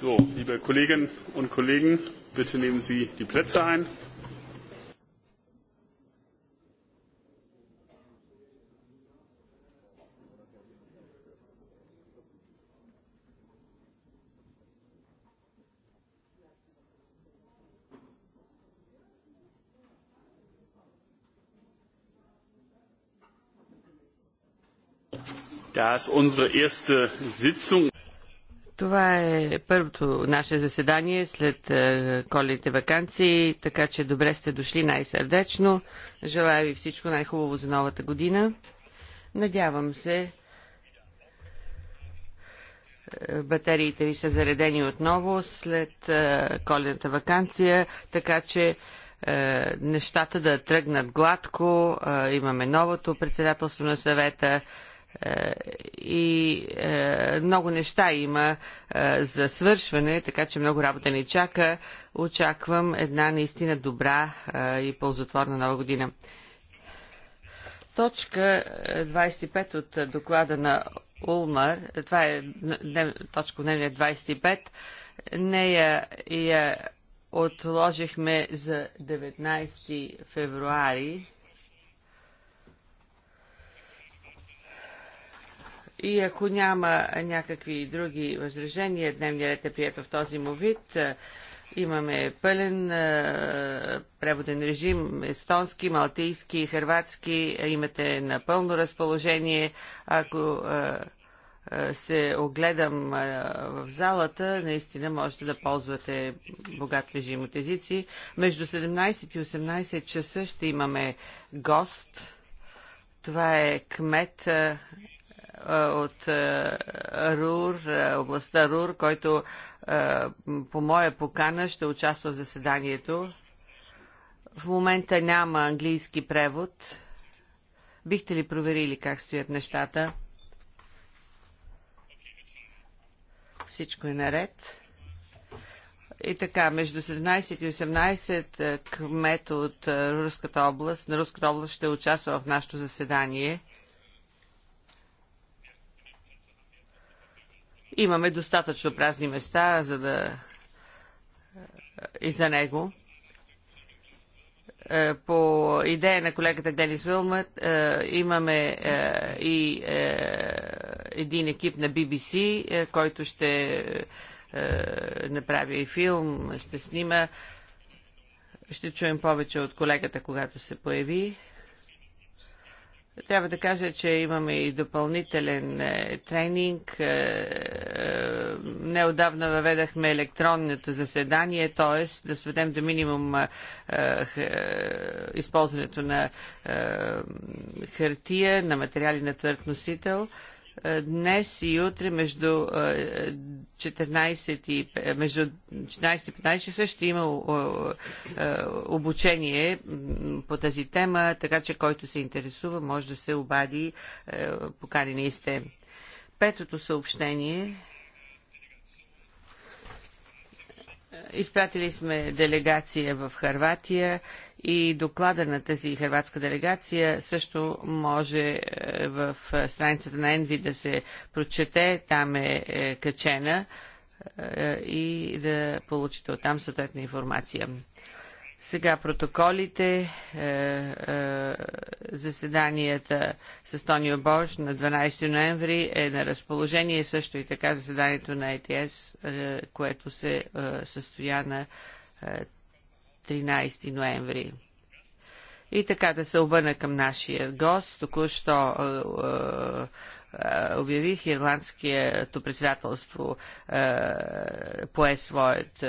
So, liebe Kolleginnen und Kollegen, bitte nehmen Sie die Plätze ein. Da es unsere erste Sitzung това е първото наше заседание след е, коледните вакансии, така че добре сте дошли най-сърдечно. Желая ви всичко най-хубаво за новата година. Надявам се, е, батериите ви са заредени отново след е, коледната вакансия, така че нещата да тръгнат гладко. Имаме новото председателство на съвета. Е, и е, много неща има е, за свършване, така че много работа ни чака. Очаквам една наистина добра и ползотворна нова година. Точка 25 от доклада на Улмар, това е точка дневния 25, нея я отложихме за 19 февруари И ако няма някакви други възражения, дневният ред е прият в този му вид. Е, имаме пълен е, преводен режим естонски, малтийски, хрватски. Е, имате напълно разположение. Ако е, е, се огледам е, в залата, наистина можете да ползвате богат режим от езици. Между 17 и 18 часа ще имаме гост. Това е кмет от РУР, областта РУР, който по моя покана ще участва в заседанието. В момента няма английски превод. Бихте ли проверили как стоят нещата? Всичко е наред. И така, между 17 и 18 кмет от Руската област, на Руската област ще участва в нашето заседание. Имаме достатъчно празни места, за да е, и за него. Е, по идея на колегата Денис Вилмът е, имаме и един екип на BBC, който ще направи и филм, ще снима. Ще чуем повече от колегата, когато се появи. Трябва да кажа, че имаме и допълнителен е, тренинг. Е, е, неодавна въведахме електронното заседание, т.е. да сведем до минимум е, е, е използването на е, хартия, на материали на твърд носител. Е, е, днес и утре между 14 е, и, е, между 14 и 15 часа ще има обучение по тази тема, така че който се интересува може да се обади, поканени сте. Петото съобщение Изпратили сме делегация в Харватия и доклада на тази хрватска делегация също може е, в е, страницата на Енви да се прочете, там е, е качена и да получите оттам съответна информация. Сега протоколите, заседанията с Тонио Бош на 12 ноември е на разположение, също и така заседанието на ЕТС, което се състоя на 13 ноември. И така да се обърна към нашия гост, току-що е, е, е, обявих ирландското председателство пое своят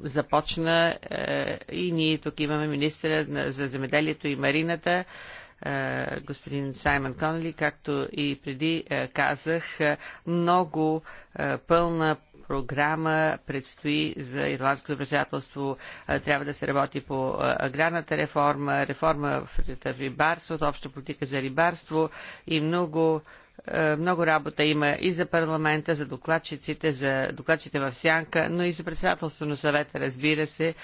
започна и ние тук имаме министра за земеделието и марината господин Саймон Конли, както и преди казах, много пълна програма предстои за ирландското председателство. Трябва да се работи по аграрната реформа, реформа в рибарството, обща политика за рибарство и много много работа има и за парламента, за докладчиците, за докладчите в сянка, но и за председателство на съвета, разбира се,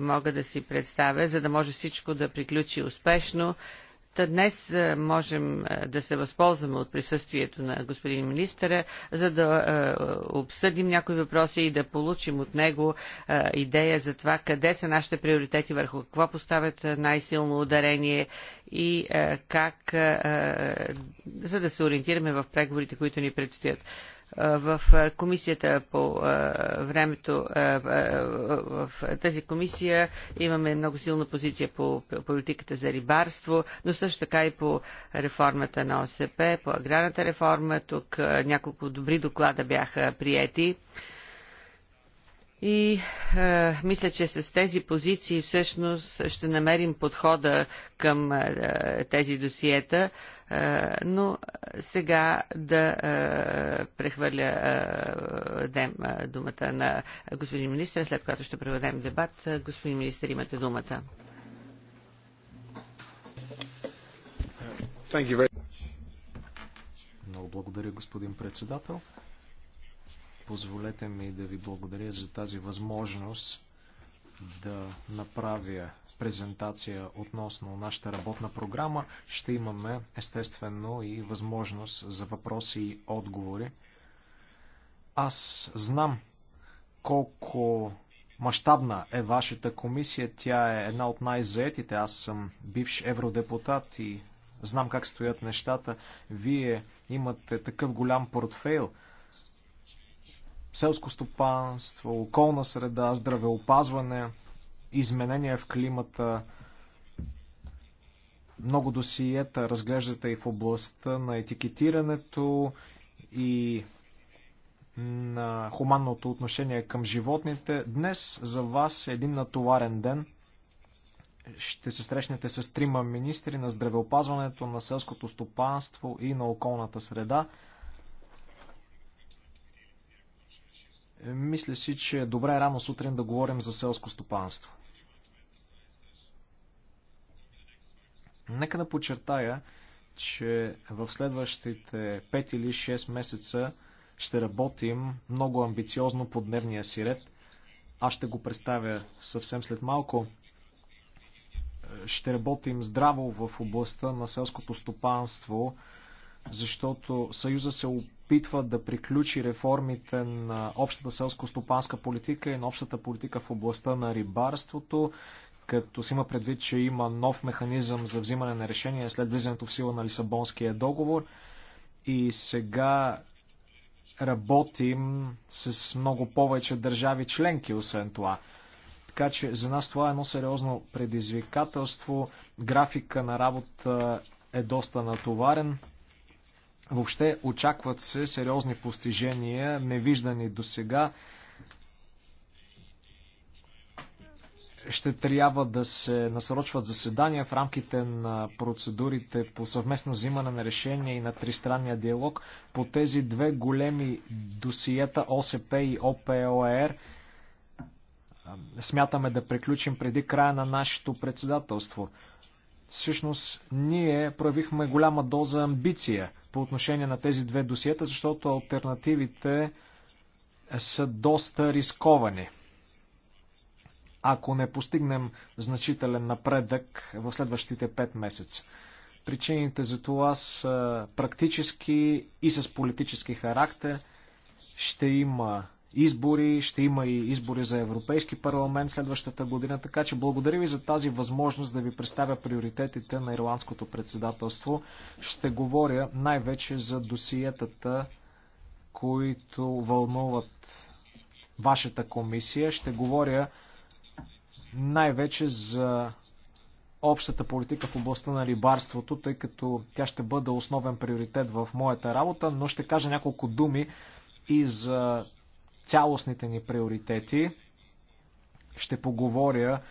мога да си представя, за да може всичко да приключи успешно Та днес е, можем е, да се възползваме от присъствието на господин министъра, за да е, обсъдим някои въпроси и да получим от него идея за това къде са нашите приоритети, върху какво поставят най-силно ударение и как, за да се ориентираме в преговорите, които ни предстоят в комисията по времето, в тази комисия имаме много силна позиция по политиката за рибарство, но също така и по реформата на ОСП, по аграрната реформа. Тук няколко добри доклада бяха приети. И е, мисля, че с тези позиции всъщност ще намерим подхода към е, тези досиета, е, но сега да е, прехвърля е, дем, е, думата на господин министър, след което ще проведем дебат. Е, господин министър, имате думата. Много благодаря, господин председател. Позволете ми да ви благодаря за тази възможност да направя презентация относно нашата работна програма. Ще имаме естествено и възможност за въпроси и отговори. Аз знам колко мащабна е вашата комисия. Тя е една от най-заетите. Аз съм бивш евродепутат и знам как стоят нещата. Вие имате такъв голям портфейл – селско стопанство, околна среда, здравеопазване, изменения в климата. Много досиета разглеждате и в областта на етикетирането и на хуманното отношение към животните. Днес за вас е един натоварен ден. Ще се срещнете с трима министри на здравеопазването, на селското стопанство и на околната среда. Мисля си, че е добре рано сутрин да говорим за селско стопанство. Нека да подчертая, че в следващите 5 или 6 месеца ще работим много амбициозно по дневния си ред. Аз ще го представя съвсем след малко. Ще работим здраво в областта на селското стопанство защото Съюза се опитва да приключи реформите на общата селско-стопанска политика и на общата политика в областта на рибарството, като си има предвид, че има нов механизъм за взимане на решения след влизането в сила на Лисабонския договор. И сега работим с много повече държави членки, освен това. Така че за нас това е едно сериозно предизвикателство. Графика на работа е доста натоварен. Въобще очакват се сериозни постижения, невиждани до сега. ще трябва да се насрочват заседания в рамките на процедурите по съвместно взимане на решения и на тристранния диалог по тези две големи досиета ОСП и ОПОР. Е смятаме да приключим преди края на нашето председателство всъщност ние проявихме голяма доза амбиция по отношение на тези две досиета, защото альтернативите са доста рисковани. Ако не постигнем значителен напредък в следващите 5 месеца. Причините за това са практически и с политически характер. Ще има избори, ще има и избори за Европейски парламент следващата година, така че благодаря ви за тази възможност да ви представя приоритетите на ирландското председателство. Ще говоря най-вече за досиетата, които вълнуват вашата комисия. Ще говоря най-вече за общата политика в областта на рибарството, тъй като тя ще бъде основен приоритет в моята работа, но ще кажа няколко думи и за цялостните ни приоритети. Ще поговоря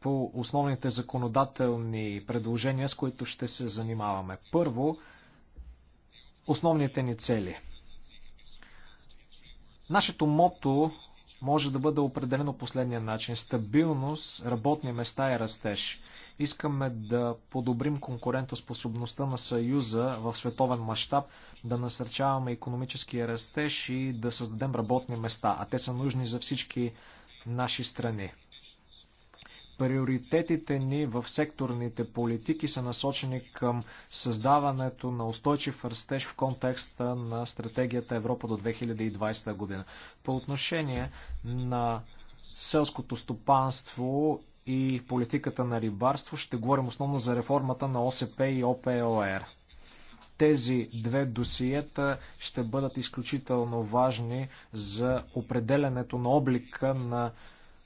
по основните законодателни предложения, с които ще се занимаваме. Първо, основните ни цели. Нашето мото може да бъде определено последния начин. Стабилност, работни места и растеж. Искаме да подобрим конкурентоспособността на Съюза в световен мащаб, да насърчаваме економическия растеж и да създадем работни места, а те са нужни за всички наши страни. Приоритетите ни в секторните политики са насочени към създаването на устойчив растеж в контекста на стратегията Европа до 2020 година. По отношение на селското стопанство и политиката на рибарство. Ще говорим основно за реформата на ОСП и ОПОР. Тези две досиета ще бъдат изключително важни за определенето на облика на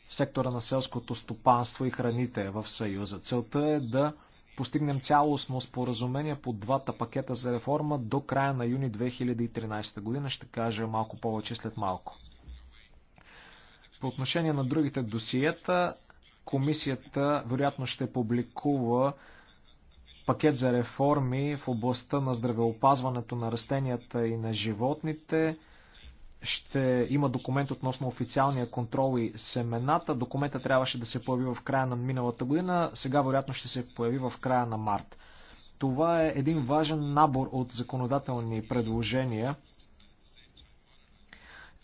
сектора на селското стопанство и храните в Съюза. Целта е да постигнем цялостно споразумение по двата пакета за реформа до края на юни 2013 година. Ще кажа малко повече след малко. По отношение на другите досиета, комисията вероятно ще публикува пакет за реформи в областта на здравеопазването на растенията и на животните. Ще има документ относно официалния контрол и семената. Документът трябваше да се появи в края на миналата година. Сега вероятно ще се появи в края на март. Това е един важен набор от законодателни предложения,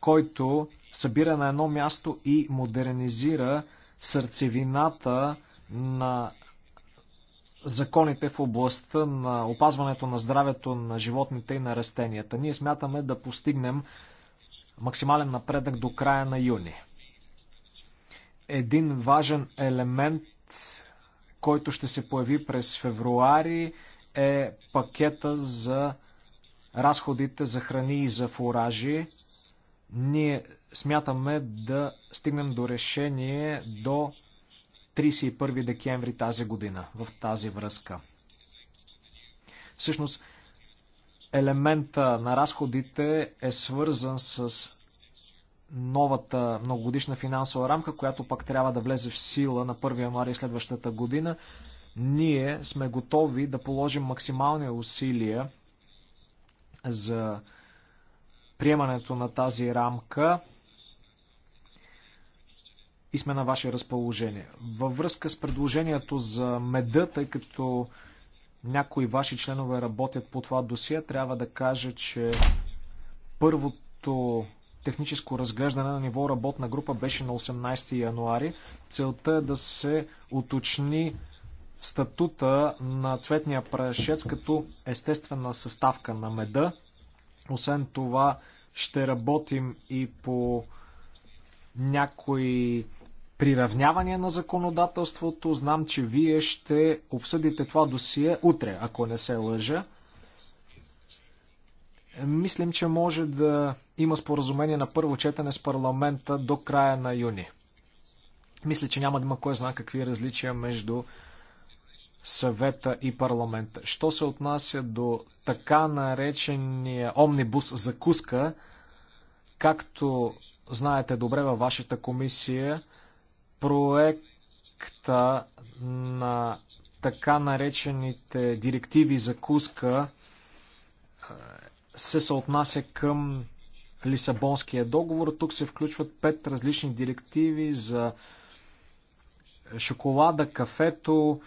който събира на едно място и модернизира сърцевината на законите в областта на опазването на здравето на животните и на растенията. Ние смятаме да постигнем максимален напредък до края на юни. Един важен елемент, който ще се появи през февруари, е пакета за разходите за храни и за фуражи. Ние смятаме да стигнем до решение до 31 декември тази година в тази връзка. Всъщност, елемента на разходите е свързан с новата многогодишна финансова рамка, която пък трябва да влезе в сила на 1 януари следващата година. Ние сме готови да положим максимални усилия за приемането на тази рамка и сме на ваше разположение. Във връзка с предложението за меда, тъй като някои ваши членове работят по това досие, трябва да кажа, че първото техническо разглеждане на ниво работна група беше на 18 януари. Целта е да се уточни статута на цветния прашец като естествена съставка на меда. Освен това, ще работим и по някои приравнявания на законодателството. Знам, че вие ще обсъдите това досие утре, ако не се лъжа. Мислим, че може да има споразумение на първо четене с парламента до края на юни. Мисля, че няма да има кой знае какви различия между съвета и парламента. Що се отнася до така наречения омнибус закуска, както знаете добре във вашата комисия, проекта на така наречените директиви закуска е, се съотнася към Лисабонския договор. Тук се включват пет различни директиви за шоколада, кафето,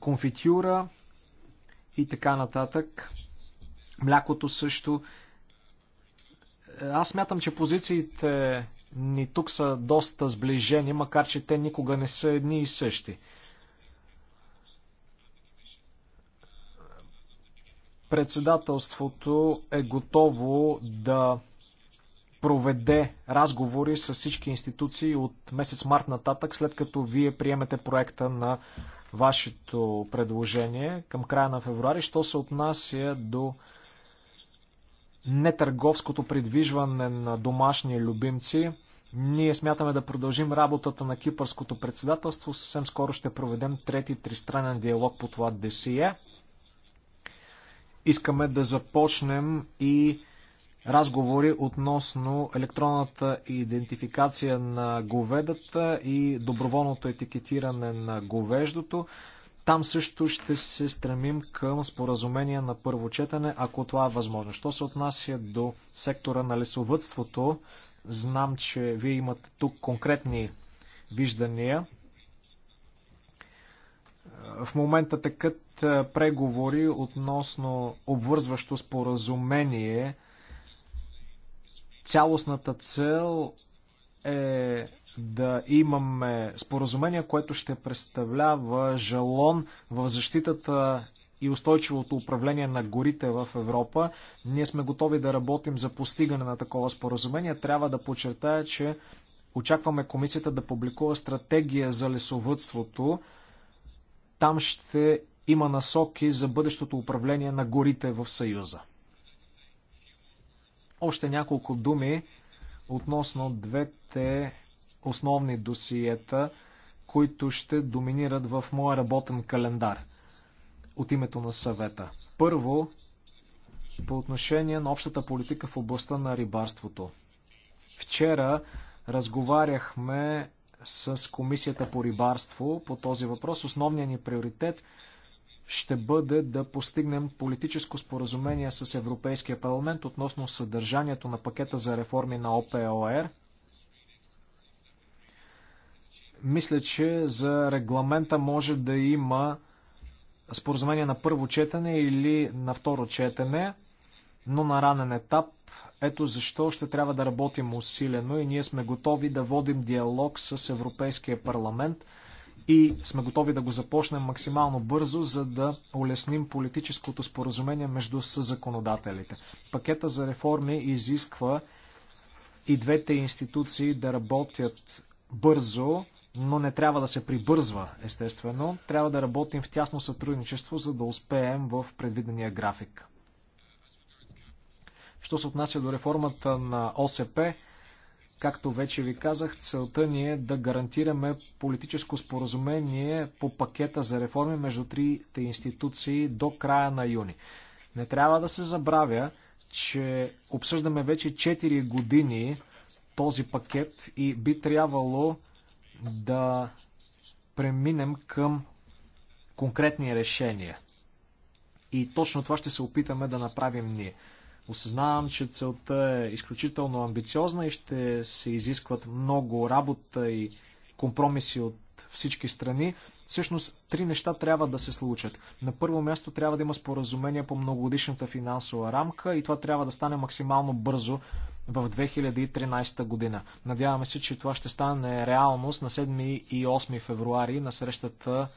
конфитюра и така нататък. Млякото също. Аз мятам, че позициите ни тук са доста сближени, макар че те никога не са едни и същи. Председателството е готово да проведе разговори с всички институции от месец март нататък, след като вие приемете проекта на вашето предложение към края на февруари, що се отнася до нетърговското придвижване на домашни любимци. Ние смятаме да продължим работата на кипърското председателство. Съвсем скоро ще проведем трети тристранен диалог по това ДСЕ. Искаме да започнем и разговори относно електронната идентификация на говедата и доброволното етикетиране на говеждото. Там също ще се стремим към споразумение на първо четене, ако това е възможно. Що се отнася до сектора на лесовътството, знам, че вие имате тук конкретни виждания. В момента такът преговори относно обвързващо споразумение Цялостната цел е да имаме споразумение, което ще представлява жалон в защитата и устойчивото управление на горите в Европа. Ние сме готови да работим за постигане на такова споразумение. Трябва да подчертая, че очакваме комисията да публикува стратегия за лесовътството. Там ще има насоки за бъдещото управление на горите в Съюза. Още няколко думи относно двете основни досиета, които ще доминират в моя работен календар от името на съвета. Първо, по отношение на общата политика в областта на рибарството. Вчера разговаряхме с Комисията по рибарство по този въпрос. Основният ни приоритет ще бъде да постигнем политическо споразумение с Европейския парламент относно съдържанието на пакета за реформи на ОПОР. Мисля, че за регламента може да има споразумение на първо четене или на второ четене, но на ранен етап. Ето защо ще трябва да работим усилено и ние сме готови да водим диалог с Европейския парламент – и сме готови да го започнем максимално бързо, за да улесним политическото споразумение между законодателите. Пакета за реформи изисква и двете институции да работят бързо, но не трябва да се прибързва, естествено. Трябва да работим в тясно сътрудничество, за да успеем в предвидения график. Що се отнася до реформата на ОСП, Както вече ви казах, целта ни е да гарантираме политическо споразумение по пакета за реформи между трите институции до края на юни. Не трябва да се забравя, че обсъждаме вече 4 години този пакет и би трябвало да преминем към конкретни решения. И точно това ще се опитаме да направим ние. Осъзнавам, че целта е изключително амбициозна и ще се изискват много работа и компромиси от всички страни. Всъщност, три неща трябва да се случат. На първо място трябва да има споразумение по многогодишната финансова рамка и това трябва да стане максимално бързо в 2013 година. Надяваме се, че това ще стане реалност на 7 и 8 февруари на срещата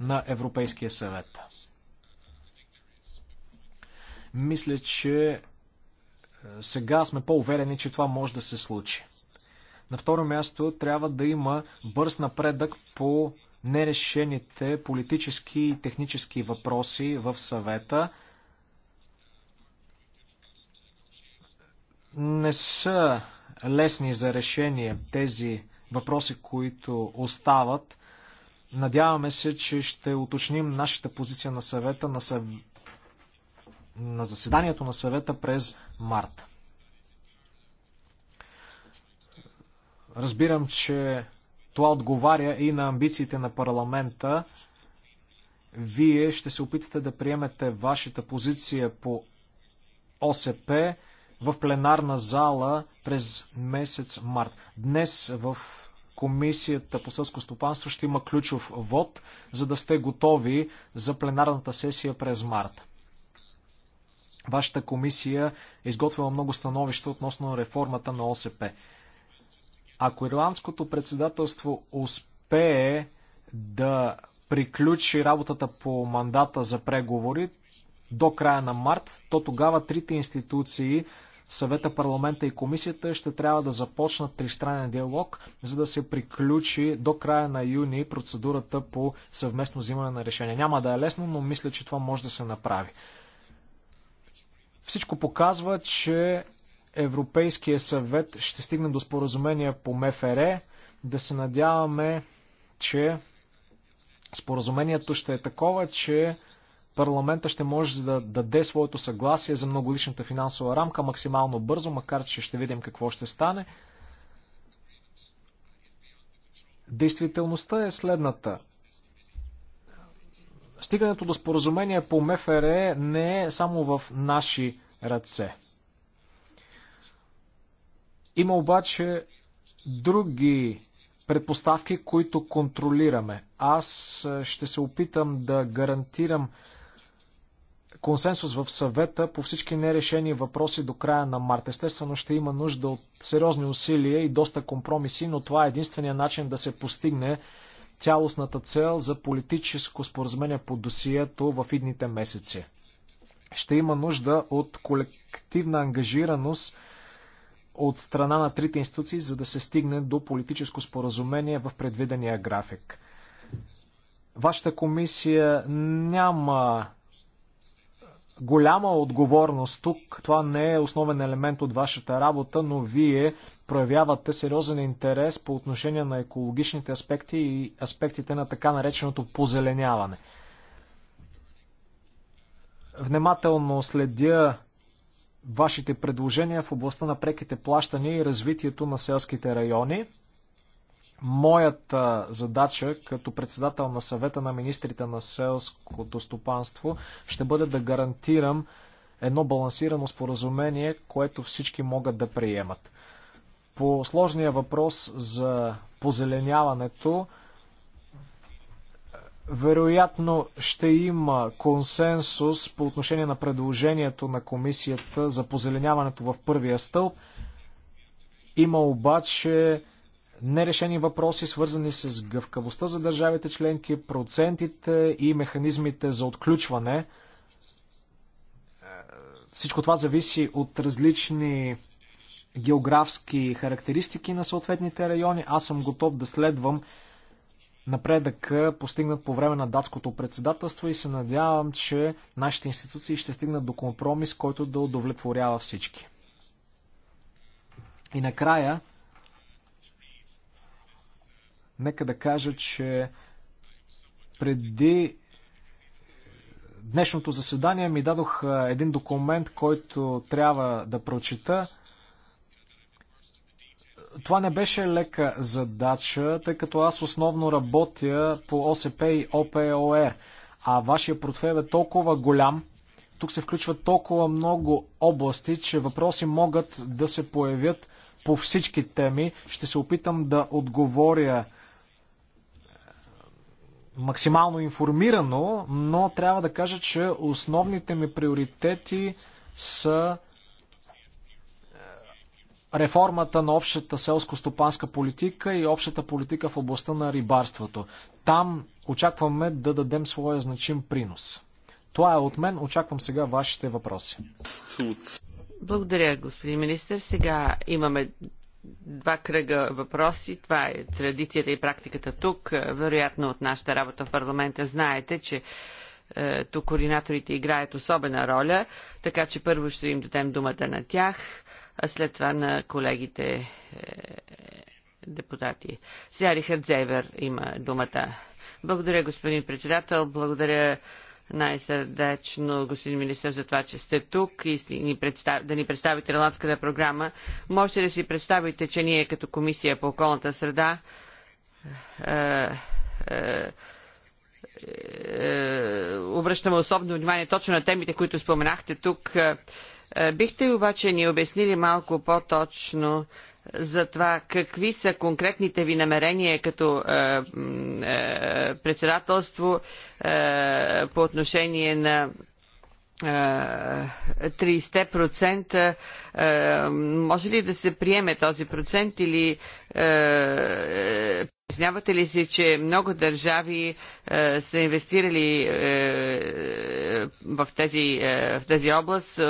на Европейския съвет. Мисля, че е, сега сме по-уверени, че това може да се случи. На второ място трябва да има бърз напредък по нерешените политически и технически въпроси в съвета. Не са лесни за решение тези въпроси, които остават. Надяваме се, че ще уточним нашата позиция на съвета на, съвета на заседанието на съвета през март. Разбирам, че това отговаря и на амбициите на парламента. Вие ще се опитате да приемете вашата позиция по ОСП в пленарна зала през месец март. Днес в Комисията по сълско стопанство ще има ключов вод, за да сте готови за пленарната сесия през март. Вашата комисия е изготвила много становища относно реформата на ОСП. Ако ирландското председателство успее да приключи работата по мандата за преговори до края на март, то тогава трите институции съвета, парламента и комисията ще трябва да започнат тристранен диалог, за да се приключи до края на юни процедурата по съвместно взимане на решение. Няма да е лесно, но мисля, че това може да се направи. Всичко показва, че Европейския съвет ще стигне до споразумение по МФР. Да се надяваме, че споразумението ще е такова, че парламента ще може да даде своето съгласие за многоличната финансова рамка максимално бързо, макар че ще видим какво ще стане. Действителността е следната стигането до споразумение по МФР не е само в наши ръце. Има обаче други предпоставки, които контролираме. Аз е, ще се опитам да гарантирам консенсус в съвета по всички нерешени въпроси до края на март. Естествено ще има нужда от сериозни усилия и доста компромиси, но това е единствения начин да се постигне цялостната цел за политическо споразумение по досието в идните месеци. Ще има нужда от колективна ангажираност от страна на трите институции, за да се стигне до политическо споразумение в предвидения график. Вашата комисия няма голяма отговорност тук. Това не е основен елемент от вашата работа, но вие проявявате сериозен интерес по отношение на екологичните аспекти и аспектите на така нареченото позеленяване. Внимателно следя вашите предложения в областта на преките плащания и развитието на селските райони – моята задача като председател на съвета на министрите на селското стопанство ще бъде да гарантирам едно балансирано споразумение, което всички могат да приемат. По сложния въпрос за позеленяването, вероятно ще има консенсус по отношение на предложението на комисията за позеленяването в първия стълб. Има обаче нерешени въпроси, свързани с гъвкавостта за държавите членки, процентите и механизмите за отключване. Всичко това зависи от различни географски характеристики на съответните райони. Аз съм готов да следвам напредък постигнат по време на датското председателство и се надявам, че нашите институции ще стигнат до компромис, който да удовлетворява всички. И накрая, Нека да кажа, че преди днешното заседание ми дадох един документ, който трябва да прочита. Това не беше лека задача, тъй като аз основно работя по ОСП и ОПОР, а вашия портфел е толкова голям, тук се включват толкова много области, че въпроси могат да се появят по всички теми. Ще се опитам да отговоря максимално информирано, но трябва да кажа, че основните ми приоритети са е, реформата на общата селско-стопанска политика и общата политика в областта на рибарството. Там очакваме да дадем своя значим принос. Това е от мен. Очаквам сега вашите въпроси. Благодаря, господин министр. Сега имаме два кръга въпроси. Това е традицията и практиката тук. Вероятно от нашата работа в парламента знаете, че е, тук координаторите играят особена роля, така че първо ще им дадем думата на тях, а след това на колегите е, депутати. Сега Рихард Зейвер има думата. Благодаря, господин председател. Благодаря най-сърдечно, господин министър, за това, че сте тук и да ни представите Ирландската програма. Можете да си представите, че ние като Комисия по околната среда е, е, е, обръщаме особено внимание точно на темите, които споменахте тук. Бихте обаче ни обяснили малко по-точно за това какви са конкретните ви намерения като е, е, председателство е, по отношение на 30% е, е, може ли да се приеме този процент или е, е, признавате ли си, че много държави е, са инвестирали е, в, тези, е, в тази област, е,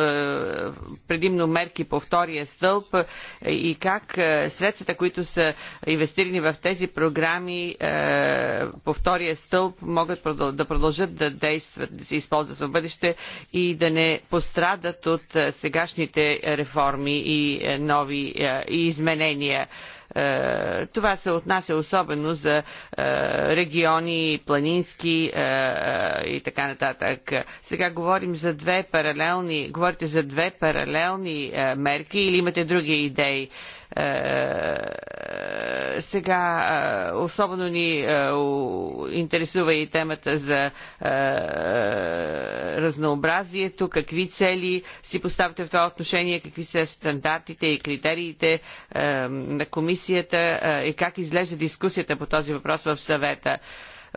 предимно мерки по втория стълб е, и как е, средствата, които са инвестирани в тези програми е, по втория стълб, могат продъл, да продължат да действат, да се използват в бъдеще и да не пострадат от е, сегашните реформи и е, нови е, и изменения? Е, е, това се отнася особено за е, региони, планински е, и така нататък. Сега говорим за две паралелни, говорите за две паралелни мерки или имате други идеи? Е, сега е, особено ни е, интересува и темата за разнообразието, какви цели си поставяте в това отношение, какви са стандартите и критериите на комисията и как изглежда дискусията по този въпрос в съвета.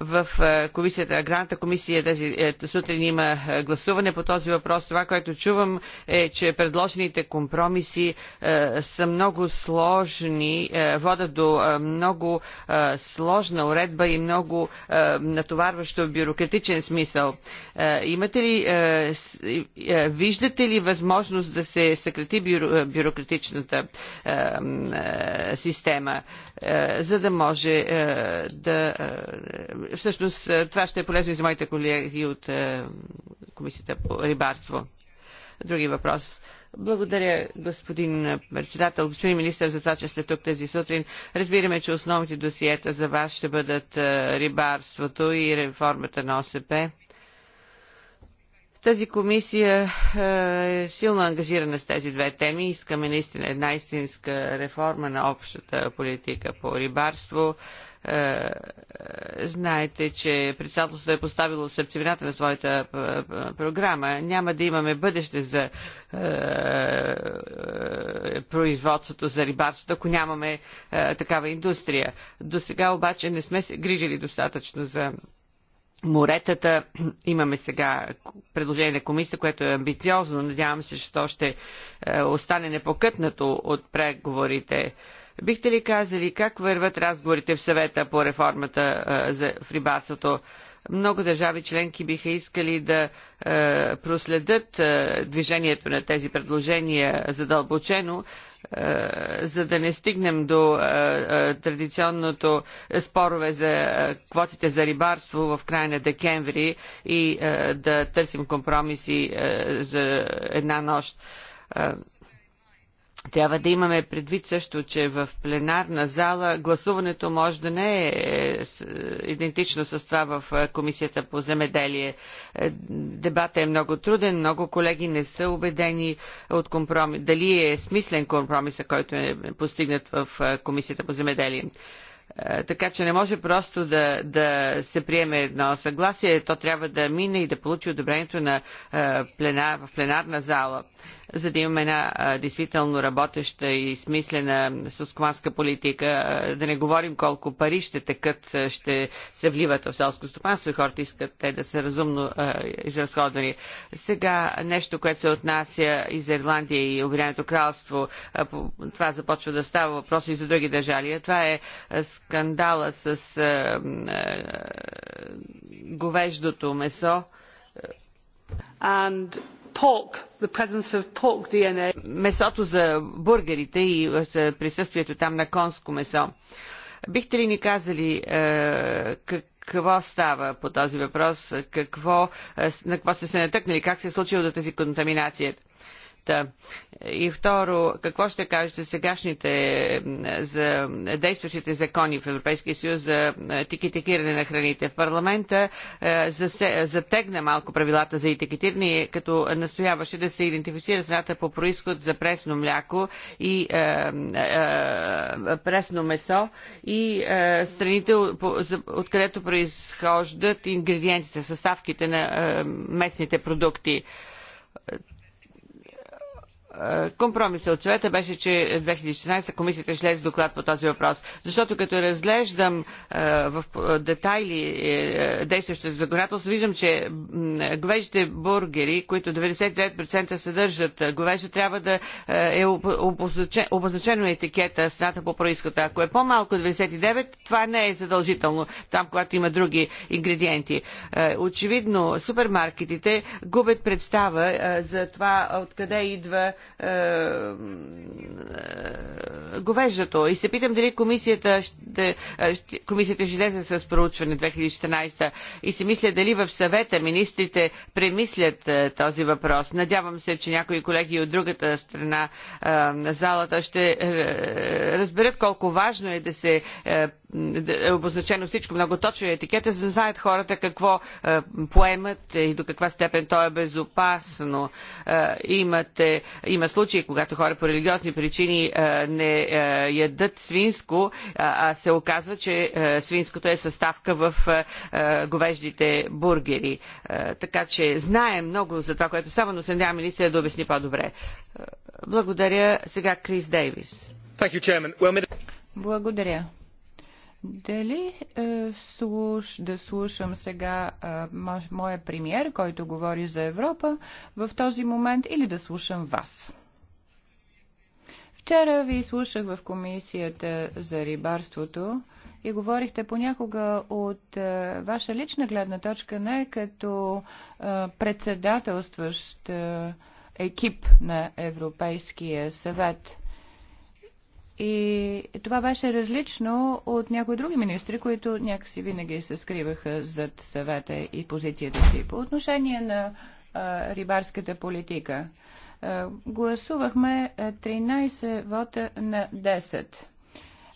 В е, комисията, гранта комисия тази е, сутрин има е, гласуване по този въпрос. Това, което чувам е, че предложените компромиси е, са много сложни, е, водят до е, много сложна уредба и много натоварващо в бюрократичен смисъл. Имате ли, виждате ли възможност да се съкрати бюро, бюрократичната система, за да може да всъщност е, това ще е полезно и за моите колеги от е, Комисията по рибарство. Други въпрос. Благодаря, господин председател, господин министр, за това, че сте тук тези сутрин. Разбираме, че основните досиета за вас ще бъдат е, рибарството и реформата на ОСП. Тази комисия е силно ангажирана с тези две теми. Искаме наистина една истинска реформа на общата политика по рибарство. Е, е, знаете, че председателството е поставило сърцевината на своята е, програма. Няма да имаме бъдеще за производството, за рибарството, ако нямаме такава индустрия. До сега обаче не сме се грижили достатъчно за моретата. Имаме сега предложение на комисията, което е амбициозно. Надявам се, че то ще остане непокътнато от преговорите Бихте ли казали как върват разговорите в съвета по реформата е, за, в рибасото? много държави членки биха искали да е, проследят е, движението на тези предложения задълбочено, е, за да не стигнем до традиционното спорове за квотите за рибарство в края на декември и да търсим компромиси за една нощ. Трябва да имаме предвид също, че в пленарна зала гласуването може да не е, е идентично с това в е, Комисията по земеделие. Е, Дебата е много труден, много колеги не са убедени от компромис. Дали е смислен компромиса, който е постигнат в Комисията по земеделие? така че не може просто да, да се приеме едно съгласие, то трябва да мине и да получи одобрението на, в пленарна зала за да имаме една а, действително работеща и смислена сълскоманска политика. А, да не говорим колко пари ще текат, ще се вливат в селско стопанство и хората искат те да са разумно а, изразходвани. Сега нещо, което се отнася и за Ирландия и Обединеното кралство, а, по, това започва да става въпрос и за други държави. Това е скандала с а, а, говеждото месо. And месото за бургерите и е, за присъствието там на конско месо. Бихте ли ни казали е, какво става по този въпрос, какво, е, на какво сте се натъкнали, как се е случило до тази контаминация? И второ, какво ще кажете сегашните за действащите закони в Европейския съюз за етикетиране на храните? В парламента е, затегна малко правилата за етикетиране, като настояваше да се идентифицира страната по происход за пресно мляко и е, е, е пресно месо и е, страните, откъдето произхождат ингредиентите, съставките на е, местните продукти компромисът от съвета беше, че 2016 комисията ще лезе доклад по този въпрос. Защото като разглеждам е, в е, детайли е, действащото законодателство, виждам, че говежите бургери, които 99% съдържат говежа, трябва да е обозначено етикета страната по происхода. Ако е по-малко 99, това не е задължително там, когато има други ингредиенти. Очевидно, супермаркетите губят представа за това откъде идва е, е, говеждато. И се питам дали комисията ще, е, комисията ще лезе с проучване 2014 и се мисля дали в съвета министрите премислят този въпрос. Надявам се, че някои колеги от другата страна на залата ще разберат колко важно е да се е обозначено всичко много точно е етикета, за да знаят хората какво е, поемат и до каква степен то е безопасно. Е, имате, има случаи, когато хора по религиозни причини е, не е, ядат свинско, а, а се оказва, че е, свинското е съставка в е, е, говеждите бургери. Е, така че знаем много за това, което става, но се надяваме ли се да обясни по-добре. Е, благодаря. Сега Крис Дейвис. Благодаря. Дали е, слуш, да слушам сега е, моя премьер, който говори за Европа в този момент, или да слушам вас? Вчера ви слушах в комисията за рибарството и говорихте понякога от е, ваша лична гледна точка, не като е, председателстващ е, екип на Европейския съвет – и това беше различно от някои други министри, които някакси винаги се скриваха зад съвета и позицията си. По отношение на а, рибарската политика, а, гласувахме 13 вота на 10.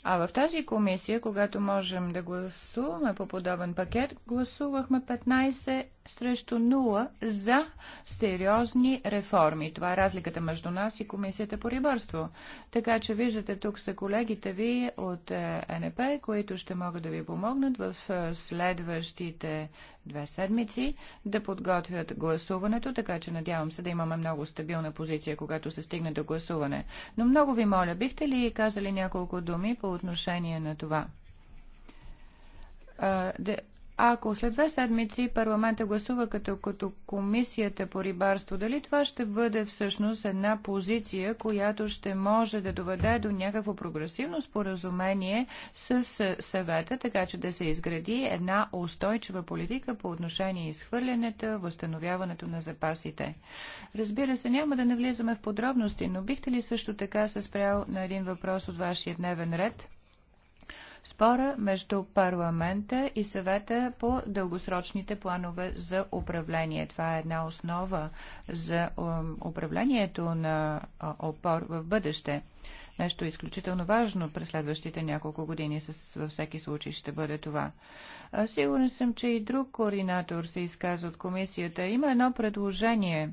А в тази комисия, когато можем да гласуваме по подобен пакет, гласувахме 15 срещу 0 за сериозни реформи. Това е разликата между нас и Комисията по рибарство. Така че виждате, тук са колегите ви от е, НП, които ще могат да ви помогнат в е, следващите две седмици да подготвят гласуването, така че надявам се да имаме много стабилна позиция, когато се стигне до гласуване. Но много ви моля, бихте ли казали няколко думи по отношение на това? Е, ако след две седмици парламента гласува като, като комисията по рибарство, дали това ще бъде всъщност една позиция, която ще може да доведе до някакво прогресивно споразумение с съвета, така че да се изгради една устойчива политика по отношение изхвърлянето, възстановяването на запасите? Разбира се, няма да не влизаме в подробности, но бихте ли също така се спрял на един въпрос от вашия дневен ред? спора между парламента и съвета по дългосрочните планове за управление. Това е една основа за управлението на опор в бъдеще. Нещо изключително важно през следващите няколко години с, във всеки случай ще бъде това. сигурен съм, че и друг координатор се изказа от комисията. Има едно предложение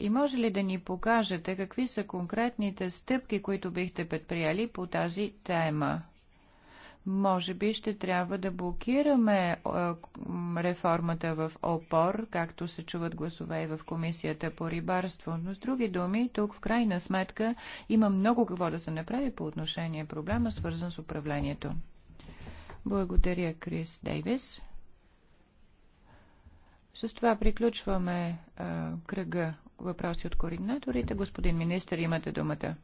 и може ли да ни покажете какви са конкретните стъпки, които бихте предприели по тази тема? Може би ще трябва да блокираме реформата в ОПОР, както се чуват гласове и в Комисията по рибарство. Но с други думи, тук в крайна сметка има много какво да се направи по отношение проблема, свързан с управлението. Благодаря, Крис Дейвис. С това приключваме а, кръга въпроси от координаторите. Господин министр, имате думата.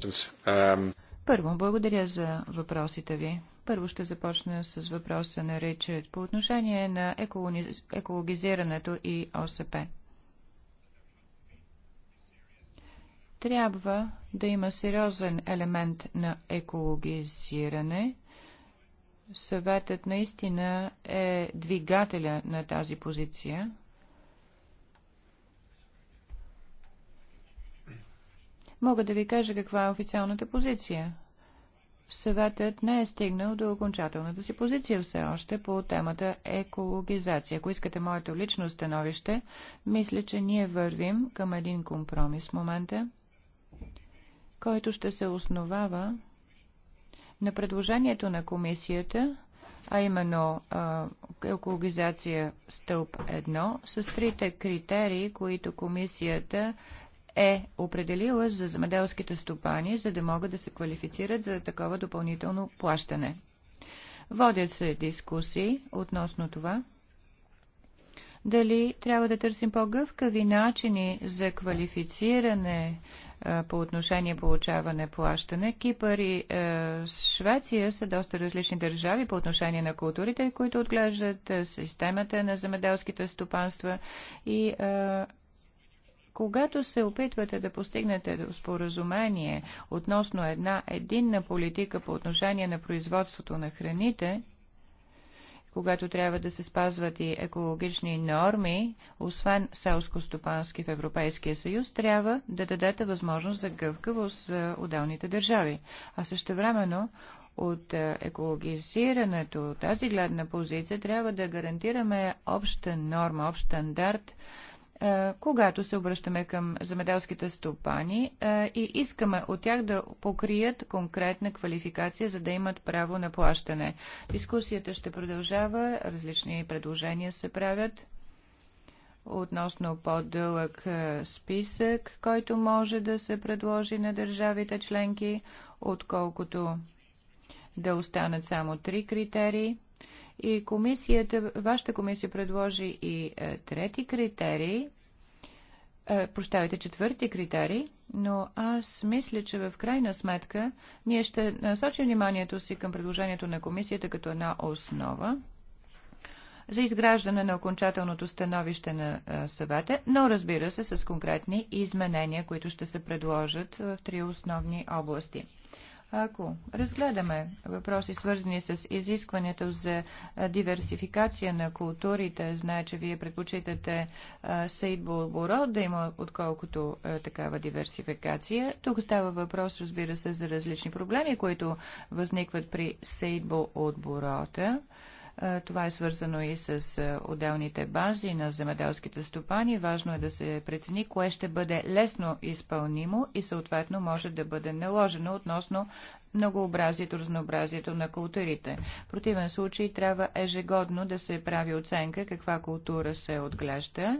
Um... Първо, благодаря за въпросите ви. Първо ще започна с въпроса на Ричард по отношение на екологизирането и ОСП. Трябва да има сериозен елемент на екологизиране. Съветът наистина е двигателя на тази позиция. Мога да ви кажа каква е официалната позиция. Съветът не е стигнал до окончателната си позиция все още по темата екологизация. Ако искате моето лично становище, мисля, че ние вървим към един компромис в момента, който ще се основава на предложението на комисията, а именно екологизация стълб 1, с трите критерии, които комисията е определила за земеделските стопани, за да могат да се квалифицират за такова допълнително плащане. Водят се дискусии относно това. Дали трябва да търсим по-гъвкави начини за квалифициране а, по отношение получаване плащане. Кипър и а, Швеция са доста различни държави по отношение на културите, които отглеждат системата на земеделските стопанства и когато се опитвате да постигнете споразумение относно една единна политика по отношение на производството на храните, когато трябва да се спазват и екологични норми, освен селско-стопански в Европейския съюз, трябва да дадете възможност за гъвкавост за отделните държави. А също времено от е, екологизирането, тази гледна позиция, трябва да гарантираме обща норма, общ стандарт когато се обръщаме към земеделските стопани и искаме от тях да покрият конкретна квалификация, за да имат право на плащане. Дискусията ще продължава, различни предложения се правят относно по-дълъг списък, който може да се предложи на държавите членки, отколкото да останат само три критерии – и комисията, вашата комисия предложи и е, трети критерий, е, прощавайте, четвърти критерий, но аз мисля, че в крайна сметка ние ще насочим вниманието си към предложението на комисията като една основа за изграждане на окончателното становище на е, съвета, но разбира се с конкретни изменения, които ще се предложат в три основни области. Ако разгледаме въпроси свързани с изискването за диверсификация на културите, знае, че вие предпочитате Сейд Булборо да има отколкото такава диверсификация. Тук става въпрос, разбира се, за различни проблеми, които възникват при Сейдбо от борота. Е, това е свързано и с е, отделните бази на земеделските стопани. Важно е да се прецени кое ще бъде лесно изпълнимо и съответно може да бъде наложено относно многообразието, разнообразието на културите. В противен случай трябва ежегодно да се прави оценка каква култура се отглежда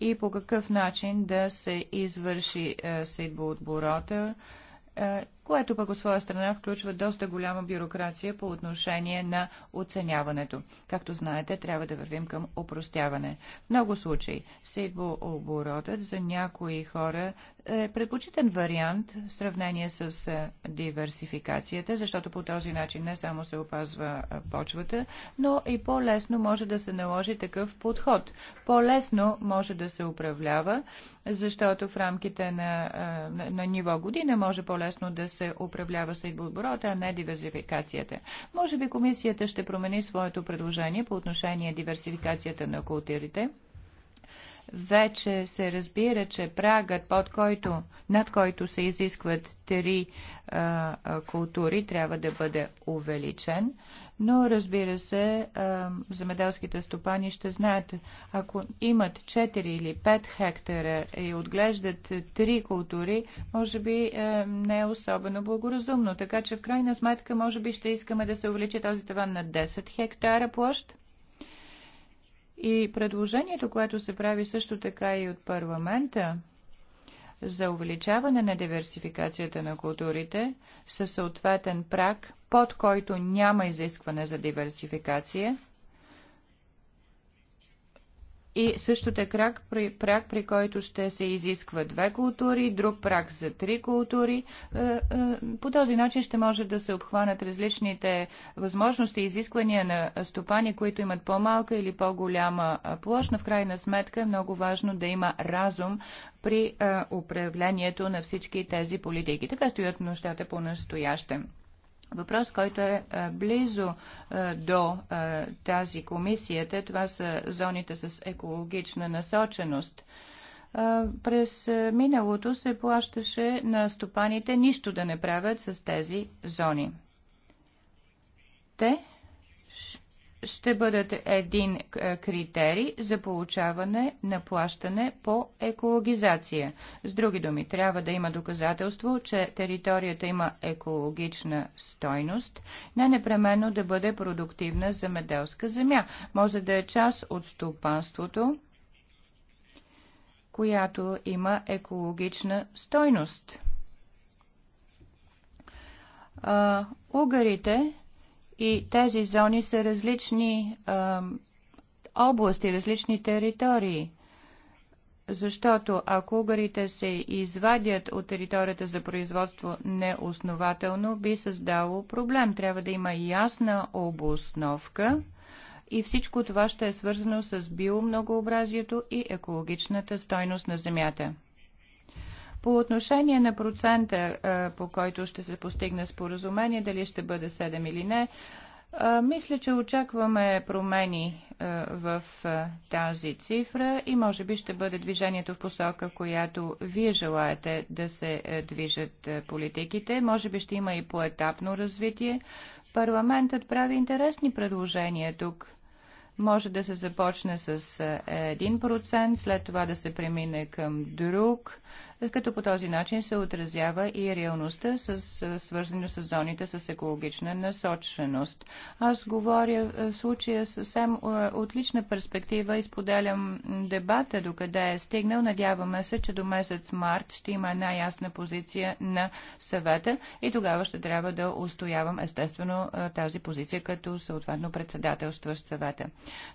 и по какъв начин да се извърши е, отборота което пък от своя страна включва доста голяма бюрокрация по отношение на оценяването. Както знаете, трябва да вървим към опростяване. В много случаи е оборотът за някои хора е предпочитан вариант в сравнение с е, диверсификацията, защото по този начин не само се опазва е, почвата, но и по-лесно може да се наложи такъв подход. По-лесно може да се управлява, защото в рамките на, на, на ниво година може по-лесно да се се управлява оборота, а не диверсификацията. Може би комисията ще промени своето предложение по отношение диверсификацията на културите вече се разбира, че прагът, под който, над който се изискват три а, култури, трябва да бъде увеличен. Но, разбира се, а, замеделските стопани ще знаят, ако имат 4 или 5 хектара и отглеждат три култури, може би а, не е особено благоразумно. Така че, в крайна сметка, може би ще искаме да се увеличи този таван на 10 хектара площ и предложението, което се прави също така и от парламента за увеличаване на диверсификацията на културите със съответен прак, под който няма изискване за диверсификация, и също така при, прак, при който ще се изисква две култури, друг прак за три култури. Е, е, по този начин ще може да се обхванат различните възможности и изисквания на стопани, които имат по-малка или по-голяма площ, но в крайна сметка е много важно да има разум при е, управлението на всички тези политики. Така стоят нещата по-настоящем. Въпрос, който е, е близо е, до е, тази комисията, това са зоните с екологична насоченост. През миналото се плащаше на стопаните нищо да не правят с тези зони. Те ще бъдат един е, критерий за получаване на плащане по екологизация. С други думи, трябва да има доказателство, че територията има екологична стойност, не непременно да бъде продуктивна земеделска земя. Може да е част от стопанството, която има екологична стойност. Угарите. угарите и тези зони са различни а, области, различни територии. Защото ако угарите се извадят от територията за производство неоснователно, би създало проблем. Трябва да има ясна обосновка и всичко това ще е свързано с биомногообразието и екологичната стойност на земята. По отношение на процента, по който ще се постигне споразумение, дали ще бъде 7 или не, мисля, че очакваме промени в тази цифра и може би ще бъде движението в посока, в която вие желаете да се е, движат е, политиките. Може би ще има и поетапно развитие. Парламентът прави интересни предложения тук. Може да се започне с 1%, е, след това да се премине към друг като по този начин се отразява и реалността, с, свързано с зоните с екологична насоченост. Аз говоря в случая съвсем отлична перспектива и споделям дебата, докъде е стигнал. Надяваме се, че до месец март ще има една ясна позиция на съвета и тогава ще трябва да устоявам естествено тази позиция като съответно председателстващ съвета.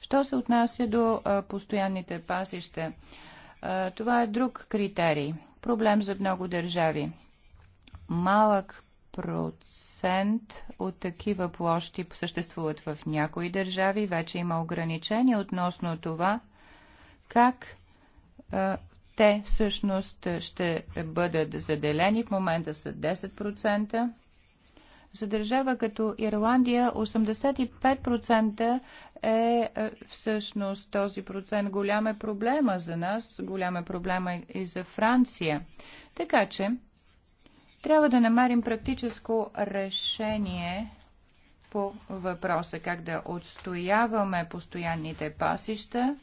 Що се отнася до постоянните пасища? Това е друг критерий. Проблем за много държави. Малък процент от такива площи съществуват в някои държави. Вече има ограничения относно това как те всъщност ще бъдат заделени. В момента са 10%. За държава като Ирландия 85% е, е всъщност този процент. Голям е проблема за нас, голям е проблема и за Франция. Така че трябва да намерим практическо решение по въпроса как да отстояваме постоянните пасища,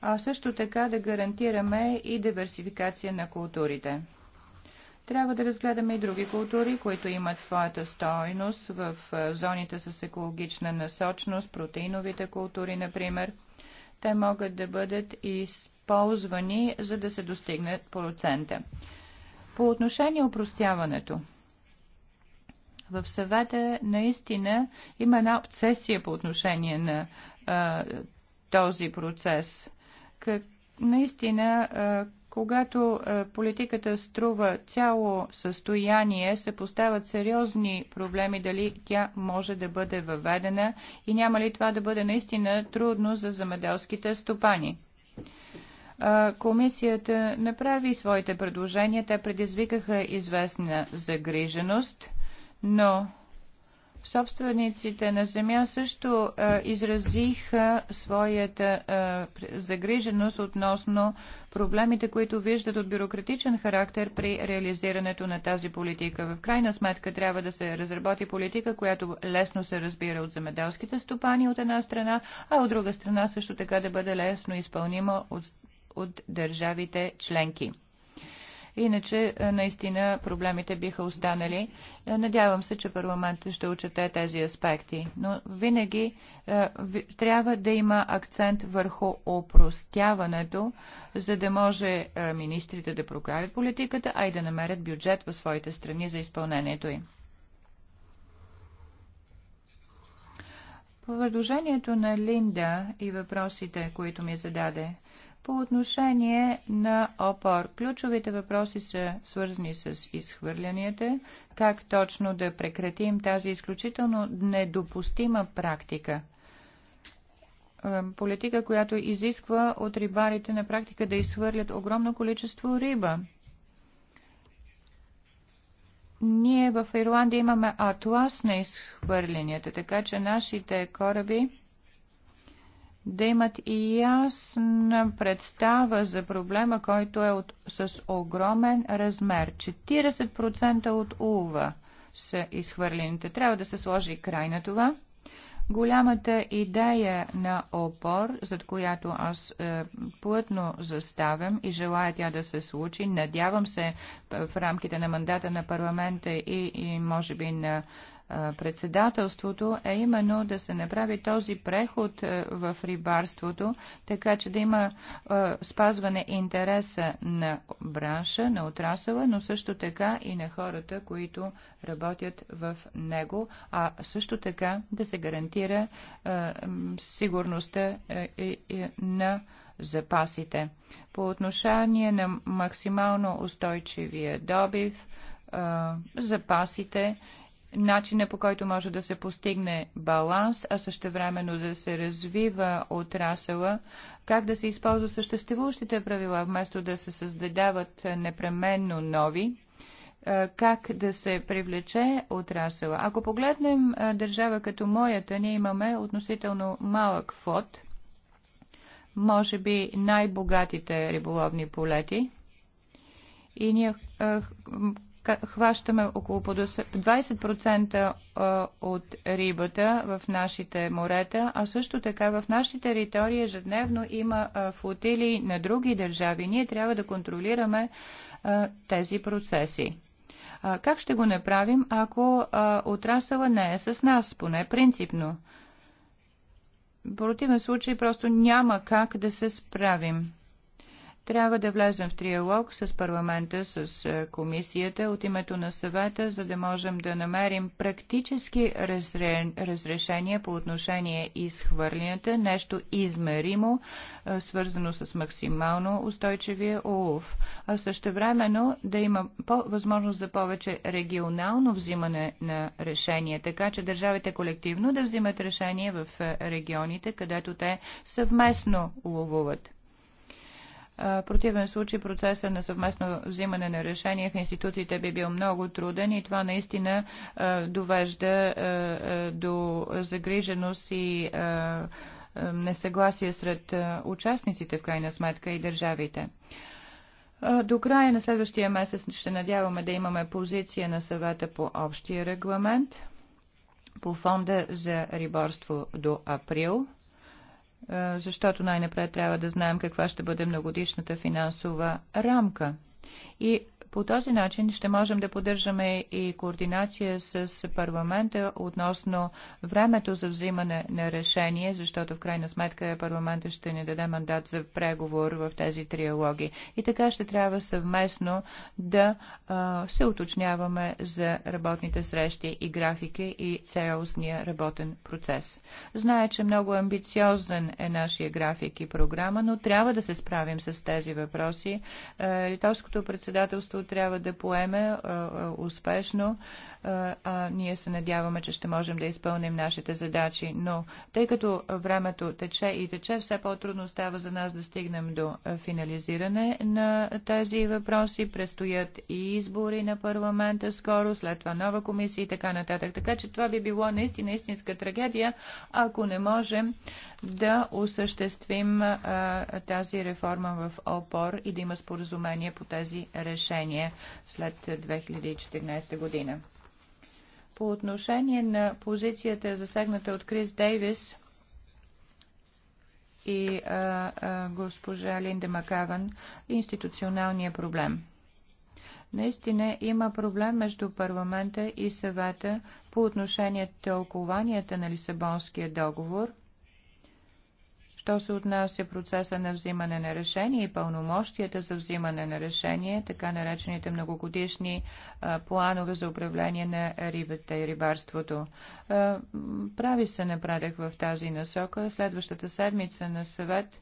а също така да гарантираме и диверсификация на културите. Трябва да разгледаме и други култури, които имат своята стойност в зоните с екологична насочност, протеиновите култури, например. Те могат да бъдат използвани, за да се достигне процента. По отношение упростяването. В съвета наистина има една обсесия по отношение на а, този процес. Как, наистина когато е, политиката струва цяло състояние, се поставят сериозни проблеми дали тя може да бъде въведена и няма ли това да бъде наистина трудно за замеделските стопани. Комисията направи своите предложения, те предизвикаха известна загриженост, но Собствениците на земя също изразиха своята загриженост относно проблемите, които виждат от бюрократичен характер при реализирането на тази политика. В крайна сметка трябва да се разработи политика, която лесно се разбира от земеделските стопани от една страна, а от друга страна също така да бъде лесно изпълнима от, от държавите членки. Иначе, е, наистина, проблемите биха останали. Е, надявам се, че парламентът ще учете тези аспекти. Но винаги е, трябва да има акцент върху опростяването, за да може министрите да прокарат политиката, а и да намерят бюджет в своите страни за изпълнението им. Продължението на Линда и въпросите, които ми зададе – по отношение на ОПОР, ключовите въпроси са свързани с изхвърлянията, как точно да прекратим тази изключително недопустима практика. Е, политика, която изисква от рибарите на практика да изхвърлят огромно количество риба. Ние в Ирландия имаме атлас на изхвърлянията, така че нашите кораби да имат и ясна представа за проблема, който е от, с огромен размер. 40% от улва са изхвърлените. Трябва да се сложи край на това. Голямата идея на опор, зад която аз е, плътно заставям и желая тя да се случи, надявам се в рамките на мандата на парламента и, и може би на председателството е именно да се направи този преход в рибарството, така че да има спазване интереса на бранша, на отрасъла, но също така и на хората, които работят в него, а също така да се гарантира сигурността на запасите. По отношение на максимално устойчивия добив, запасите начина по който може да се постигне баланс, а също времено да се развива отрасъла, как да се използват съществуващите правила, вместо да се създадават непременно нови, е, как да се привлече отрасъла. Ако погледнем е, държава като моята, ние имаме относително малък флот, може би най-богатите риболовни полети – и ние е, хващаме около 20% от рибата в нашите морета, а също така в нашите територии ежедневно има флотилии на други държави. Ние трябва да контролираме тези процеси. Как ще го направим, ако отрасъла не е с нас, поне принципно? В противен случай просто няма как да се справим. Трябва да влезем в триалог с парламента, с е, комисията от името на съвета, за да можем да намерим практически разрешения по отношение изхвърлянето, нещо измеримо, е, свързано с максимално устойчивия улов. А също времено да има по- възможност за повече регионално взимане на решения, така че държавите колективно да взимат решения в е, регионите, където те съвместно ловуват противен случай процеса на съвместно взимане на решения в институциите би бил много труден и това наистина довежда до загриженост и несъгласие сред участниците в крайна сметка и държавите. До края на следващия месец ще надяваме да имаме позиция на съвета по общия регламент, по фонда за риборство до април – е, защото най-напред трябва да знаем каква ще бъде многодишната финансова рамка. И по този начин ще можем да поддържаме и координация с парламента относно времето за взимане на решение, защото в крайна сметка парламента ще ни даде мандат за преговор в тези триалоги. И така ще трябва съвместно да а, се уточняваме за работните срещи и графики и цялостния работен процес. Зная, че много амбициозен е нашия график и програма, но трябва да се справим с тези въпроси. Е, Литовското председателство трябва да поеме успешно а ние се надяваме, че ще можем да изпълним нашите задачи. Но тъй като времето тече и тече, все по-трудно става за нас да стигнем до финализиране на тези въпроси. Престоят и избори на парламента скоро, след това нова комисия и така нататък. Така че това би било наистина истинска трагедия, ако не можем да осъществим а, тази реформа в ОПОР и да има споразумение по тези решения след 2014 година. По отношение на позицията засегната от Крис Дейвис и а, а, госпожа Линда Макаван, институционалния проблем. Наистина има проблем между парламента и съвета по отношение тълкованията на Лисабонския договор – Що се отнася процеса на взимане на решение и пълномощията за взимане на решение, така наречените многогодишни а, планове за управление на рибата и рибарството. А, прави се напредък в тази насока. Следващата седмица на съвет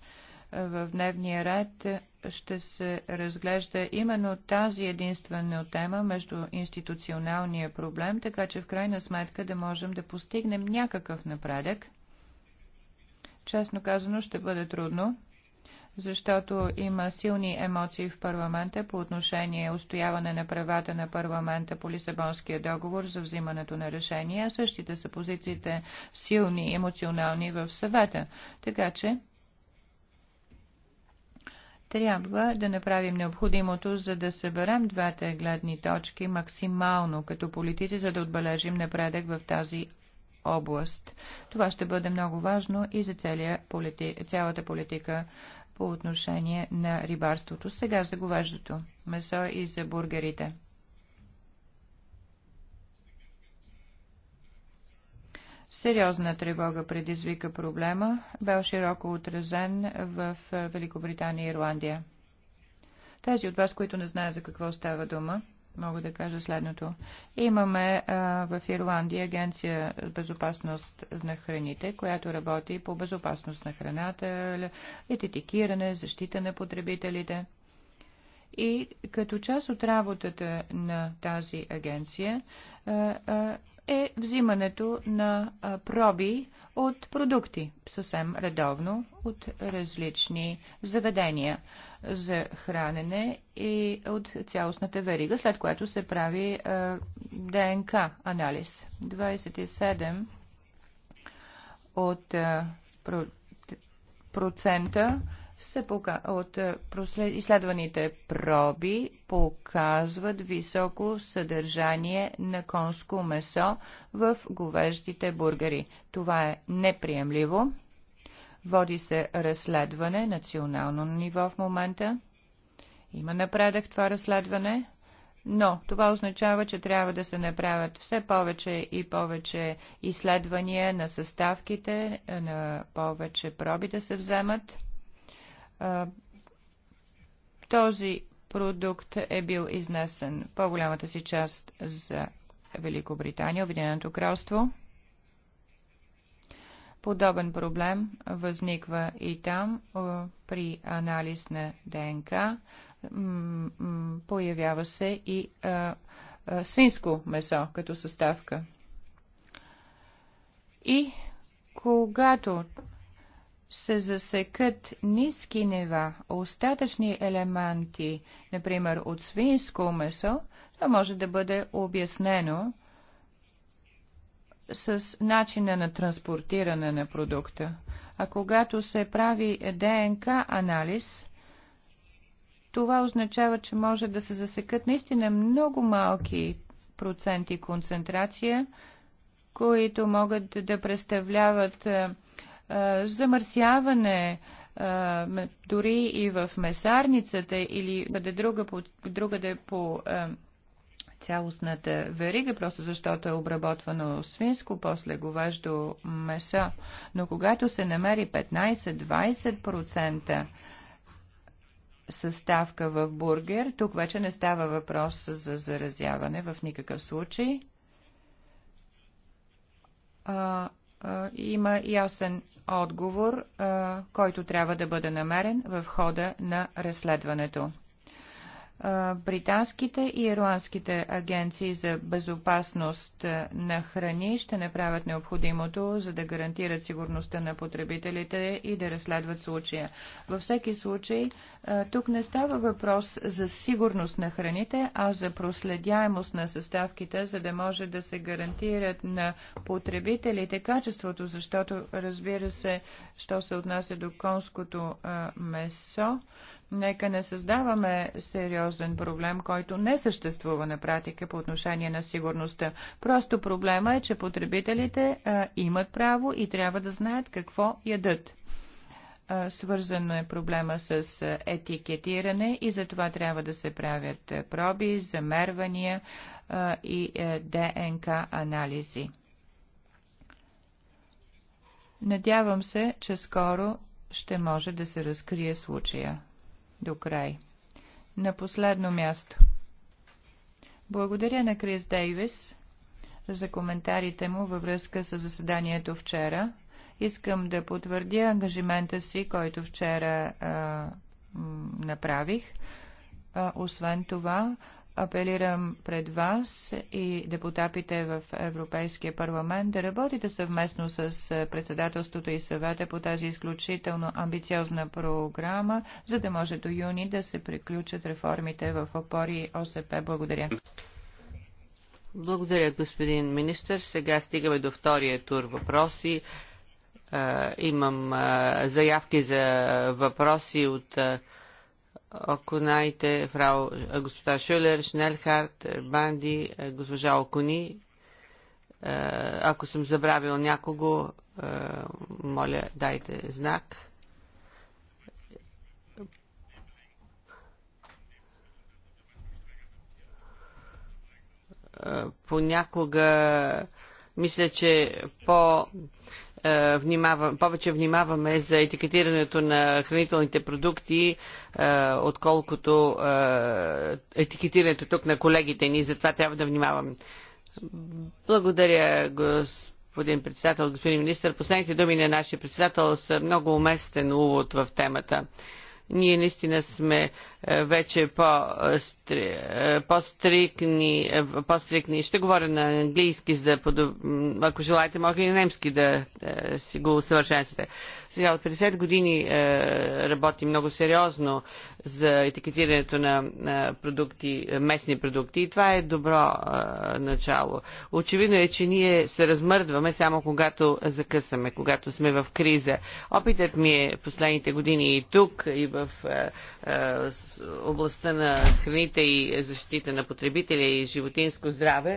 в дневния ред ще се разглежда именно тази единствена тема между институционалния проблем, така че в крайна сметка да можем да постигнем някакъв напредък Честно казано ще бъде трудно, защото има силни емоции в парламента по отношение устояване на правата на парламента по Лисабонския договор за взимането на решения. Същите са позициите силни, емоционални в съвета. Така че трябва да направим необходимото, за да съберем двете гледни точки максимално като политици, за да отбележим напредък в тази област. Това ще бъде много важно и за полити... цялата политика по отношение на рибарството. Сега за говеждото месо и за бургерите. Сериозна тревога предизвика проблема, Бел широко отразен в Великобритания и Ирландия. Тези от вас, които не знаят за какво става дума, мога да кажа следното. Имаме а, в Ирландия агенция безопасност на храните, която работи по безопасност на храната, етикиране, защита на потребителите. И като част от работата на тази агенция, а, а, е взимането на проби от продукти съвсем редовно от различни заведения за хранене и от цялостната верига, след което се прави ДНК анализ. 27 от процента се пока... от е, прослед... изследваните проби показват високо съдържание на конско месо в говеждите бургари. Това е неприемливо. Води се разследване национално ниво в момента. Има напредък това разследване, но това означава, че трябва да се направят все повече и повече изследвания на съставките, на повече проби да се вземат този продукт е бил изнесен по-голямата си част за Великобритания, Обединеното кралство. Подобен проблем възниква и там при анализ на ДНК. Появява се и свинско месо като съставка. И когато се засекат ниски нива, остатъчни елементи, например от свинско месо, то може да бъде обяснено с начина на транспортиране на продукта. А когато се прави ДНК анализ, това означава, че може да се засекат наистина много малки проценти концентрация, които могат да представляват е, замърсяване, дори и в месарницата или къде друга по, другаде по цялостната верига, просто защото е обработвано свинско, после говеждо меса. Но когато се намери 15-20% съставка в бургер, тук вече не става въпрос за заразяване в никакъв случай. А, има ясен отговор, който трябва да бъде намерен в хода на разследването британските и ирландските агенции за безопасност на храни ще направят необходимото, за да гарантират сигурността на потребителите и да разследват случая. Във всеки случай, тук не става въпрос за сигурност на храните, а за проследяемост на съставките, за да може да се гарантират на потребителите качеството, защото, разбира се, що се отнася до конското месо, Нека не създаваме сериозен проблем, който не съществува на практика по отношение на сигурността. Просто проблема е, че потребителите а, имат право и трябва да знаят какво ядат. Свързано е проблема с етикетиране и за това трябва да се правят проби, замервания а, и ДНК анализи. Надявам се, че скоро ще може да се разкрие случая до край. На последно място. Благодаря на Крис Дейвис за коментарите му във връзка с заседанието вчера. Искам да потвърдя ангажимента си, който вчера а, направих. А, освен това, апелирам пред вас и депутатите в Европейския парламент да работите съвместно с е, председателството и съвета по тази изключително амбициозна програма, за да може до юни да се приключат реформите в опори ОСП. Благодаря. Благодаря, господин министр. Сега стигаме до втория тур въпроси. Е, имам е, заявки за въпроси от Оконайте, фрау, господа Шулер, Шнелхарт, Банди, госпожа Окуни. Ако съм забравил някого, моля, дайте знак. Понякога мисля, че по внимавам, повече внимаваме за етикетирането на хранителните продукти, е, отколкото е, етикетирането тук на колегите ни. Затова трябва да внимавам. Благодаря, господин председател, господин министр. Последните думи на нашия председател са много уместен увод в темата ние наистина сме е, вече по-стрикни. По по Ще говоря на английски, за да подоб... ако желаете, мога и на немски да си го усъвършенствате. Сега от 50 години е, работи много сериозно за етикетирането на продукти, местни продукти и това е добро е, начало. Очевидно е, че ние се размърдваме само когато закъсаме, когато сме в криза. Опитът ми е последните години и тук, и в е, областта на храните и защита на потребителя и животинско здраве,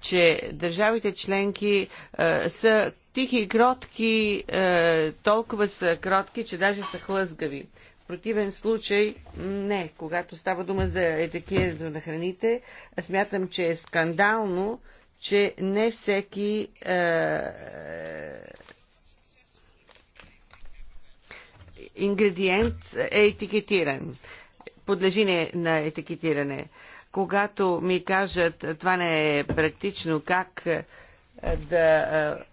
че държавите членки са тихи и кротки, е, толкова са кротки, че даже са хлъзгави. В противен случай, не, когато става дума за етикетирането на храните, смятам, че е скандално, че не всеки е, ингредиент е етикетиран, подлежи на етикетиране. Когато ми кажат, това не е практично, как е, да е,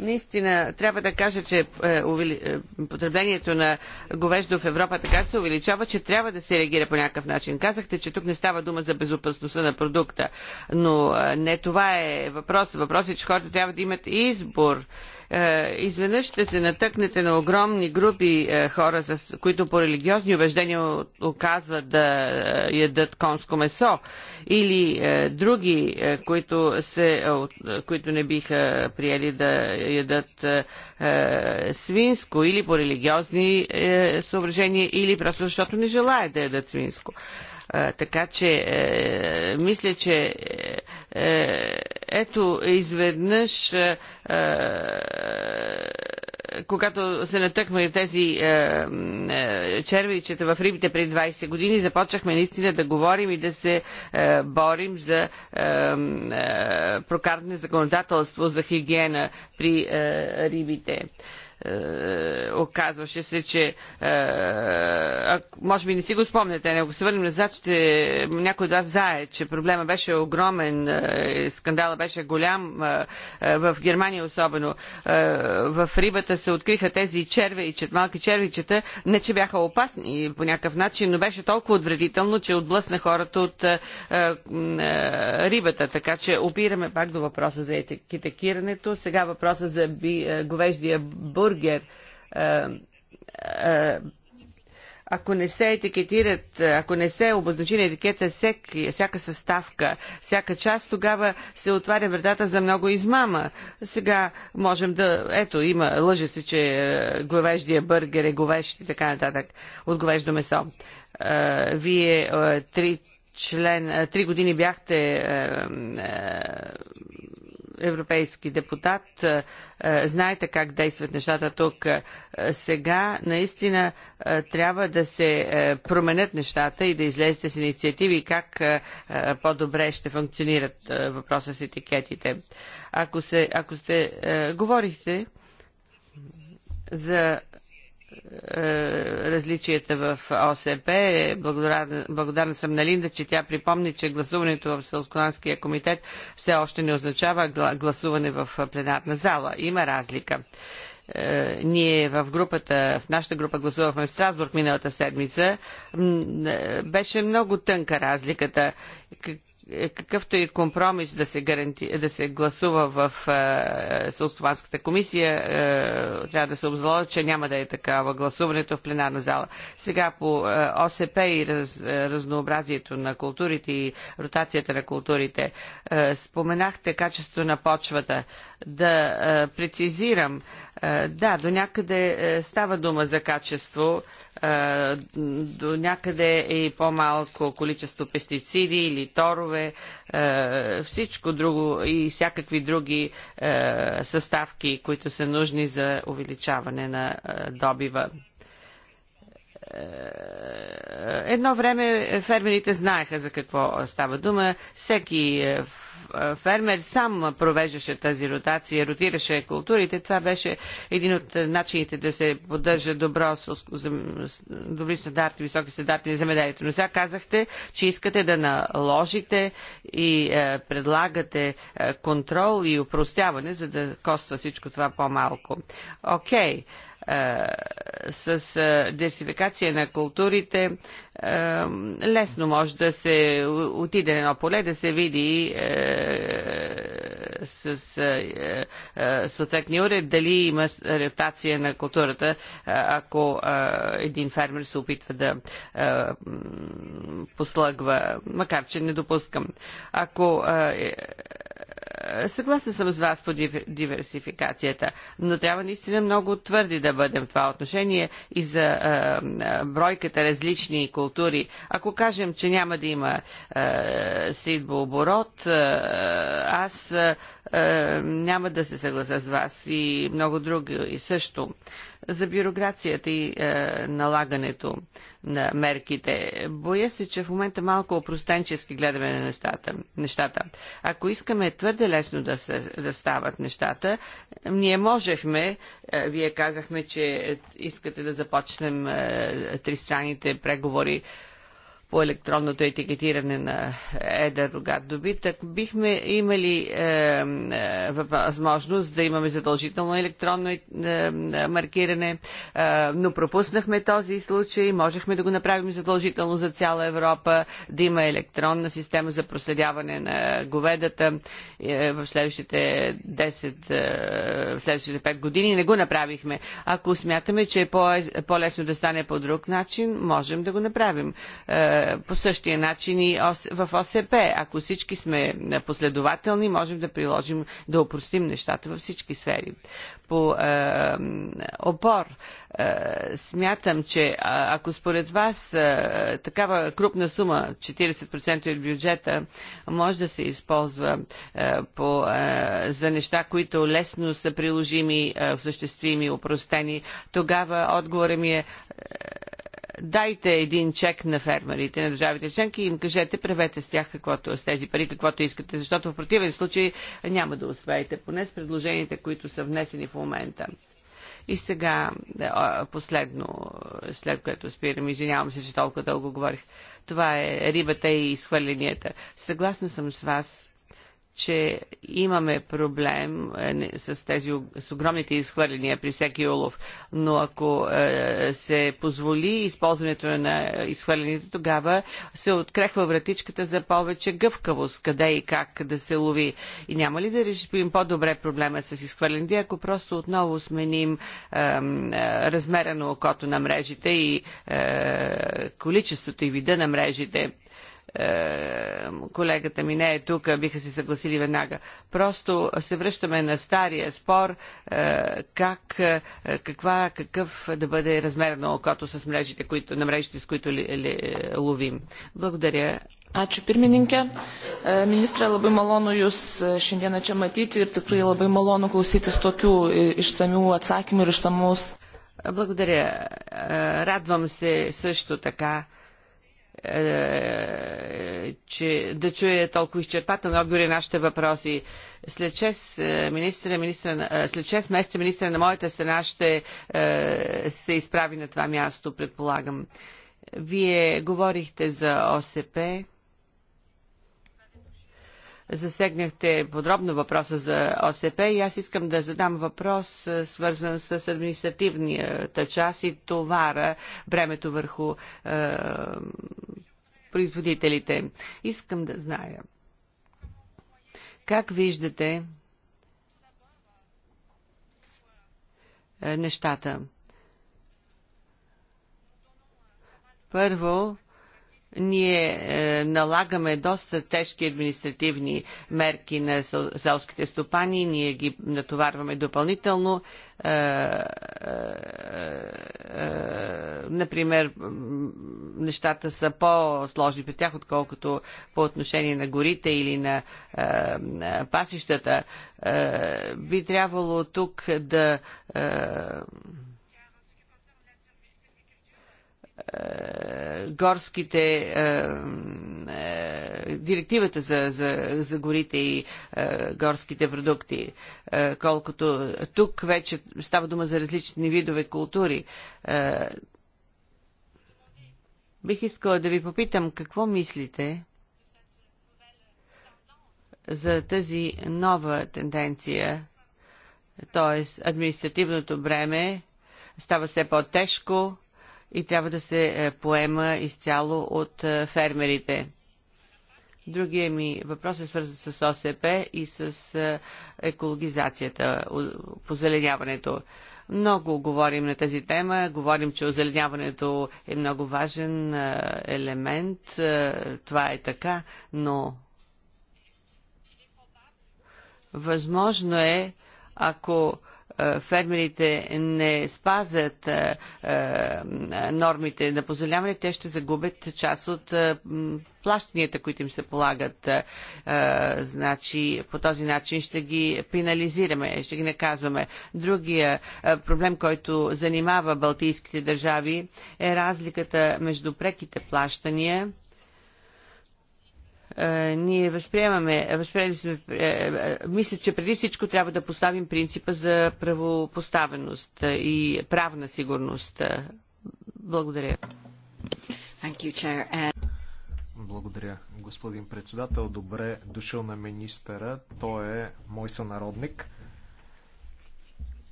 Наистина, трябва да кажа, че е, е, потреблението на говеждо в Европа така се увеличава, че трябва да се реагира по някакъв начин. Казахте, че тук не става дума за безопасността на продукта, но е, не това е въпрос. Въпросът е, че хората трябва да имат избор е, изведнъж ще се натъкнете на огромни групи е, хора, които по религиозни убеждения оказват да е, ядат конско месо или други, които, се, които не биха приели да ядат свинско или по религиозни съображения или просто защото не желаят да ядат свинско. Така че мисля, че е, ето, изведнъж е, е, когато се натъкнали тези червичета в рибите преди 20 години, започнахме наистина да говорим и да се борим за прокарване законодателство за хигиена при рибите. Е, оказваше се, че е, а, може би не си го спомняте, ако се върнем назад, ще, някой от вас знае, че проблема беше огромен, е, скандала беше голям е, в Германия особено. в рибата се откриха тези червейчета, малки червейчета, не че бяха опасни по някакъв начин, но беше толкова отвредително, че отблъсна хората от рибата. Така че опираме пак до въпроса за етикетирането. Сега въпроса за говеждия бур бургер. Ако не се етикетират, ако не се обозначи на етикета всяка съставка, всяка част, тогава се отваря вратата за много измама. Сега можем да... Ето, има, лъже се, че е, говеждия бъргер е говещ и така нататък от говеждо месо. Е, вие е, три член, три години бяхте европейски депутат, знаете как действат нещата тук. Сега наистина трябва да се променят нещата и да излезете с инициативи как по-добре ще функционират въпроса с етикетите. Ако, се, ако сте, говорихте за е, различията в ОСП. Благодарна, благодарна съм на Линда, че тя припомни, че гласуването в Сълсконанския комитет все още не означава гласуване в пленарна зала. Има разлика е, ние в групата, в нашата група гласувахме в Страсбург миналата седмица, е, беше много тънка разликата какъвто и компромис да се, гаранти... да се гласува в е, комисия, е, трябва да се обзала, че няма да е такава гласуването в пленарна зала. Сега по е, ОСП и раз, е, разнообразието на културите и ротацията на културите, е, споменахте качество на почвата. Да е, прецизирам. Е, е, да, до някъде е, става дума за качество, е, до някъде и по-малко количество пестициди или торове, всичко друго и всякакви други съставки, които са нужни за увеличаване на добива едно време фермерите знаеха за какво става дума. Всеки фермер сам провеждаше тази ротация, ротираше културите. Това беше един от начините да се поддържа добро, добри стандарти, високи стандарти на земеделието. Но сега казахте, че искате да наложите и предлагате контрол и упростяване, за да коства всичко това по-малко. Окей. Okay с диверсификация на културите лесно може да се отиде на едно поле, да се види с съответния уред дали има ротация на културата, ако един фермер се опитва да послъгва, макар че не допускам. Ако Съгласна съм с вас по диверсификацията, но трябва наистина много твърди да бъдем в това отношение и за бройката различни култури. Ако кажем, че няма да има е, сидбооборот, аз няма да се съглася с вас и много други и също за бюрокрацията и е, налагането на мерките. Боя се, че в момента малко опростенчески гледаме на нещата. нещата. Ако искаме твърде лесно да, се, да стават нещата, ние можехме, е, вие казахме, че искате да започнем е, тристранните преговори по електронното етикетиране на едър рогат добитък, бихме имали е, е, възможност да имаме задължително електронно е, е, маркиране, е, но пропуснахме този случай, можехме да го направим задължително за цяла Европа, да има електронна система за проследяване на говедата е, в следващите 10, е, в следващите 5 години. Не го направихме. Ако смятаме, че е, е по-лесно да стане по друг начин, можем да го направим. Е, по същия начин и в ОСП. Ако всички сме последователни, можем да приложим, да опростим нещата във всички сфери. По е, опор е, смятам, че е, ако според вас е, такава крупна сума, 40% от бюджета, може да се използва е, по, е, за неща, които лесно са приложими, е, осъществими, упростени, тогава отговорът ми е дайте един чек на фермерите, на държавите членки и им кажете, правете с тях каквото, с тези пари, каквото искате, защото в противен случай няма да успеете, поне с предложенията, които са внесени в момента. И сега, е, последно, е, след което спирам, извинявам се, че толкова дълго говорих, това е рибата и изхвърленията. Съгласна съм с вас, че имаме проблем е, с тези с огромните изхвърления при всеки улов, но ако е, се позволи използването на изхвърлените, тогава се открехва вратичката за повече гъвкавост, къде и как да се лови. И няма ли да решим по-добре проблема с изхвърлените, ако просто отново сменим е, е, размера на окото на мрежите и е, количеството и вида на мрежите? Е, колегата ми не е тук, биха се съгласили веднага. Просто се връщаме на стария спор е, как, е, каква, какъв да бъде размер на окото с мрежите, които, на мрежите, с които ли, ли, ловим. Благодаря. Ačiū pirmininkė. Ministrė, labai malonu Jūs šiandieną čia matyti ir tikrai labai malonu klausytis tokių e, išsamių atsakymų ir išsamus. Благодаря. Радвам се също така е, че, да чуе толкова изчерпателно отговори на нашите въпроси. След 6, е, министра, министра, е, след 6 месеца министра на моята страна ще се изправи на това място, предполагам. Вие говорихте за ОСП. Засегнахте подробно въпроса за ОСП и аз искам да задам въпрос, свързан с административната част и товара, бремето върху е, производителите. Искам да зная. Как виждате е, нещата? Първо, ние е, налагаме доста тежки административни мерки на селските стопани, ние ги натоварваме допълнително. Е, е, е например, нещата са по-сложни при тях, отколкото по отношение на горите или на, е, на пасищата. Е, би трябвало тук да е, горските е, е, директивата за, за, за горите и горските продукти, колкото тук вече става дума за различни видове култури. бих искала да ви попитам какво мислите за тази нова тенденция, т.е. административното бреме става все по-тежко, и трябва да се е, поема изцяло от е, фермерите. Другия ми въпрос е свързан с ОСП и с е, екологизацията, позеленяването. Много говорим на тази тема. Говорим, че озеленяването е много важен елемент. Това е така, но възможно е, ако е, фермерите не спазят е, е, нормите на позволяване, те ще загубят част от плащанията, които им се полагат. Значи, по този начин ще ги пенализираме, ще ги наказваме. Другия проблем, който занимава балтийските държави е разликата между преките плащания е, ние възприемаме, възприемали сме, е, е, мисля, че преди всичко трябва да поставим принципа за правопоставеност и правна сигурност. Благодаря. Благодаря, господин председател. Добре дошъл на министъра. Той е мой сънародник.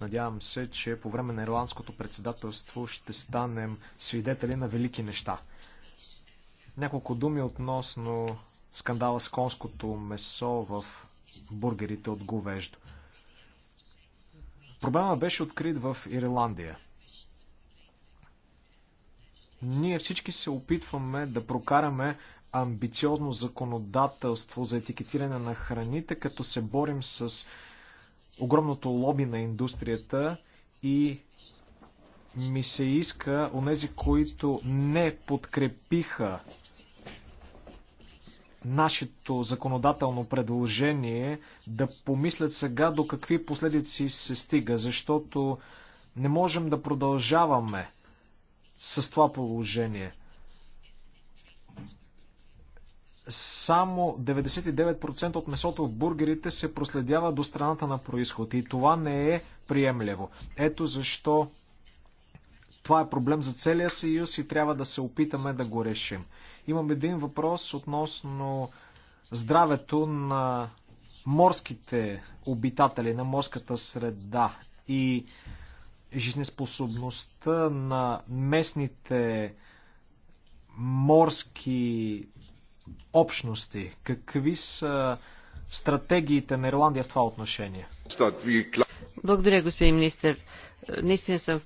Надявам се, че по време на ирландското председателство ще станем свидетели на велики неща. Няколко думи относно скандала с конското месо в бургерите от говеждо. Проблема беше открит в Ирландия. Ние всички се опитваме да прокараме амбициозно законодателство за етикетиране на храните, като се борим с огромното лоби на индустрията и ми се иска онези, които не подкрепиха нашето законодателно предложение, да помислят сега до какви последици се стига, защото не можем да продължаваме с това положение. Само 99% от месото в бургерите се проследява до страната на происход и това не е приемливо. Ето защо това е проблем за целия съюз и трябва да се опитаме да го решим. Имам един въпрос относно здравето на морските обитатели, на морската среда и жизнеспособността на местните морски общности. Какви са стратегиите на Ирландия в това отношение? Благодаря, господин министр. Наистина съм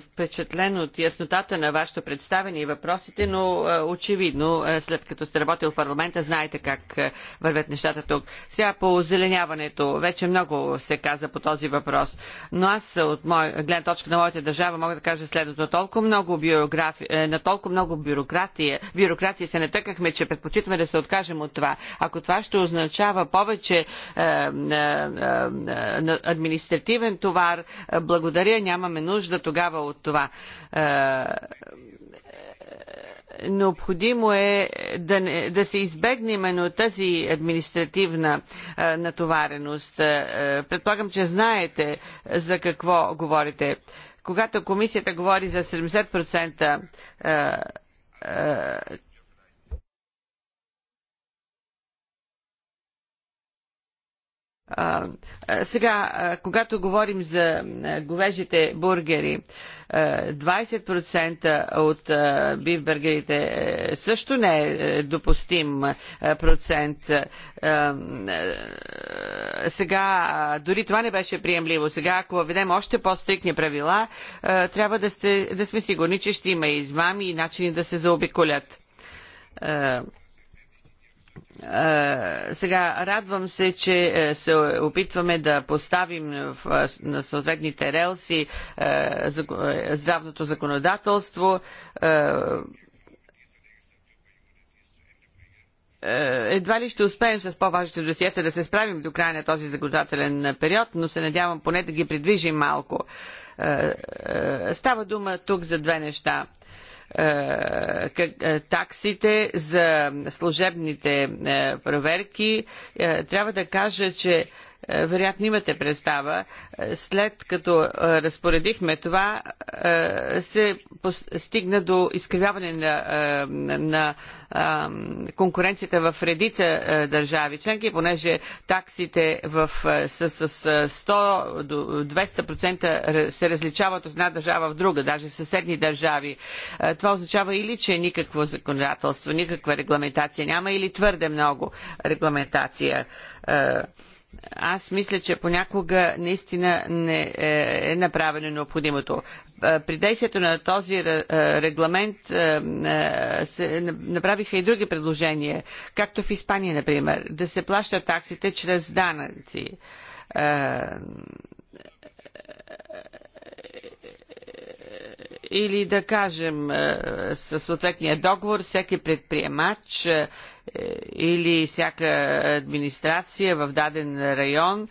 впечатлен от яснотата на вашето представение и въпросите, но е, очевидно, е, след като сте работил в парламента, знаете как е, вървят нещата тук. Сега по озеленяването, вече много се каза по този въпрос, но аз от моя гледна точка на моята държава мога да кажа следното. Толкова много биографи... на толкова много бюрократия, бюрокрация се натъкахме, че предпочитаме да се откажем от това. Ако това ще означава повече е, е, е, административен товар, благодаря България, нямаме нужда тогава от това. Е, необходимо е да, не, да се избегне именно тази административна а, е, натовареност. А, е, предполагам, че знаете за какво говорите. Когато комисията говори за 70% а, А, сега, когато говорим за говежите бургери, 20% от бифбергерите е, също не е, е допустим процент. Сега, дори това не беше приемливо. Сега, ако ведем още по-стрикни правила, трябва да, сте, да сме сигурни, че ще има измами и начини да се заобиколят е, сега радвам се, че е, се опитваме да поставим в, е, на съответните релси здравното законодателство. Едва ли ще успеем с по-важните досиета да се справим до края на този законодателен период, но се надявам поне да ги придвижим малко. Става дума тук за две неща е, е, таксите за служебните е, проверки, трябва да кажа, че е, вероятно имате представа, е, след като е, разпоредихме това, се стигна до изкривяване на, на, на конкуренцията в редица държави членки, понеже таксите в, с, с 100 до 200% се различават от една държава в друга, даже съседни държави. Това означава или, че никакво законодателство, никаква регламентация няма, или твърде много регламентация аз мисля, че понякога наистина не е, е направено необходимото. Е, при действието на този е, регламент се направиха и други предложения, както в Испания, например, да се плащат таксите чрез данъци или да кажем е, със съответния договор всеки предприемач е, или всяка администрация в даден район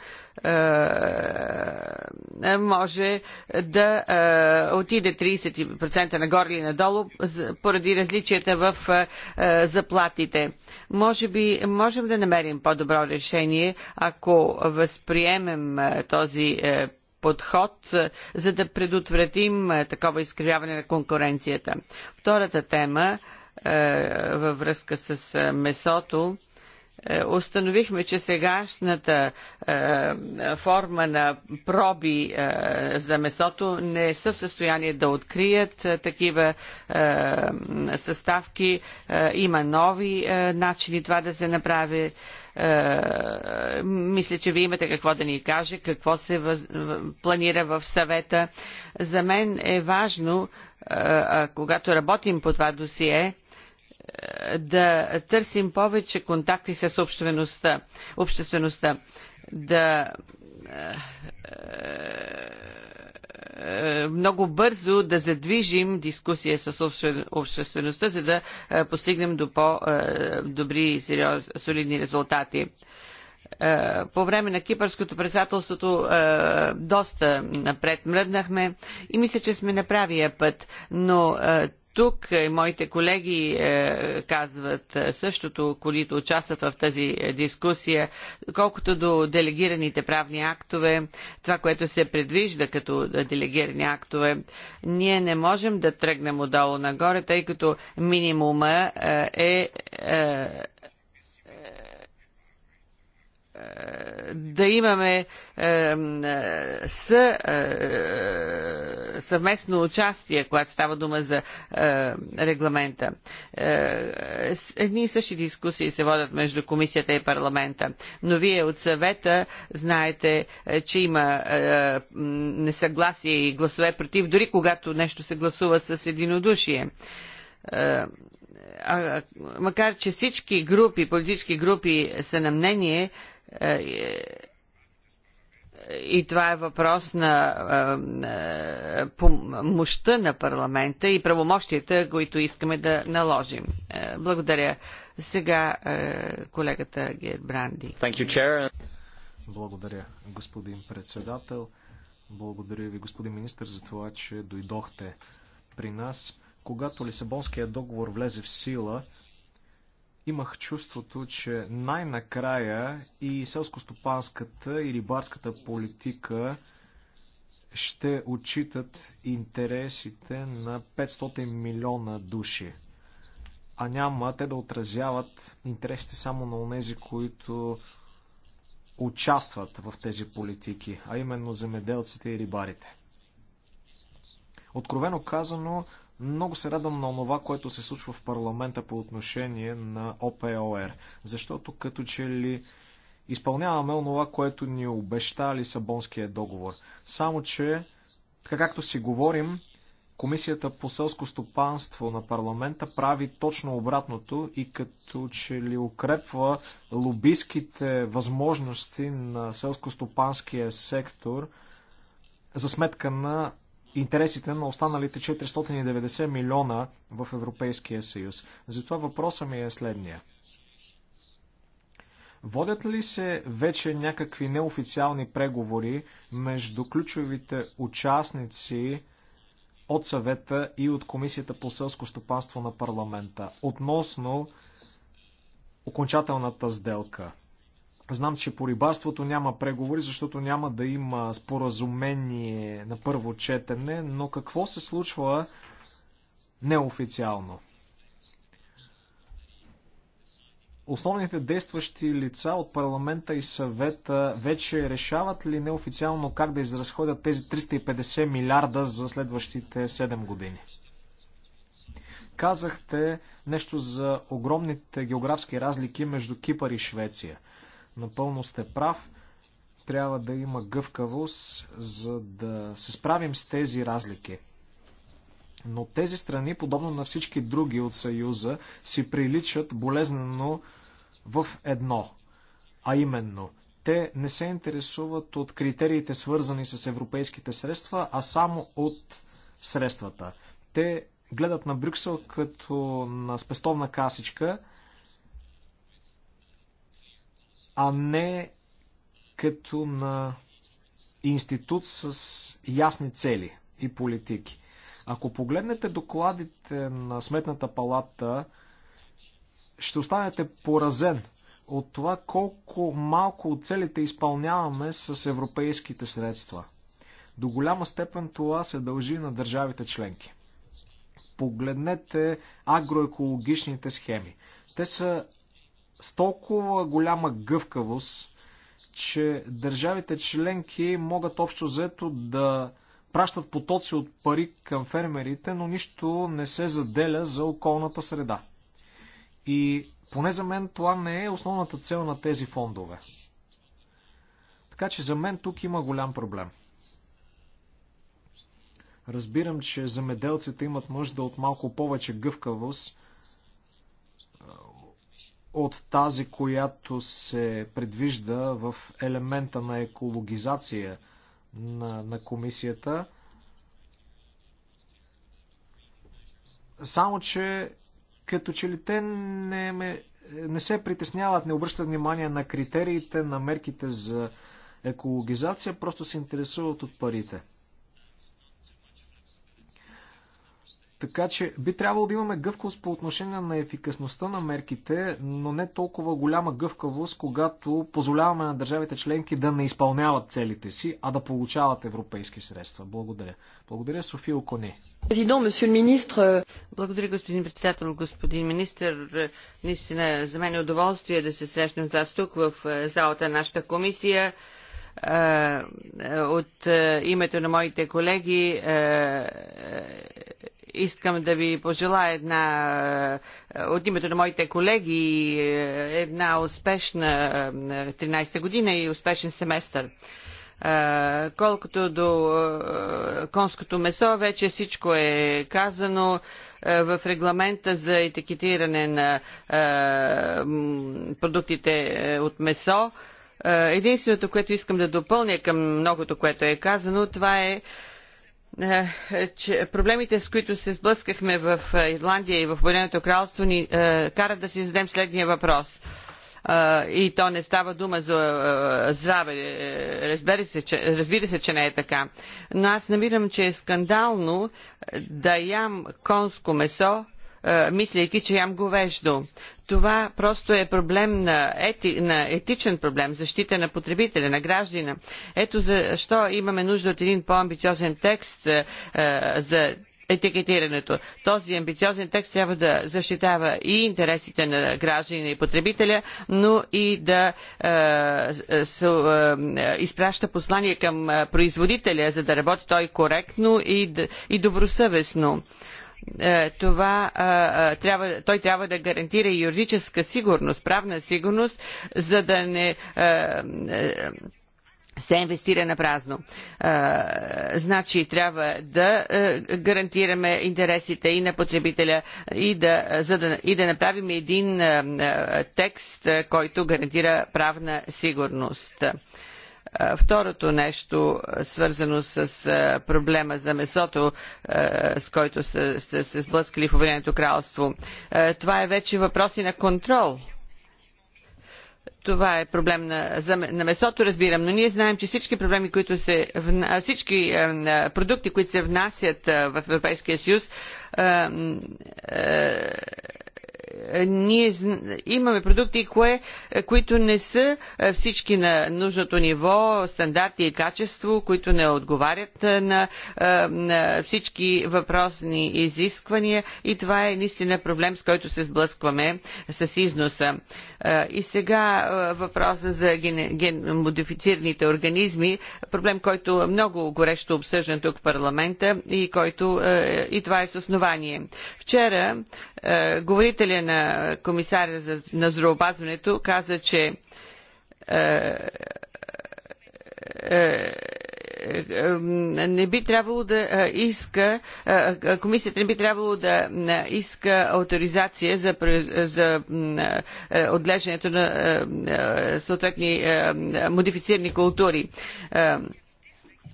е, може да отиде 30% нагоре или надолу поради различията в заплатите. Може би можем да намерим по-добро решение, ако възприемем този подход, е, за да предотвратим е, такова изкривяване на конкуренцията. Втората тема е, във връзка с месото установихме, че сегашната е, форма на проби е, за месото не са в състояние да открият е, такива съставки. Има нови начини това да се направи. Е, мисля, че вие имате какво да ни каже, какво се въз... планира в съвета. За мен е важно, е, когато работим по това досие, е, да търсим повече контакти с обществеността, обществеността да е, много бързо да задвижим дискусия с обществеността, за да е, постигнем до по-добри е, и сериоз, солидни резултати по време на кипърското председателството доста напред мръднахме и мисля, че сме на правия път, но тук е, моите колеги е, казват е, същото, които участват в тази дискусия. Колкото до делегираните правни актове, това, което се предвижда като делегирани актове, ние не можем да тръгнем отдолу нагоре, тъй като минимума е да имаме е, с, е, съвместно участие, когато става дума за е, регламента. Е, едни и същи дискусии се водят между комисията и парламента, но вие от съвета знаете, е, че има е, несъгласие и гласове против, дори когато нещо се гласува с единодушие макар че всички групи, политически групи са на мнение, е, е, и това е въпрос на е, помощта на парламента и правомощията, които искаме да наложим. Благодаря. Сега колегата Гербранди. Благодаря, господин председател. Благодаря ви, господин министр, за това, че дойдохте при нас. Когато Лисабонския договор влезе в сила, имах чувството, че най-накрая и селскостопанската и рибарската политика ще отчитат интересите на 500 милиона души, а няма те да отразяват интересите само на онези, които участват в тези политики, а именно земеделците и рибарите. Откровено казано, много се радвам на това, което се случва в парламента по отношение на ОПОР, защото като че ли изпълняваме онова, което ни обеща Лисабонския договор. Само, че, така както си говорим, Комисията по селско стопанство на парламента прави точно обратното и като че ли укрепва лобийските възможности на селско-стопанския сектор за сметка на интересите на останалите 490 милиона в Европейския съюз. Затова въпроса ми е следния. Водят ли се вече някакви неофициални преговори между ключовите участници от съвета и от Комисията по селско стопанство на парламента относно окончателната сделка? Знам, че по рибарството няма преговори, защото няма да има споразумение на първо четене, но какво се случва неофициално? Основните действащи лица от парламента и съвета вече решават ли неофициално как да изразходят тези 350 милиарда за следващите 7 години? Казахте нещо за огромните географски разлики между Кипър и Швеция. Напълно сте прав. Трябва да има гъвкавост, за да се справим с тези разлики. Но тези страни, подобно на всички други от Съюза, си приличат болезнено в едно. А именно, те не се интересуват от критериите, свързани с европейските средства, а само от средствата. Те гледат на Брюксел като на спестовна касичка – а не като на институт с ясни цели и политики. Ако погледнете докладите на Сметната палата, ще останете поразен от това колко малко от целите изпълняваме с европейските средства. До голяма степен това се дължи на държавите членки. Погледнете агроекологичните схеми. Те са с толкова голяма гъвкавост, че държавите членки могат общо взето да пращат потоци от пари към фермерите, но нищо не се заделя за околната среда. И поне за мен това не е основната цел на тези фондове. Така че за мен тук има голям проблем. Разбирам, че замеделците имат нужда от малко повече гъвкавост, от тази, която се предвижда в елемента на екологизация на, на комисията. Само, че като че ли те не, ме, не се притесняват, не обръщат внимание на критериите, на мерките за екологизация, просто се интересуват от парите. Така че би трябвало да имаме гъвкавост по отношение на ефикасността на мерките, но не толкова голяма гъвкавост, когато позволяваме на държавите членки да не изпълняват целите си, а да получават европейски средства. Благодаря. Благодаря, София Оконе. Благодаря, господин председател, господин министр. Наистина, за мен е удоволствие да се срещнем с вас тук в е, залата на нашата комисия е, е, от името на моите колеги искам да ви пожелая една, е, от името на моите колеги, е, една успешна 13-та е, година и успешен семестър. Колкото до конското месо, вече всичко е казано в регламента за етикетиране на продуктите от месо. Единственото, което искам да допълня към многото, което е казано, това е е, е, че проблемите, с които се сблъскахме в е, Ирландия и в Обединеното кралство, ни карат да си зададем следния въпрос. и то не става дума за здраве. Разбира се, че, разбира се, че не е така. Но аз намирам, че е скандално да ям конско месо, мислейки, че ям говеждо. Това просто е проблем на, ети, на етичен проблем, защита на потребителя, на граждана. Ето защо имаме нужда от един по-амбициозен текст е, е, за етикетирането. Този амбициозен текст трябва да защитава и интересите на гражданина и потребителя, но и да е, е, е, изпраща послание към е, производителя, за да работи той коректно и, и добросъвестно. Е, е, това е, е, трябва, той трябва да гарантира юридическа сигурност, правна сигурност, за да не се инвестира на празно. значи трябва да гарантираме интересите и на потребителя, и да, за да, и да направим един текст, който гарантира правна сигурност. Второто нещо, свързано с проблема за месото, с който сте се, сблъскали в Обединеното кралство, това е вече въпроси на контрол. Това е проблем на, за, на месото, разбирам, но ние знаем, че всички проблеми, които се, всички продукти, които се внасят в Европейския съюз, е, ние имаме продукти, кое, е, които не са е, всички на нужното ниво, стандарти и качество, които не отговарят на, на всички въпросни изисквания и това е наистина проблем, с който се сблъскваме с износа. И сега въпроса за ген, ген, модифицираните организми, проблем, който много горещо обсъждан тук в парламента и който и това е с основание. Вчера е, говорителя на комисаря на здравеопазването каза, че е, е, не би трябвало да иска, комисията не би трябвало да иска авторизация за, за отглеждането на съответни модифицирани култури.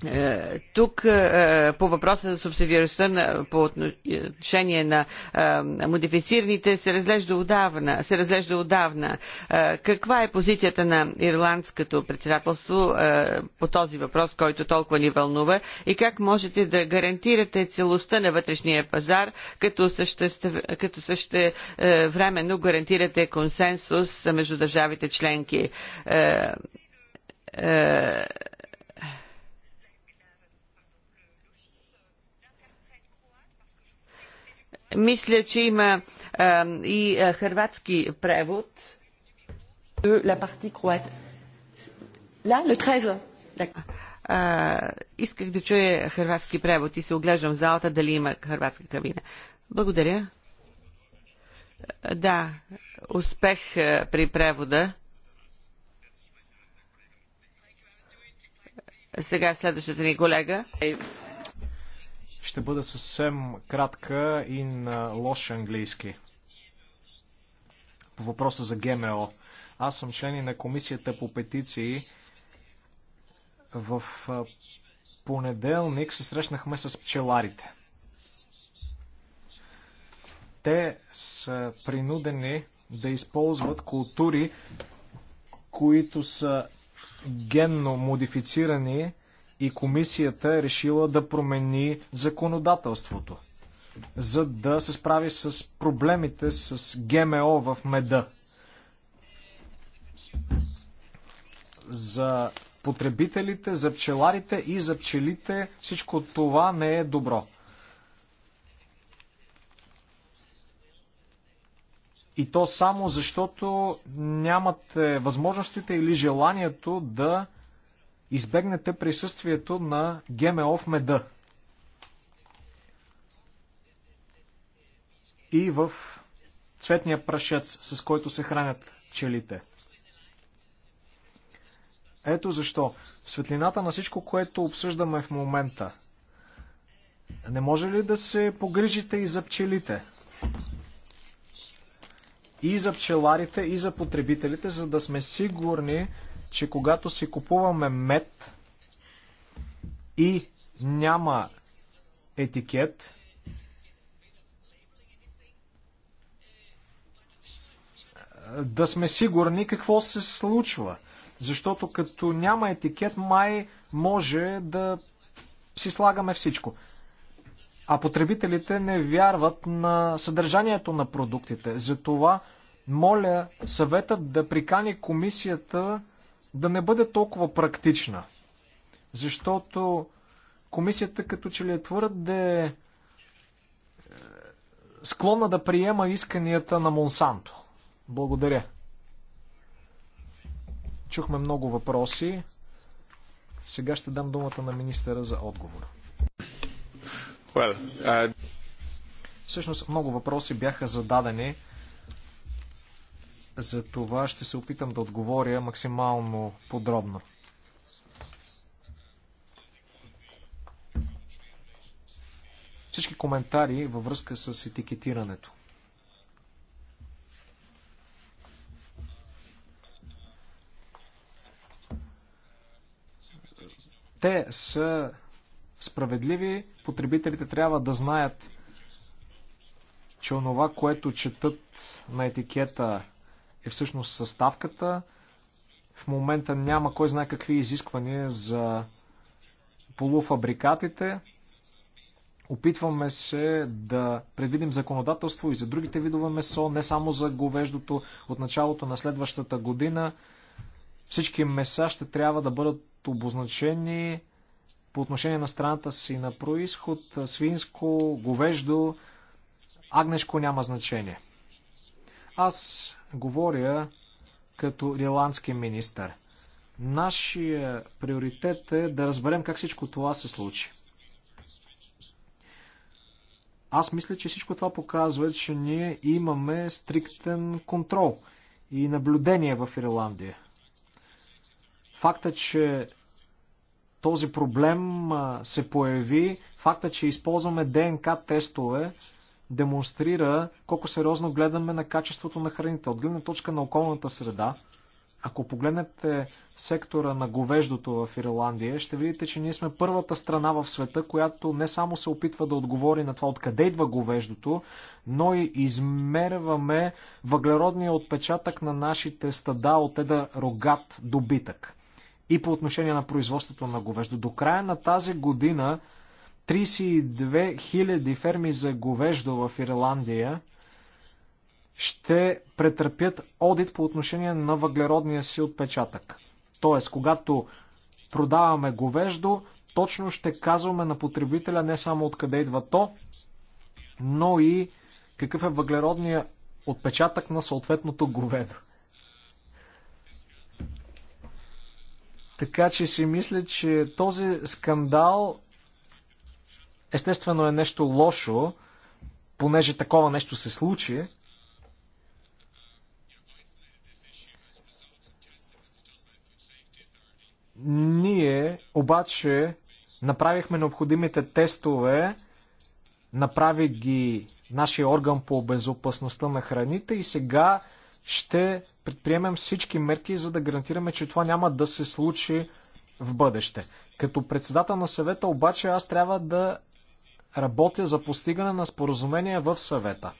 Е, тук е, по въпроса за субсидиарността по отношение на е, модифицираните се разглежда отдавна. Се разглежда отдавна. Каква е позицията на ирландското председателство по този въпрос, който толкова ни вълнува и как можете да гарантирате целостта на вътрешния пазар, като също, като също временно гарантирате консенсус между държавите членки? Мисля, че има а, и а, хрватски превод. La partie croate. Là, le 13. А, исках да чуя хрватски превод и се оглеждам в залата дали има хрватска кабина. Благодаря. Да, успех при превода. Сега следващата ни колега. Е, ще бъда съвсем кратка и на лош английски. По въпроса за ГМО. Аз съм член на комисията по петиции. В понеделник се срещнахме с пчеларите. Те са принудени да използват култури, които са генно модифицирани и комисията е решила да промени законодателството, за да се справи с проблемите с ГМО в меда. За потребителите, за пчеларите и за пчелите всичко това не е добро. И то само защото нямате възможностите или желанието да избегнете присъствието на ГМО в меда и в цветния прашец, с който се хранят пчелите. Ето защо, в светлината на всичко, което обсъждаме в момента, не може ли да се погрижите и за пчелите? И за пчеларите, и за потребителите, за да сме сигурни, че когато си купуваме мед и няма етикет, да сме сигурни какво се случва. Защото като няма етикет, май може да си слагаме всичко. А потребителите не вярват на съдържанието на продуктите. Затова моля съветът да прикани комисията да не бъде толкова практична. Защото комисията като че ли е твърде е, склонна да приема исканията на Монсанто. Благодаря. Чухме много въпроси. Сега ще дам думата на министъра за отговор. Well, uh... Всъщност много въпроси бяха зададени. За това ще се опитам да отговоря максимално подробно. Всички коментари във връзка с етикетирането. Те са справедливи, потребителите трябва да знаят, че онова, което четат на етикета е всъщност съставката. В момента няма кой знае какви изисквания за полуфабрикатите. Опитваме се да предвидим законодателство и за другите видове месо, не само за говеждото. От началото на следващата година всички меса ще трябва да бъдат обозначени по отношение на страната си на происход, свинско, говеждо, агнешко няма значение. Аз говоря като ирландски министър. Нашия приоритет е да разберем как всичко това се случи. Аз мисля, че всичко това показва, че ние имаме стриктен контрол и наблюдение в Ирландия. Факта, че този проблем се появи, факта, че използваме ДНК тестове, демонстрира колко сериозно гледаме на качеството на храните. От гледна точка на околната среда, ако погледнете сектора на говеждото в Ирландия, ще видите, че ние сме първата страна в света, която не само се опитва да отговори на това откъде идва говеждото, но и измерваме въглеродния отпечатък на нашите стада от еда рогат добитък. И по отношение на производството на говеждо. До края на тази година 32 000 ферми за говеждо в Ирландия ще претърпят одит по отношение на въглеродния си отпечатък. Тоест, когато продаваме говеждо, точно ще казваме на потребителя не само откъде идва то, но и какъв е въглеродния отпечатък на съответното говедо. Така че си мисля, че този скандал естествено е нещо лошо, понеже такова нещо се случи. Ние обаче направихме необходимите тестове, направи ги нашия орган по безопасността на храните и сега ще предприемем всички мерки, за да гарантираме, че това няма да се случи в бъдеще. Като председател на съвета обаче аз трябва да работя за постигане на споразумение в съвета.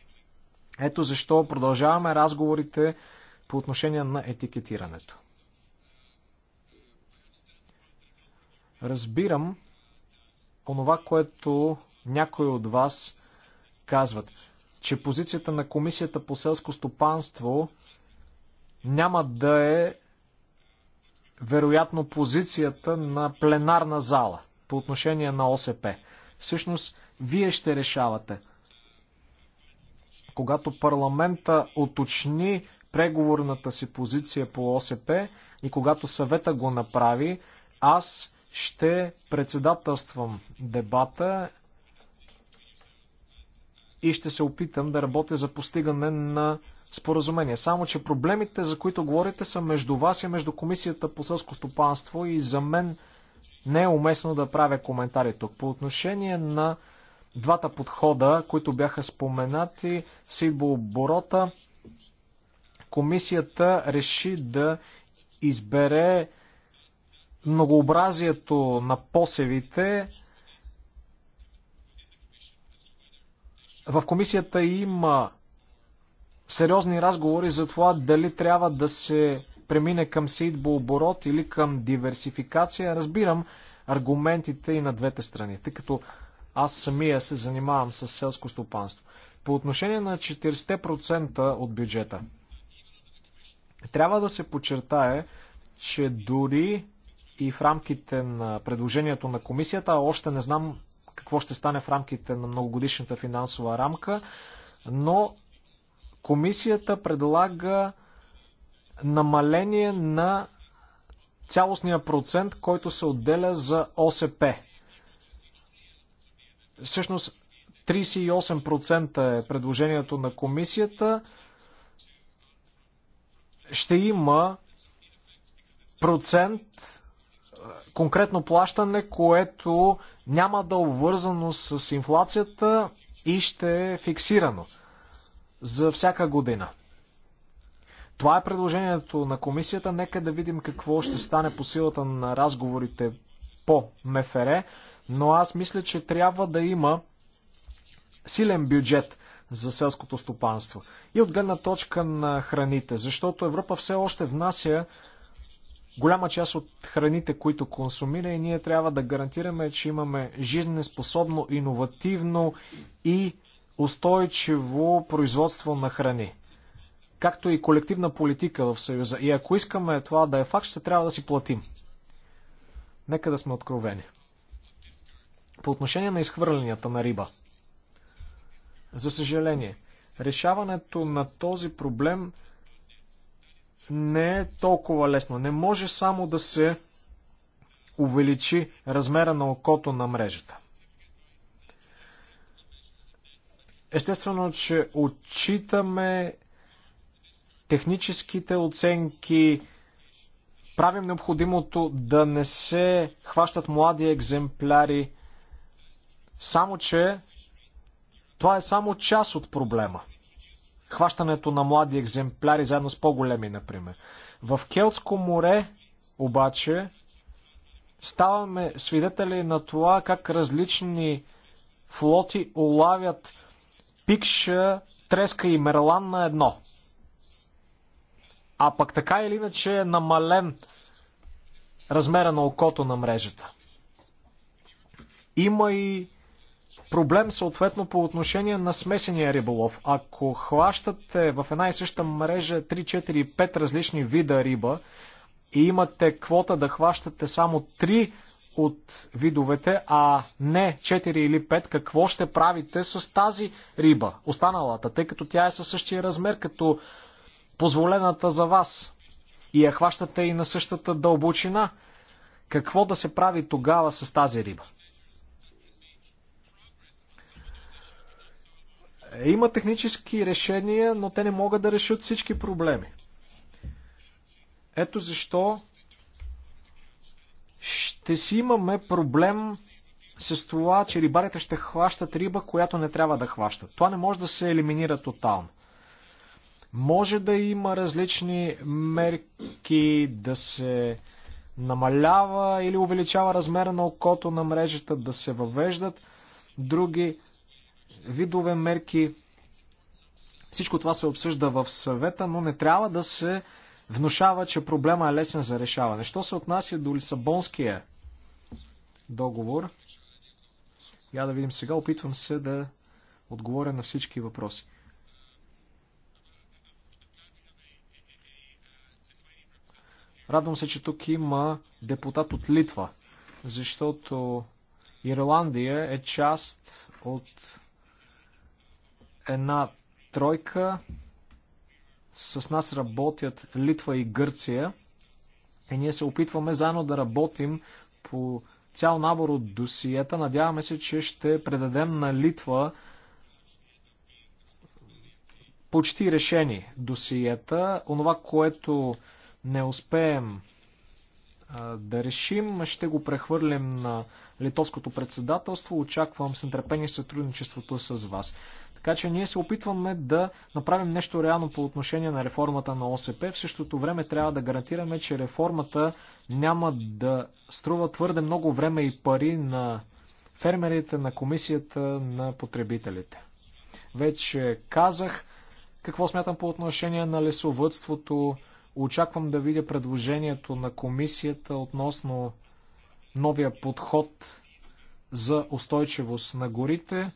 Ето защо продължаваме разговорите по отношение на етикетирането. Разбирам онова, което някои от вас казват, че позицията на Комисията по селско стопанство няма да е вероятно позицията на пленарна зала по отношение на ОСП. Всъщност, вие ще решавате. Когато парламента оточни преговорната си позиция по ОСП и когато съвета го направи, аз ще председателствам дебата и ще се опитам да работя за постигане на споразумение. Само, че проблемите, за които говорите, са между вас и между Комисията по сълско стопанство и за мен не е уместно да правя коментари тук. По отношение на двата подхода, които бяха споменати, Борота, комисията реши да избере многообразието на посевите. В комисията има сериозни разговори за това дали трябва да се премине към оборот или към диверсификация. Разбирам аргументите и на двете страни, тъй като аз самия се занимавам с селско стопанство. По отношение на 40% от бюджета, трябва да се подчертае, че дори и в рамките на предложението на комисията, още не знам какво ще стане в рамките на многогодишната финансова рамка, но комисията предлага намаление на цялостния процент, който се отделя за ОСП. Всъщност 38% е предложението на комисията. Ще има процент е, конкретно плащане, което няма да е обвързано с инфлацията и ще е фиксирано за всяка година. Това е предложението на комисията. Нека да видим какво ще стане по силата на разговорите по МФР, но аз мисля, че трябва да има силен бюджет за селското стопанство и от гледна точка на храните, защото Европа все още внася голяма част от храните, които консумира и ние трябва да гарантираме, че имаме жизнеспособно, иновативно и устойчиво производство на храни както и колективна политика в Съюза. И ако искаме това да е факт, ще трябва да си платим. Нека да сме откровени. По отношение на изхвърленията на риба. За съжаление, решаването на този проблем не е толкова лесно. Не може само да се увеличи размера на окото на мрежата. Естествено, че отчитаме техническите оценки, правим необходимото да не се хващат млади екземпляри. Само, че това е само част от проблема. Хващането на млади екземпляри заедно с по-големи, например. В Келтско море обаче ставаме свидетели на това как различни флоти улавят пикша, треска и мерлан на едно – а пък така или иначе е намален размера на окото на мрежата. Има и проблем съответно по отношение на смесения риболов. Ако хващате в една и съща мрежа 3, 4, 5 различни вида риба и имате квота да хващате само 3 от видовете, а не 4 или 5, какво ще правите с тази риба, останалата, тъй като тя е със същия размер като позволената за вас и я хващате и на същата дълбочина, какво да се прави тогава с тази риба? Има технически решения, но те не могат да решат всички проблеми. Ето защо ще си имаме проблем с това, че рибарите ще хващат риба, която не трябва да хващат. Това не може да се елиминира тотално. Може да има различни мерки да се намалява или увеличава размера на окото на мрежата, да се въвеждат други видове мерки. Всичко това се обсъжда в съвета, но не трябва да се внушава, че проблема е лесен за решаване. Що се отнася до Лисабонския договор? Я да видим сега. Опитвам се да отговоря на всички въпроси. Радвам се, че тук има депутат от Литва, защото Ирландия е част от една тройка. С нас работят Литва и Гърция. И ние се опитваме заедно да работим по цял набор от досиета. Надяваме се, че ще предадем на Литва почти решени досиета. Онова, което не успеем да решим, ще го прехвърлим на литовското председателство. Очаквам с нетърпение сътрудничеството с вас. Така че ние се опитваме да направим нещо реално по отношение на реформата на ОСП. В същото време трябва да гарантираме, че реформата няма да струва твърде много време и пари на фермерите, на комисията, на потребителите. Вече казах какво смятам по отношение на лесовътството. Очаквам да видя предложението на комисията относно новия подход за устойчивост на горите.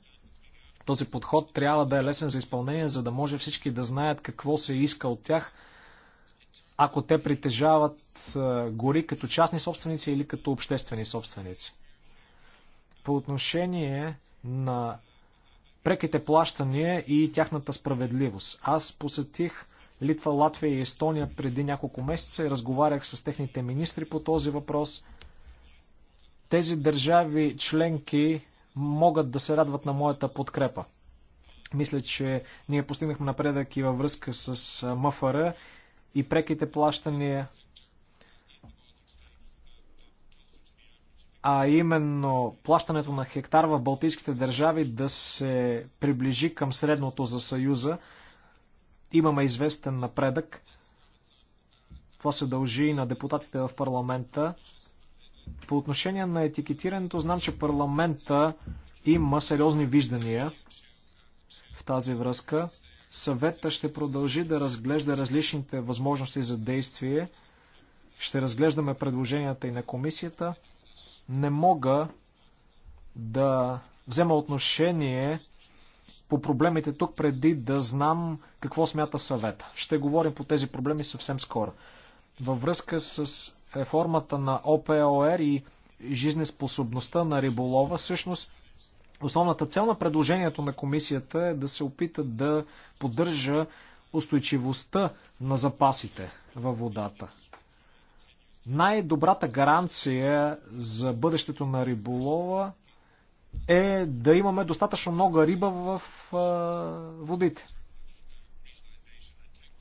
Този подход трябва да е лесен за изпълнение, за да може всички да знаят какво се иска от тях, ако те притежават гори като частни собственици или като обществени собственици. По отношение на преките плащания и тяхната справедливост. Аз посетих Литва, Латвия и Естония преди няколко месеца и разговарях с техните министри по този въпрос. Тези държави членки могат да се радват на моята подкрепа. Мисля, че ние постигнахме напредък и във връзка с МФР и преките плащания, а именно плащането на хектар в Балтийските държави да се приближи към средното за Съюза – Имаме известен напредък. Това се дължи и на депутатите в парламента. По отношение на етикетирането, знам, че парламента има сериозни виждания в тази връзка. Съветът ще продължи да разглежда различните възможности за действие. Ще разглеждаме предложенията и на комисията. Не мога да взема отношение по проблемите тук, преди да знам какво смята съвета. Ще говорим по тези проблеми съвсем скоро. Във връзка с реформата на ОПОР и жизнеспособността на риболова, всъщност основната цел на предложението на комисията е да се опита да поддържа устойчивостта на запасите във водата. Най-добрата гаранция за бъдещето на риболова е да имаме достатъчно много риба в водите.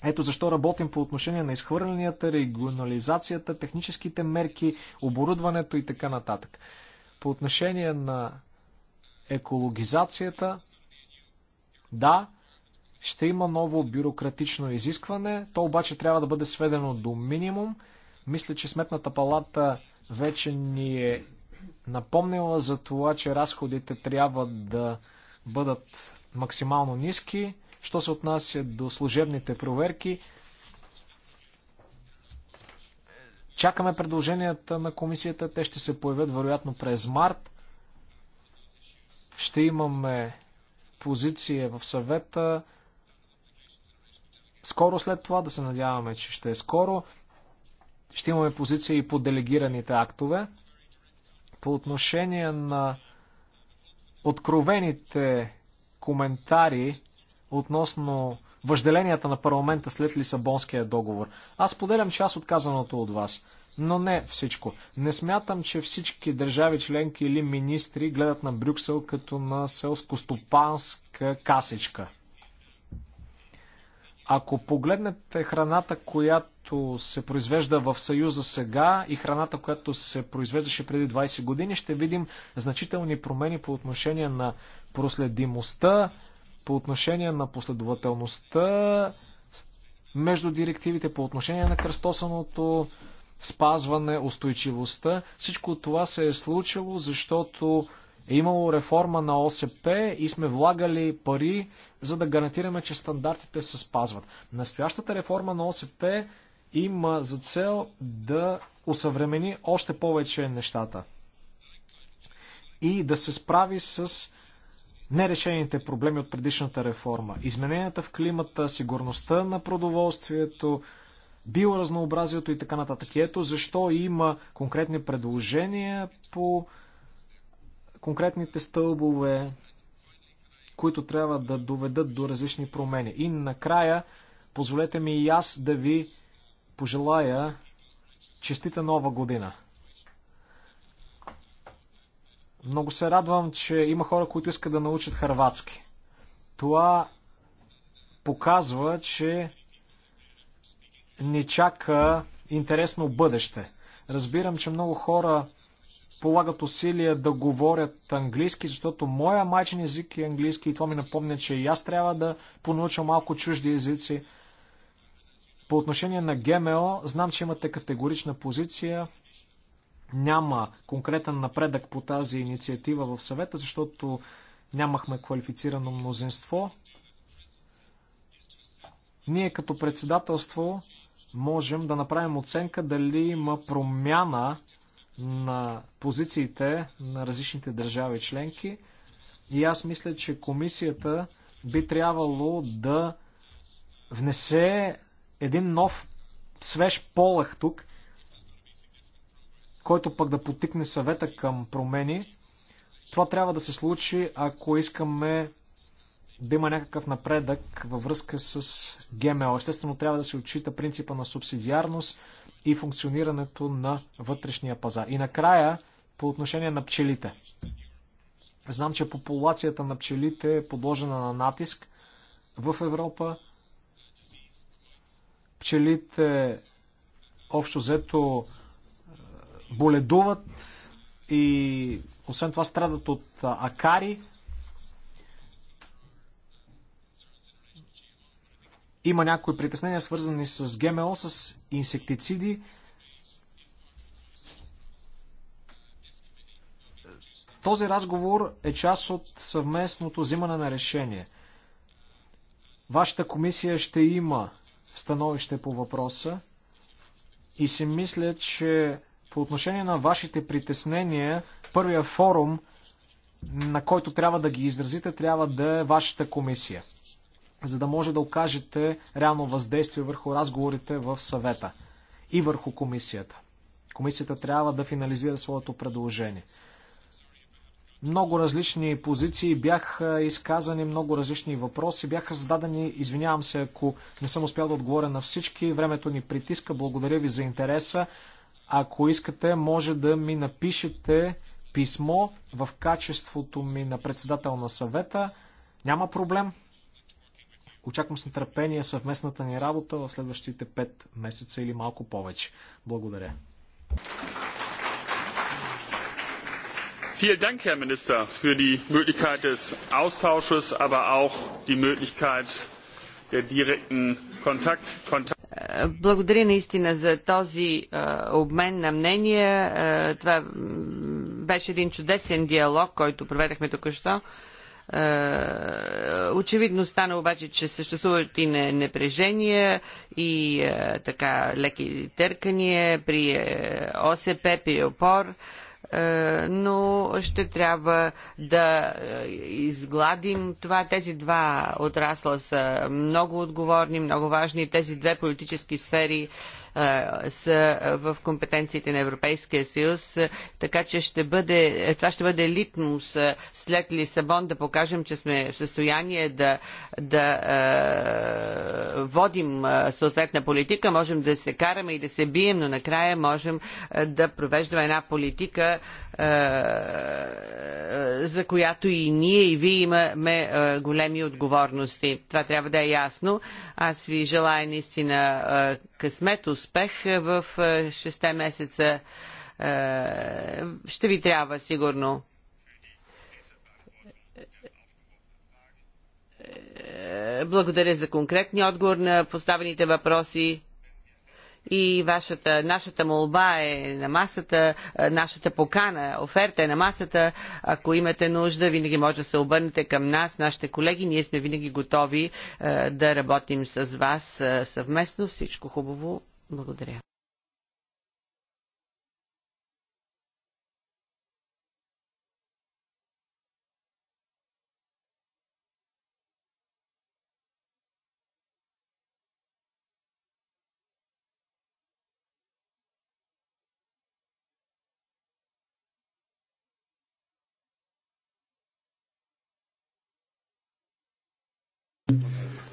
Ето защо работим по отношение на изхвърленията, регионализацията, техническите мерки, оборудването и така нататък. По отношение на екологизацията, да, ще има ново бюрократично изискване, то обаче трябва да бъде сведено до минимум. Мисля, че Сметната палата вече ни е напомнила за това, че разходите трябва да бъдат максимално ниски. Що се отнася до служебните проверки, чакаме предложенията на комисията. Те ще се появят вероятно през март. Ще имаме позиция в съвета. Скоро след това, да се надяваме, че ще е скоро, ще имаме позиция и по делегираните актове. По отношение на откровените коментари относно въжделенията на парламента след Лисабонския договор. Аз поделям част от казаното от вас, но не всичко. Не смятам, че всички държави членки или министри гледат на Брюксел като на селско-стопанска касичка – ако погледнете храната, която се произвежда в Съюза сега и храната, която се произвеждаше преди 20 години, ще видим значителни промени по отношение на проследимостта, по отношение на последователността между директивите, по отношение на кръстосаното спазване, устойчивостта. Всичко това се е случило, защото е имало реформа на ОСП и сме влагали пари за да гарантираме, че стандартите се спазват. Настоящата реформа на ОСП има за цел да усъвремени още повече нещата и да се справи с нерешените проблеми от предишната реформа. Измененията в климата, сигурността на продоволствието, биоразнообразието и така нататък. ето защо има конкретни предложения по конкретните стълбове които трябва да доведат до различни промени. И накрая, позволете ми и аз да ви пожелая честита нова година. Много се радвам, че има хора, които искат да научат харватски. Това показва, че не чака интересно бъдеще. Разбирам, че много хора полагат усилия да говорят английски, защото моя майчин език е английски и това ми напомня, че и аз трябва да понуча малко чужди езици. По отношение на ГМО, знам, че имате категорична позиция. Няма конкретен напредък по тази инициатива в съвета, защото нямахме квалифицирано мнозинство. Ние като председателство можем да направим оценка дали има промяна на позициите на различните държави членки. И аз мисля, че комисията би трябвало да внесе един нов свеж полах тук, който пък да потикне съвета към промени. Това трябва да се случи, ако искаме да има някакъв напредък във връзка с ГМО. Естествено, трябва да се отчита принципа на субсидиарност, и функционирането на вътрешния пазар. И накрая, по отношение на пчелите. Знам, че популацията на пчелите е подложена на натиск в Европа. Пчелите общо взето е, боледуват и освен това страдат от е, акари, Има някои притеснения, свързани с ГМО, с инсектициди. Този разговор е част от съвместното взимане на решение. Вашата комисия ще има становище по въпроса и си мисля, че по отношение на вашите притеснения, първия форум, на който трябва да ги изразите, трябва да е вашата комисия за да може да окажете реално въздействие върху разговорите в съвета и върху комисията. Комисията трябва да финализира своето предложение. Много различни позиции бяха изказани, много различни въпроси бяха зададени. Извинявам се, ако не съм успял да отговоря на всички. Времето ни притиска. Благодаря ви за интереса. Ако искате, може да ми напишете писмо в качеството ми на председател на съвета. Няма проблем. Очаквам с нетърпение съвместната ни работа в следващите 5 месеца или малко повече. Благодаря. Vielen Dank, Herr Minister, für die Möglichkeit des Austausches, aber auch die Möglichkeit der direkten Kontakt. Kontakt. Благодаря наистина за този обмен на мнения. това беше един чудесен диалог, който проведахме току-що. Е, очевидно стана обаче, че съществуват и напрежения и е, така леки търкания при е, ОСП, при опор но ще трябва да изгладим това. Тези два отрасла са много отговорни, много важни. Тези две политически сфери са в компетенциите на Европейския съюз, така че ще бъде, това ще бъде литмус след Лисабон да покажем, че сме в състояние да, да водим съответна политика, можем да се караме и да се бием, но накрая можем да провеждаме една политика, за която и ние и вие имаме големи отговорности. Това трябва да е ясно. Аз ви желая наистина късмет, успех успех в 6 е, месеца е, ще ви трябва сигурно. Е, благодаря за конкретния отговор на поставените въпроси и вашата, нашата молба е на масата, нашата покана, оферта е на масата. Ако имате нужда, винаги може да се обърнете към нас, нашите колеги. Ние сме винаги готови да работим с вас съвместно. Всичко хубаво благодаря.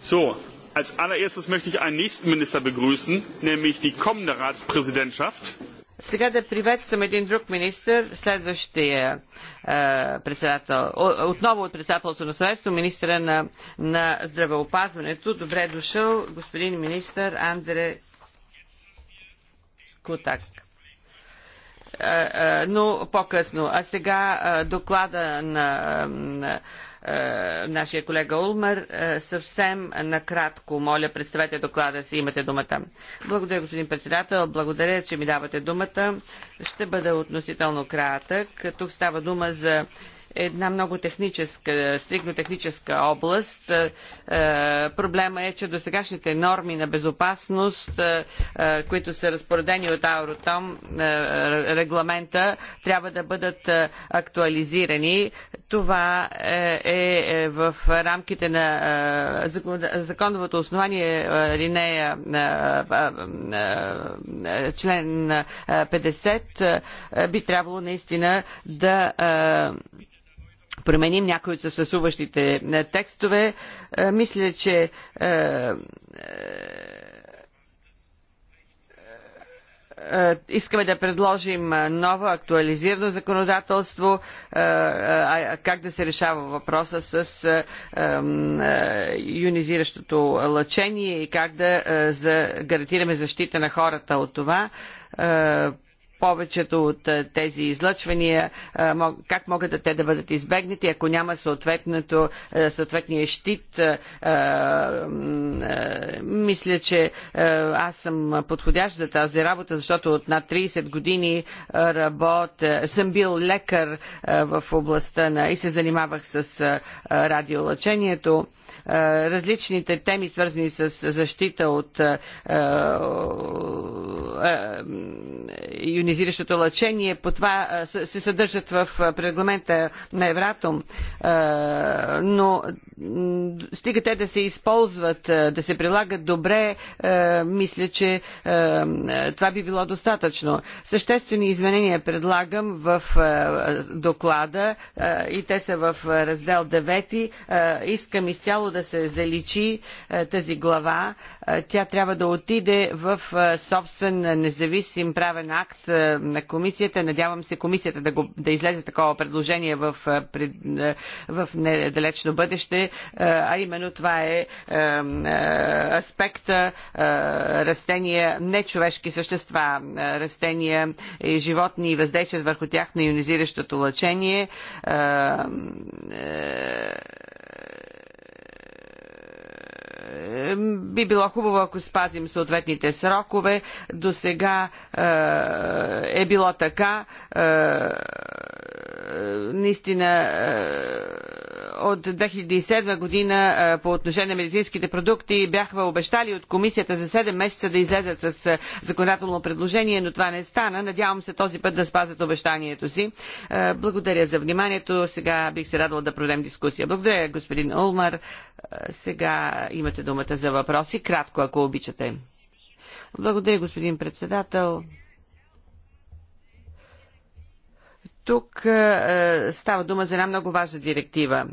So, Als allererstes möchte ich einen nächsten Minister begrüßen, nämlich die kommende Ratspräsidentschaft. Сега да приветствам един друг министр, следващия е, председател, отново от председателство на съветство, министра на, на здравеопазването. Добре е дошъл, господин министр Андре Кутак е, е, но по-късно. А сега доклада на е, нашия колега Улмър. Е, съвсем накратко, моля, представете доклада си, имате думата. Благодаря, господин председател, благодаря, че ми давате думата. Ще бъда относително кратък. Тук става дума за една много техническа, стрикно техническа област. Е, е, проблема е, че до сегашните норми на безопасност, е, които са разпоредени от Ауротом, регламента, трябва да бъдат актуализирани. Това е в рамките на законовото основание линея член 50 би трябвало наистина да променим някои от съсуващите е, текстове. Е, мисля, че е, искаме да предложим ново актуализирано законодателство, как да се решава въпроса с юнизиращото лъчение и как да гарантираме защита на хората от това повечето от тези излъчвания, как могат да те да бъдат избегнати, ако няма съответния щит. Мисля, че аз съм подходящ за тази работа, защото от над 30 години работя, съм бил лекар в областта на и се занимавах с радиолъчението различните теми, свързани с защита от ионизиращото лъчение, по това се съдържат в регламента на Евратом, но стига те да се използват, да се прилагат добре, мисля, че това би било достатъчно. Съществени изменения предлагам в доклада и те са в раздел 9. Искам изцяло да се заличи е, тази глава. Е, тя трябва да отиде в е, собствен независим правен акт на комисията. Надявам се комисията да, го, да излезе такова предложение в, в недалечно бъдеще, а именно това е аспекта растения, нечовешки същества, растения и животни и въздействат върху тях на ионизиращото лъчение. Е, би било хубаво, ако спазим съответните срокове. До сега е, е било така. Е, наистина е, от 2007 година е, по отношение на медицинските продукти бяха обещали от комисията за 7 месеца да излезат с е, законодателно предложение, но това не стана. Надявам се този път да спазят обещанието си. Благодаря за вниманието. Сега бих се радвала да проведем дискусия. Благодаря, господин Олмар. Сега имате думата за въпроси. Кратко, ако обичате. Благодаря, господин председател. Тук е, е, става дума за една много важна директива.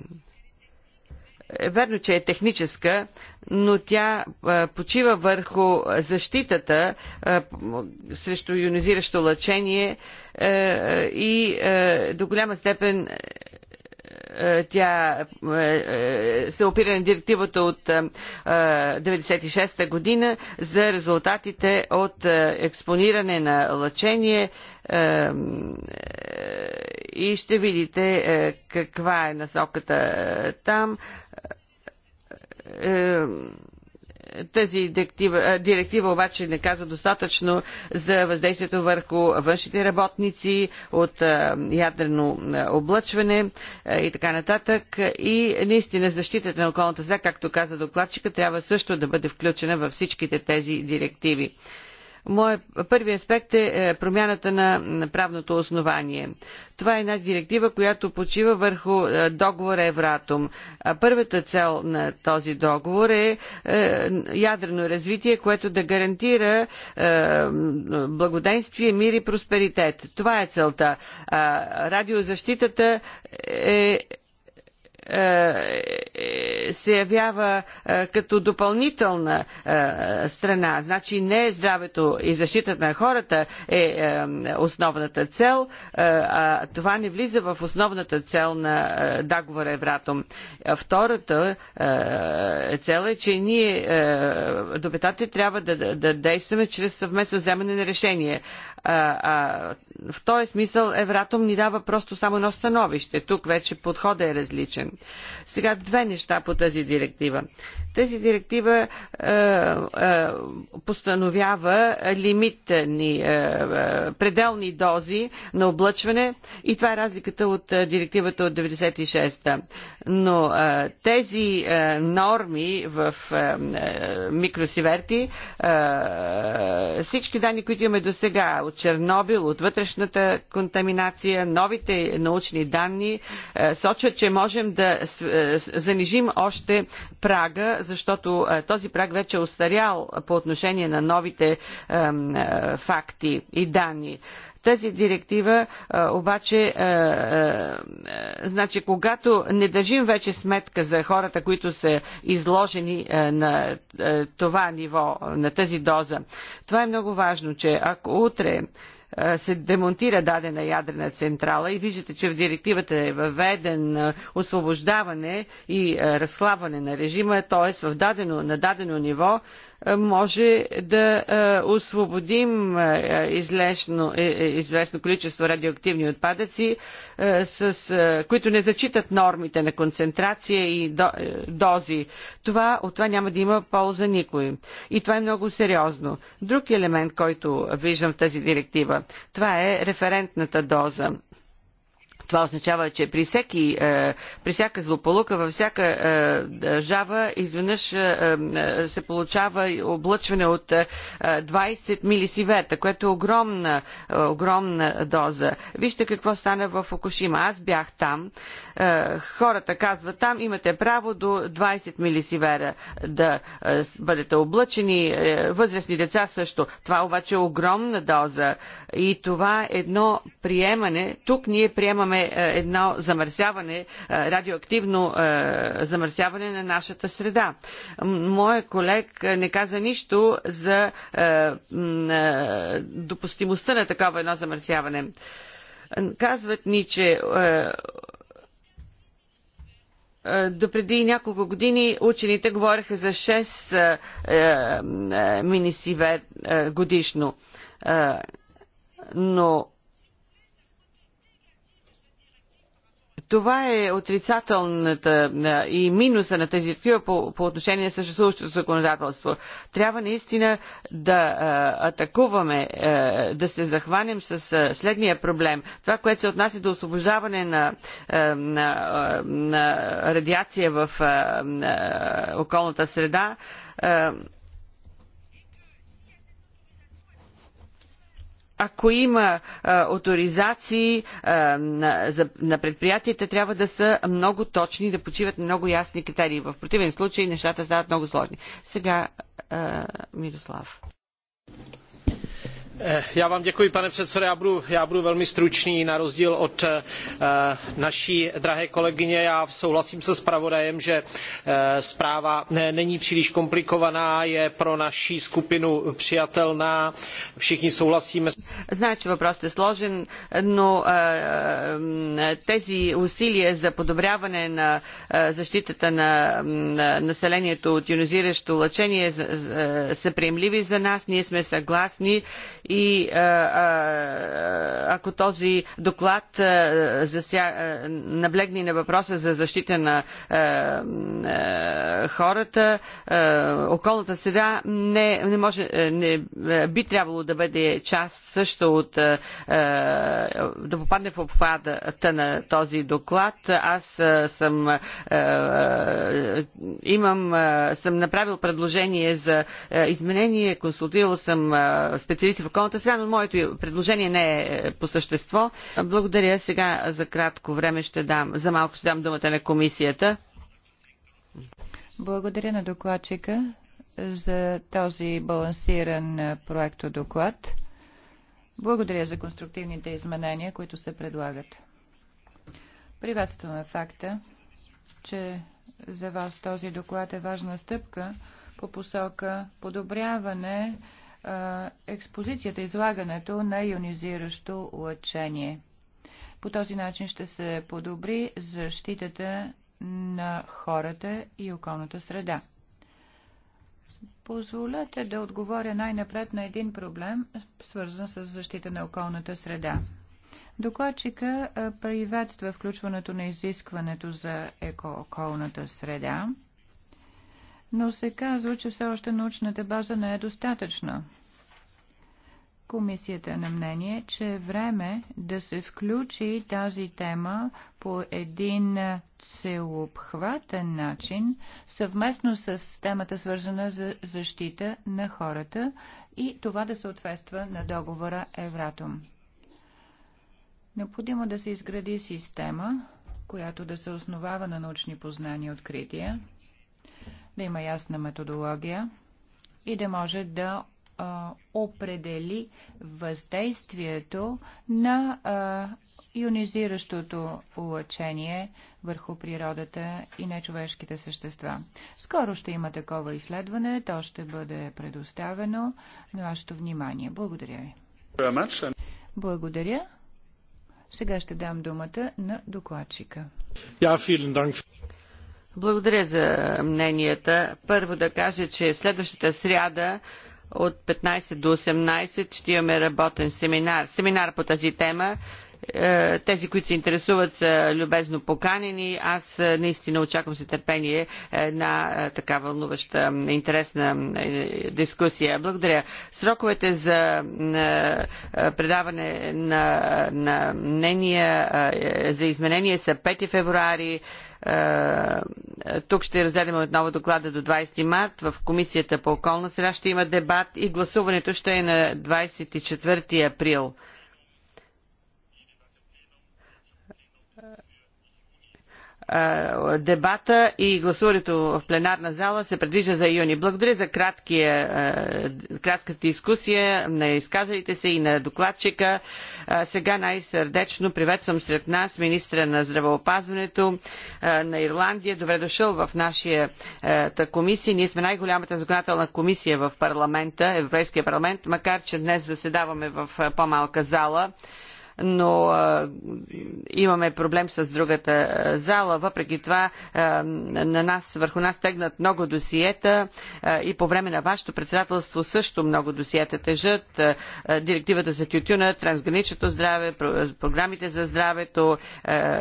Е, верно, че е техническа, но тя е, почива върху защитата е, срещу ионизиращо лъчение е, е, и е, до голяма степен е, тя е, е, се опира на директивата от 96-та година за резултатите от експониране на лъчение и ще видите каква е насоката там тази директива, директива обаче не казва достатъчно за въздействието върху външните работници от ядрено облъчване и така нататък. И наистина защитата на околната среда, както каза докладчика, трябва също да бъде включена във всичките тези директиви. Моят първият аспект е, е промяната на правното основание. Това е една директива, която почива върху е, договора Евратом. Първата цел на този договор е, е ядрено развитие, което да гарантира благоденствие, мир и просперитет. Това е целта. Радиозащитата е е, е, се явява е, като допълнителна страна. Значи не здравето и защитата на хората е основната цел, а това не влиза в основната цел на договора Евратом. Втората цел е, че ние допитате трябва да, да, действаме чрез съвместно вземане на решение. в този смисъл Евратом ни дава просто само едно становище. Тук вече подходът е различен. Сега две неща по тази директива. Тази директива е, е, постановява лимитни, е, е пределни дози на облъчване и това е разликата от е, директивата от 96-та. Но е, тези е, норми в е, е, микросиверти, е, всички данни, които имаме до сега от Чернобил, от вътрешната контаминация, новите научни данни е, сочат, че можем да да е, е, занижим още прага, защото е, този праг вече е остарял по отношение на новите факти и данни. Тази директива а, обаче, а, а, значи, когато не държим вече сметка за хората, които са изложени а, на а, това ниво, на тази доза, това е много важно, че ако утре се демонтира дадена ядрена централа и виждате, че в директивата е въведен освобождаване и разхлабване на режима, т.е. на дадено ниво може да е, освободим е, излешно, е, известно количество радиоактивни отпадъци, с, които не зачитат нормите на концентрация и дози. Това, от това няма да има полза никой. И това е много сериозно. Друг елемент, който виждам в тази директива, това е референтната доза това означава, че при, всеки, е, при всяка злополука, във всяка държава, е, изведнъж е, се получава облъчване от 20 милисиверта, което е огромна, огромна доза. Вижте какво стана в Фукушима. Аз бях там е, хората казват там, имате право до 20 милисивера да е, бъдете облъчени, е, възрастни деца също. Това обаче е огромна доза и това едно приемане, тук ние приемаме едно замърсяване, радиоактивно замърсяване на нашата среда. Моят колег не каза нищо за допустимостта на такова едно замърсяване. Казват ни, че е, До преди няколко години учените говореха за 6 е, е, е, минисивер е, годишно. Е, но Това е отрицателната и минуса на тази директива по, по отношение на съществуващото законодателство. Трябва наистина да атакуваме, да се захванем с следния проблем. Това, което се отнася до освобождаване на, на, на радиация в околната среда, ако има а, авторизации а, на, за, на предприятията, трябва да са много точни, да почиват на много ясни критерии. В противен случай нещата стават много сложни. Сега а, Мирослав pane předsedající já budu velmi stručný na rozdíl od naší drahé kolegyně. já souhlasím se zpravodajem že zpráva není příliš komplikovaná je pro naši skupinu přijatelná všichni souhlasíme. Знае, че са приемливи за нас. Ние сме съгласни и а, а, ако този доклад а, зася, а, наблегне на въпроса за защита на а, а, хората, а, околната среда не, не, може, не би трябвало да бъде част също от а, да попадне в обхвата на този доклад. Аз а, съм а, имам, а, съм направил предложение за а, изменение, консултирал съм а, специалисти в околната среда, но моето предложение не е, е по същество. Благодаря. Сега за кратко време ще дам, за малко ще дам думата на комисията. Благодаря на докладчика за този балансиран е, проекто доклад. Благодаря за конструктивните изменения, които се предлагат. Приветстваме факта, че за вас този доклад е важна стъпка по посока подобряване експозицията, излагането на ионизиращо лъчение. По този начин ще се подобри защитата на хората и околната среда. Позволете да отговоря най-напред на един проблем, свързан с защита на околната среда. Докладчика приветства включването на изискването за еко-околната среда но се казва, че все още научната база не е достатъчна. Комисията е на мнение, че е време да се включи тази тема по един целообхватен начин, съвместно с темата свързана за защита на хората и това да съответства на договора Евратом. Необходимо да се изгради система, която да се основава на научни познания и открития, да има ясна методология и да може да а, определи въздействието на а, ионизиращото улъчение върху природата и нечовешките същества. Скоро ще има такова изследване, то ще бъде предоставено на вашето внимание. Благодаря ви. Благодаря. Сега ще дам думата на докладчика. Ja, vielen Dank. Благодаря за мненията. Първо да кажа, че следващата сряда от 15 до 18 ще имаме работен семинар. Семинар по тази тема. Е, тези, които се интересуват, са любезно поканени. Аз е, наистина очаквам с търпение една е, така вълнуваща, интересна дискусия. Благодаря. Сроковете за предаване на, на мнения за изменение са 5 февруари. Е, тук ще разгледаме отново доклада до 20 март. В Комисията по околна среда ще има дебат и гласуването ще е на 24 април. Е, дебата и гласуването в пленарна зала се предвижда за юни. Благодаря за краткия, е, кратката дискусия на изказалите се и на докладчика. Е, сега най-сърдечно приветствам сред нас министра на здравеопазването на Ирландия. Добре дошъл в нашата комисия. Ние сме най-голямата законодателна комисия в парламента, Европейския парламент, макар че днес заседаваме в по-малка зала но а, имаме проблем с другата зала. Въпреки това, а, на нас, върху нас тегнат много досиета а, и по време на вашето председателство също много досиета тежат. А, директивата за тютюна, трансграничното здраве, програмите за здравето, а,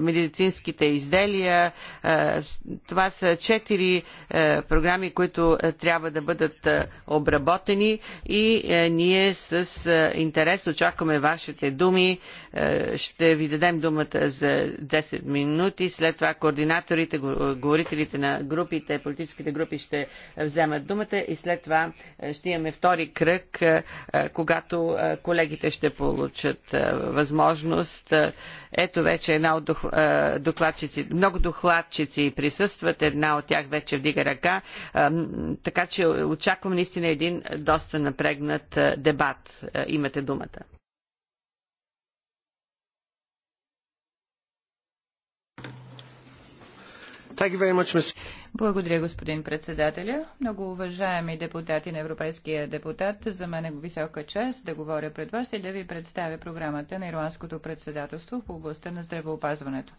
медицинските изделия. А, това са четири а, програми, които а, трябва да бъдат а, обработени и а, ние с а, интерес очакваме вас вашите думи. Е, ще ви дадем думата за 10 минути. След това координаторите, говорителите на групите, политическите групи ще вземат думата и след това е, ще имаме втори кръг, е, когато колегите ще получат възможност ето вече една от докладчици, много докладчици присъстват, една от тях вече вдига ръка, така че очаквам наистина един доста напрегнат дебат. Имате думата. Much, Благодаря, господин председателя. Много уважаеми депутати на Европейския депутат, за мен е висока чест да говоря пред вас и да ви представя програмата на Ирландското председателство в областта на здравеопазването.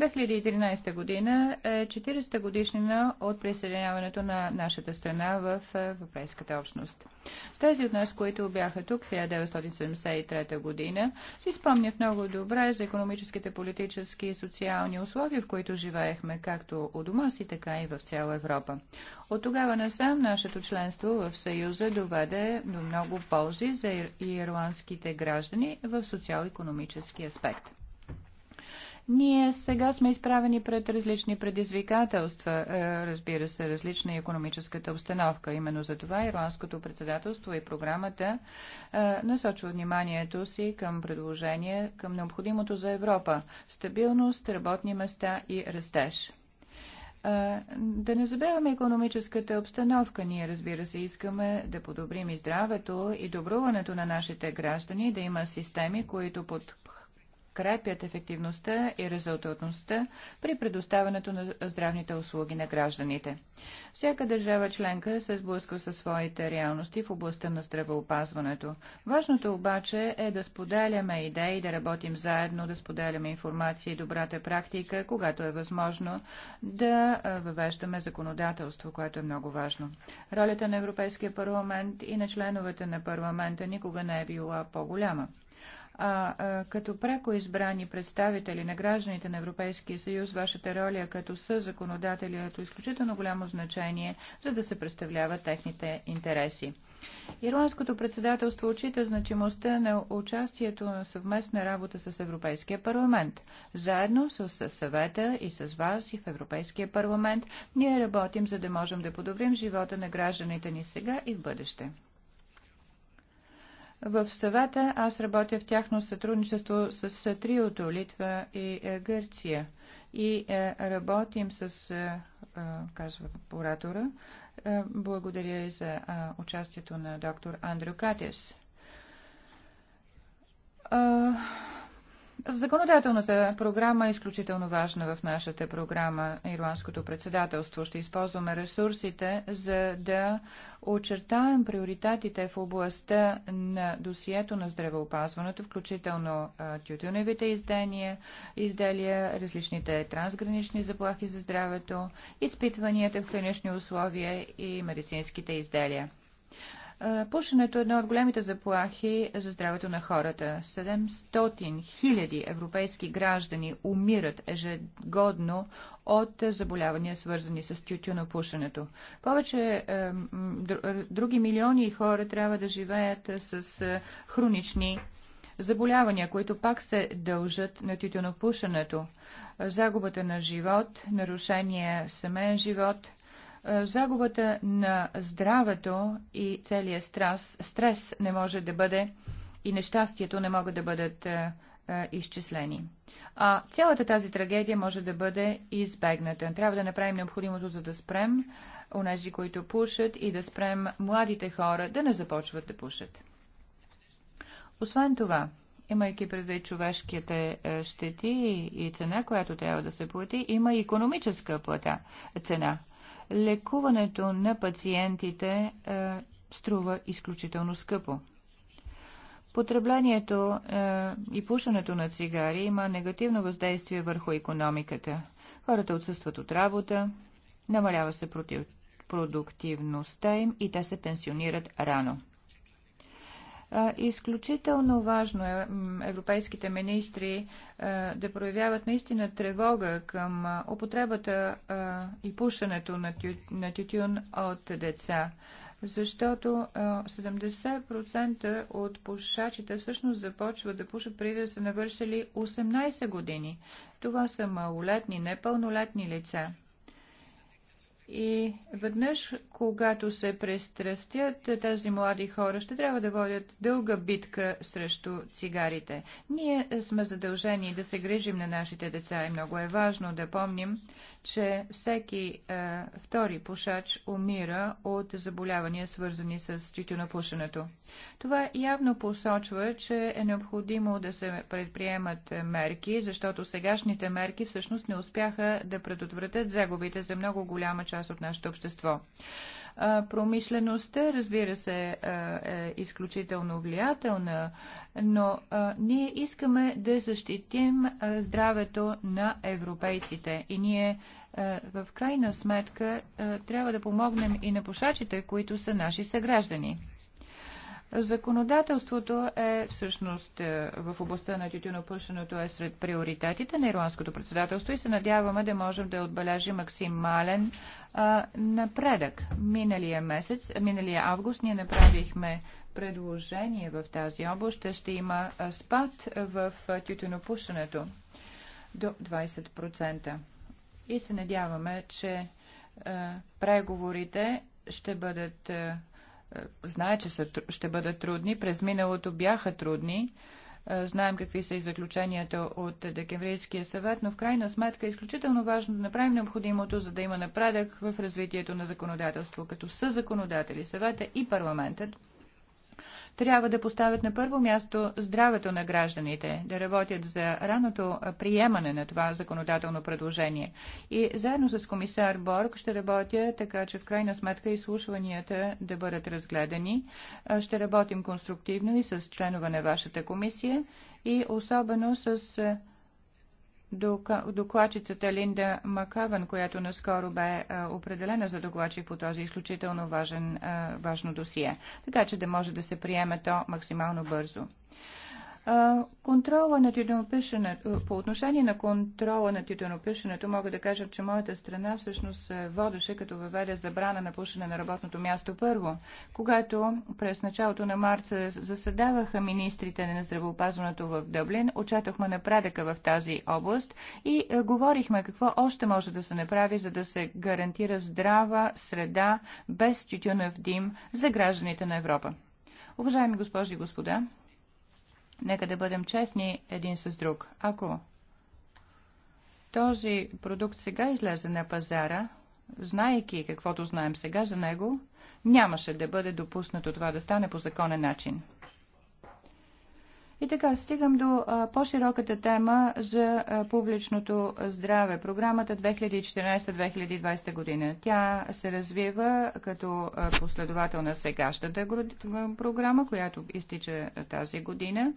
2013 година е 40-та годишнина от присъединяването на нашата страна в е, Европейската общност. Тези от нас, които бяха тук в 1973 година, си спомнят много добре за економическите, политически и социални условия, в които живеехме, както у дома си, така и в цяла Европа. От тогава насам нашето членство в Съюза доведе до много ползи за ирландските граждани в социал-економически аспект. Ние сега сме изправени пред различни предизвикателства, е, разбира се, различна економическата обстановка. Именно за това ирландското председателство и програмата е, насочва вниманието си към предложение към необходимото за Европа – стабилност, работни места и растеж. Е, да не забравяме економическата обстановка. Ние, разбира се, искаме да подобрим и здравето и добруването на нашите граждани, да има системи, които под подкрепят ефективността и резултатността при предоставянето на здравните услуги на гражданите. Всяка държава членка се сблъсква със своите реалности в областта на здравеопазването. Важното обаче е да споделяме идеи, да работим заедно, да споделяме информация и добрата практика, когато е възможно да въвеждаме законодателство, което е много важно. Ролята на Европейския парламент и на членовете на парламента никога не е била по-голяма. А, а като преко избрани представители на гражданите на Европейския съюз, вашата роля като съзаконодатели е изключително голямо значение, за да се представляват техните интереси. Ирландското председателство отчита значимостта на участието на съвместна работа с Европейския парламент. Заедно с съвета и с вас и в Европейския парламент ние работим, за да можем да подобрим живота на гражданите ни сега и в бъдеще. В съвета аз работя в тяхно сътрудничество с триото Литва и е, Гърция и е, работим с, е, казва оратора, благодаря и за участието на доктор Андрю Катес. Законодателната програма е изключително важна в нашата програма. Ирландското председателство ще използваме ресурсите, за да очертаем приоритетите в областта на досието на здравеопазването, включително тютюневите издания, изделия, различните трансгранични заплахи за здравето, изпитванията в клинични условия и медицинските изделия. Е, пушенето е една от големите заплахи за здравето на хората. 700 000 европейски граждани умират ежегодно от заболявания, свързани с тютюнопушенето. Повече е, е, други милиони хора трябва да живеят с хронични заболявания, които пак се дължат на тютюнопушенето. Загубата на живот, нарушение семейен живот – е, загубата на здравето и целият стрес, стрес не може да бъде и нещастието не могат да бъдат е, е, изчислени. А цялата тази трагедия може да бъде избегната. Трябва да направим необходимото, за да спрем онези, които пушат и да спрем младите хора да не започват да пушат. Освен това, имайки предвид човешките щети и цена, която трябва да се плати, има и економическа плата, цена – лекуването на пациентите е, струва изключително скъпо. Потреблението е, и пушенето на цигари има негативно въздействие върху економиката. Хората отсъстват от работа, намалява се против, продуктивността им и те се пенсионират рано. Изключително важно е европейските министри е, да проявяват наистина тревога към употребата и пушенето на тютюн от деца защото 70% от пушачите всъщност започват да пушат преди да са навършили 18 години. Това са малолетни, непълнолетни лица. И веднъж, когато се престрастят, тези млади хора ще трябва да водят дълга битка срещу цигарите. Ние сме задължени да се грижим на нашите деца и много е важно да помним, че всеки е, втори пушач умира от заболявания, свързани с тютюнопушенето. Това явно посочва, че е необходимо да се предприемат мерки, защото сегашните мерки всъщност не успяха да предотвратят загубите за много голяма част от нашето общество. Е, промишлеността, разбира се, е, е изключително влиятелна, но е, ние искаме да защитим здравето на европейците и ние е, в крайна сметка е, трябва да помогнем и на пушачите, които са наши съграждани. Законодателството е всъщност е, в областта на тютюнопушеното е сред приоритетите на ирландското председателство и се надяваме да можем да отбележим максимален а, напредък. Миналия месец, миналия август ние направихме предложение в тази област, ще, има спад в тютюнопушенето до 20% и се надяваме, че е, преговорите ще бъдат. Е, е, знае, че са, ще бъдат трудни. През миналото бяха трудни. Знаем какви са и заключенията от Декемврийския съвет, но в крайна сметка е изключително важно да направим необходимото, за да има напредък в развитието на законодателство, като са законодатели съвета и парламентът трябва да поставят на първо място здравето на гражданите, да работят за раното приемане на това законодателно предложение. И заедно с комисар Борг ще работя така, че в крайна сметка изслушванията да бъдат разгледани. Ще работим конструктивно и с членове на вашата комисия и особено с докладчицата Линда Макаван, която наскоро бе определена за докладчик по този изключително важен, важно досие, така че да може да се приеме то максимално бързо. Контрола на тютюнопишенето, по отношение на контрола на тютюнопишенето, мога да кажа, че моята страна всъщност водеше като въведе забрана на пушене на работното място първо. Когато през началото на март заседаваха министрите на здравеопазването в Дъблин, очатахме напредъка в тази област и е, говорихме какво още може да се направи, за да се гарантира здрава среда без тютюнов дим за гражданите на Европа. Уважаеми госпожи и господа, Нека да бъдем честни един с друг. Ако този продукт сега излезе на пазара, знаеки каквото знаем сега за него, нямаше да бъде допуснато това да стане по законен начин. И така, стигам до по-широката тема за публичното здраве. Програмата 2014-2020 година. Тя се развива като последовател на сегащата програма, която изтича тази година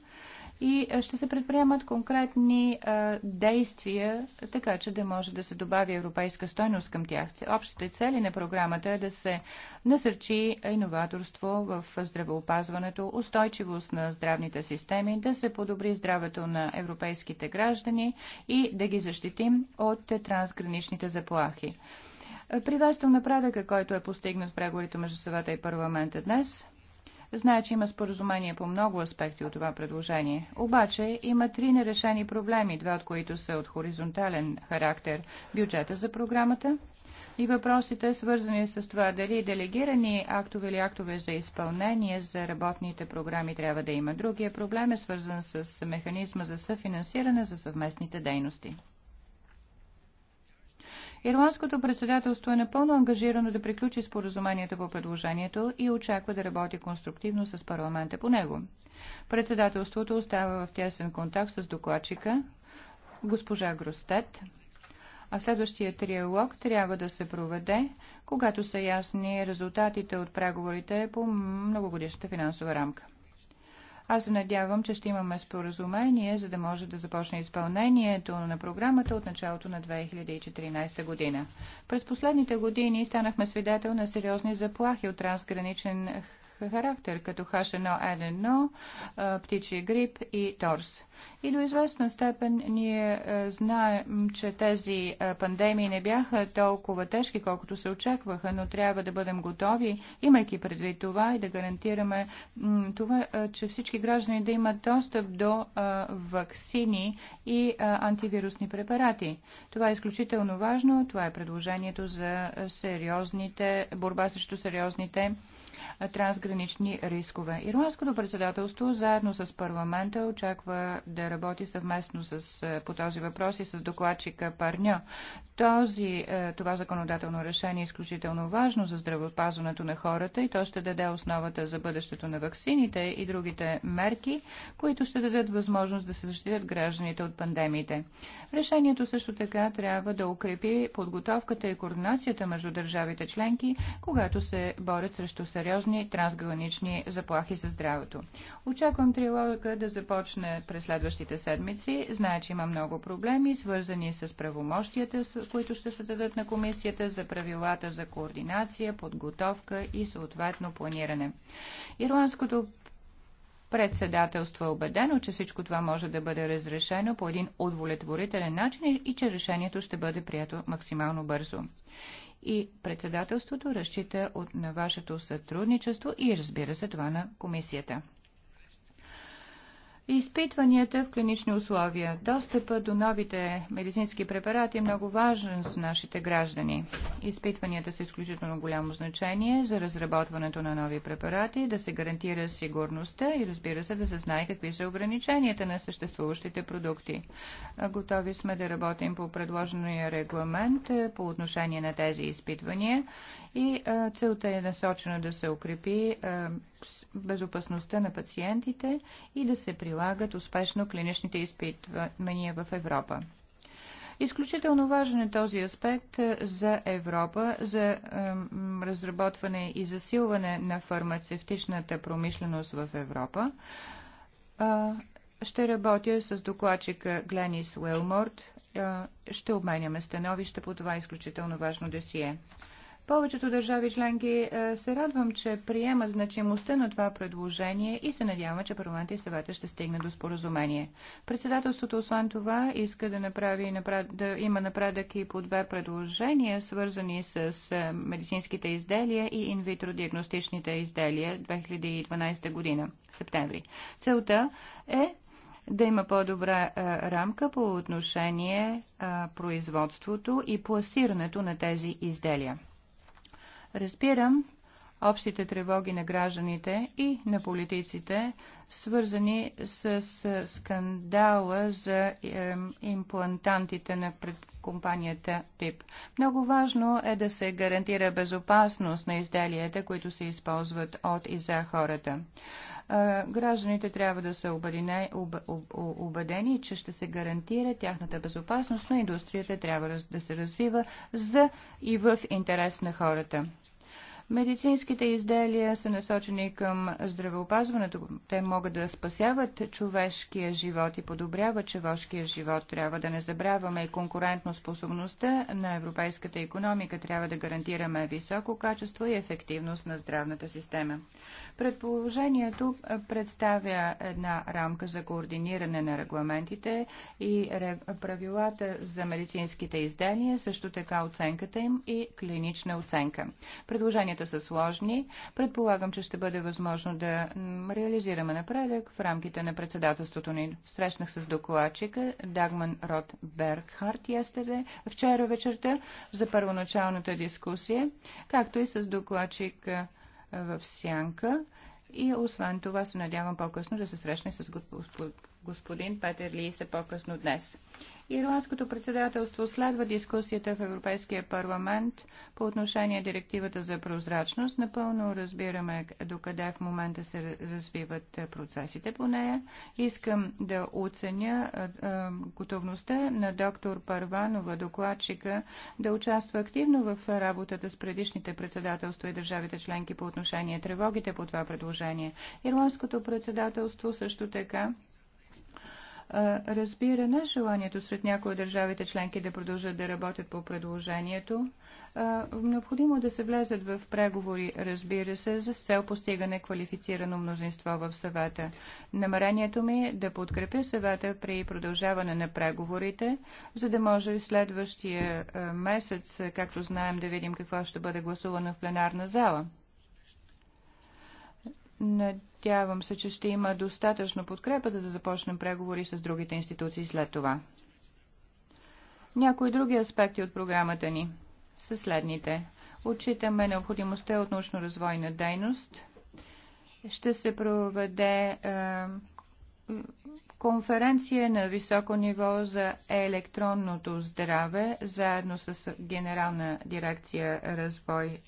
и е, ще се предприемат конкретни а, е, действия, така че да може да се добави европейска стойност към тях. Общите цели на програмата е да се насърчи иноваторство в здравеопазването, устойчивост на здравните системи, да се подобри здравето на европейските граждани и да ги защитим от трансграничните заплахи. Е, приветствам напредъка, който е постигнат в преговорите между съвета и парламента днес. Знае, че има споразумение по много аспекти от това предложение. Обаче има три нерешени проблеми, два от които са от хоризонтален характер. Бюджета за програмата, и въпросите, свързани с това дали делегирани актове или актове за изпълнение за работните програми трябва да има. Другия проблем е свързан с механизма за съфинансиране за съвместните дейности. Ирландското председателство е напълно ангажирано да приключи споразумението по предложението и очаква да работи конструктивно с парламента по него. Председателството остава в тесен контакт с докладчика, госпожа Гростет, а следващия триалог трябва да се проведе, когато са ясни резултатите от преговорите по многогодишната финансова рамка. Аз се надявам, че ще имаме споразумение, за да може да започне изпълнението на програмата от началото на 2014 година. През последните години станахме свидетел на сериозни заплахи от трансграничен характер, като H1N1, птичи грип и торс. И до известна степен ние знаем, че тези пандемии не бяха толкова тежки, колкото се очакваха, но трябва да бъдем готови, имайки предвид това и да гарантираме това, че всички граждани да имат достъп до вакцини и антивирусни препарати. Това е изключително важно. Това е предложението за сериозните, борба срещу сериозните трансгранични рискове. Ирландското председателство заедно с парламента очаква да работи съвместно с, е, по този въпрос и с докладчика Парньо. Този, е, това законодателно решение е изключително важно за здравеопазването на хората и то ще даде основата за бъдещето на ваксините и другите мерки, които ще дадат възможност да се защитят гражданите от пандемиите. Решението също така трябва да укрепи подготовката и координацията между държавите членки, когато се борят срещу сериозни и трансгранични заплахи за здравето. Очаквам трилогика да започне през следващите седмици. Знае, че има много проблеми, свързани с правомощията, които ще се дадат на комисията за правилата за координация, подготовка и съответно планиране. Ирландското председателство е убедено, че всичко това може да бъде разрешено по един удовлетворителен начин и че решението ще бъде прието максимално бързо и председателството разчита от, на вашето сътрудничество и разбира се това на комисията. Изпитванията в клинични условия. Достъпа до новите медицински препарати е много важен за нашите граждани. Изпитванията са изключително голямо значение за разработването на нови препарати, да се гарантира сигурността и разбира се да се знае какви са ограниченията на съществуващите продукти. Готови сме да работим по предложения регламент е, по отношение на тези изпитвания и целта е насочена да се укрепи безопасността на пациентите и да се прилагат успешно клиничните изпитвания в Европа. Изключително важен е този аспект за Европа, за е, разработване и засилване на фармацевтичната промишленост в Европа. Е, ще работя с докладчика Гленис Уелморт. Е, ще обменяме становища по това изключително важно досие. Повечето държави членки е, се радвам, че приемат значимостта на това предложение и се надяваме, че парламент и съвета ще стигне до споразумение. Председателството, освен това, иска да, направи, да има напредък и по две предложения, свързани с е, медицинските изделия и инвитро диагностичните изделия 2012 година, септември. Целта е да има по-добра е, рамка по отношение а, производството и пласирането на тези изделия. Разбирам общите тревоги на гражданите и на политиците, свързани с скандала за имплантантите на компанията ПИП. Много важно е да се гарантира безопасност на изделията, които се използват от и за хората. Гражданите трябва да са убедени, че ще се гарантира тяхната безопасност, но индустрията трябва да се развива за и в интерес на хората. Медицинските изделия са насочени към здравеопазването. Те могат да спасяват човешкия живот и подобряват човешкия живот. Трябва да не забравяме и конкурентно способността на европейската економика. Трябва да гарантираме високо качество и ефективност на здравната система. Предположението представя една рамка за координиране на регламентите и правилата за медицинските изделия, също така оценката им и клинична оценка. Предложението Условията са сложни. Предполагам, че ще бъде възможно да реализираме напредък в рамките на председателството ни. Срещнах с докладчика Дагман Рот Бергхарт естеде, вчера вечерта за първоначалната дискусия, както и с докладчик в Сянка. И освен това се надявам по-късно да се срещне с господин Петър се по-късно днес. Ирландското председателство следва дискусията в Европейския парламент по отношение директивата за прозрачност. Напълно разбираме докъде в момента се развиват процесите по нея. Искам да оценя готовността на доктор Парванова, докладчика, да участва активно в работата с предишните председателства и държавите членки по отношение тревогите по това предложение. Ирландското председателство също така разбиране желанието сред някои от държавите членки да продължат да работят по предложението. Необходимо да се влезат в преговори, разбира се, за цел постигане квалифицирано мнозинство в съвета. Намерението ми е да подкрепя съвета при продължаване на преговорите, за да може следващия месец, както знаем, да видим какво ще бъде гласувано в пленарна зала. Надявам се, че ще има достатъчно подкрепа да започнем преговори с другите институции след това. Някои други аспекти от програмата ни са следните. Отчитаме необходимостта от научно-развойна дейност. Ще се проведе е, конференция на високо ниво за електронното здраве, заедно с Генерална дирекция развой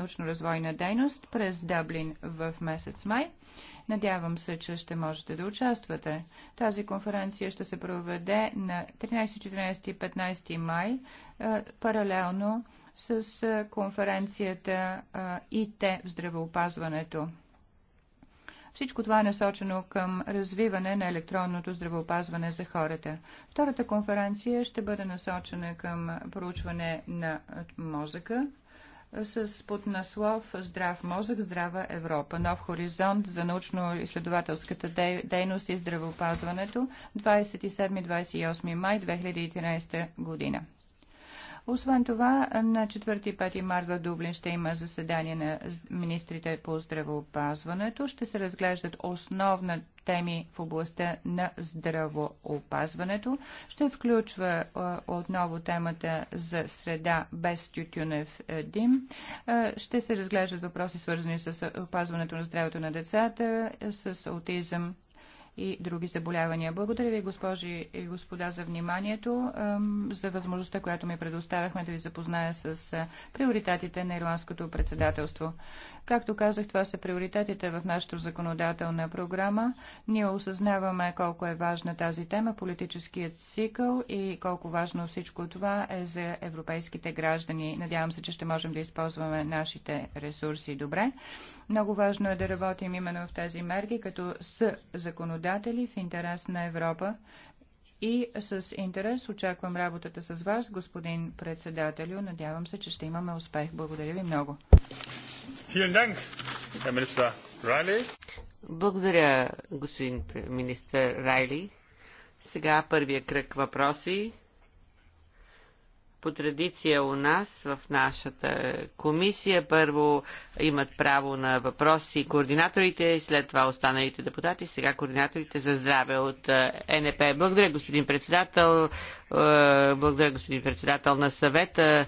научно-развойна дейност през Дъблин в месец май. Надявам се, че ще можете да участвате. Тази конференция ще се проведе на 13, 14 и 15 май, паралелно с конференцията ИТ в здравеопазването. Всичко това е насочено към развиване на електронното здравеопазване за хората. Втората конференция ще бъде насочена към проучване на мозъка с поднаслов Здрав мозък, здрава Европа. Нов хоризонт за научно-изследователската дейност и здравеопазването 27-28 май 2013 година. Освен това, на 4 и 5 март в Дублин ще има заседание на министрите по здравоопазването. Ще се разглеждат основна теми в областта на здравоопазването. Ще включва отново темата за среда без тютюнев дим. ще се разглеждат въпроси свързани с опазването на здравето на децата, с аутизъм и други заболявания. Благодаря ви, госпожи и господа, за вниманието, за възможността, която ми предоставяхме да ви запозная с приоритетите на ирландското председателство. Както казах, това са приоритетите в нашата законодателна програма. Ние осъзнаваме колко е важна тази тема, политическият цикъл и колко важно всичко това е за европейските граждани. Надявам се, че ще можем да използваме нашите ресурси добре. Много важно е да работим именно в тези мерки, като с законодателство наблюдатели в интерес на Европа и с интерес очаквам работата с вас, господин председателю. Надявам се, че ще имаме успех. Благодаря ви много. Благодаря, господин министър Райли. Сега първия кръг въпроси по традиция у нас, в нашата комисия, първо имат право на въпроси координаторите, след това останалите депутати, сега координаторите за здраве от е, НП. Благодаря, господин председател. Е, благодаря, господин председател на съвета.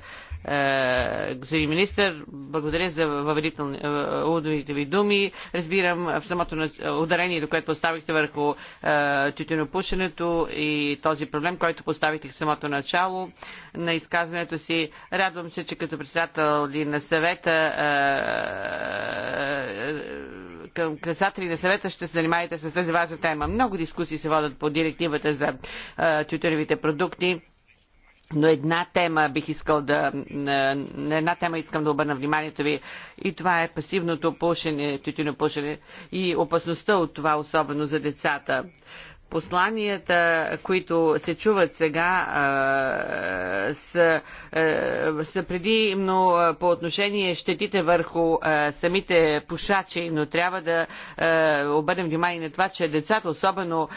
Е, господин министр, благодаря за уведителните е, ви думи. Разбирам е, в самото ударение, до което поставихте върху тютюнопушенето и този проблем, който поставихте в самото начало на изказването си. Радвам се, че като председател на съвета към председатели на съвета ще се занимаете с тази важна тема. Много дискусии се водят по директивата за тютюневите продукти но една тема бих искал да... На една тема искам да обърна вниманието ви и това е пасивното пушене, тютюнопушене и опасността от това, особено за децата. Посланията, които се чуват сега, са, са предимно по отношение щетите върху самите пушачи, но трябва да обърнем внимание на това, че децата, особено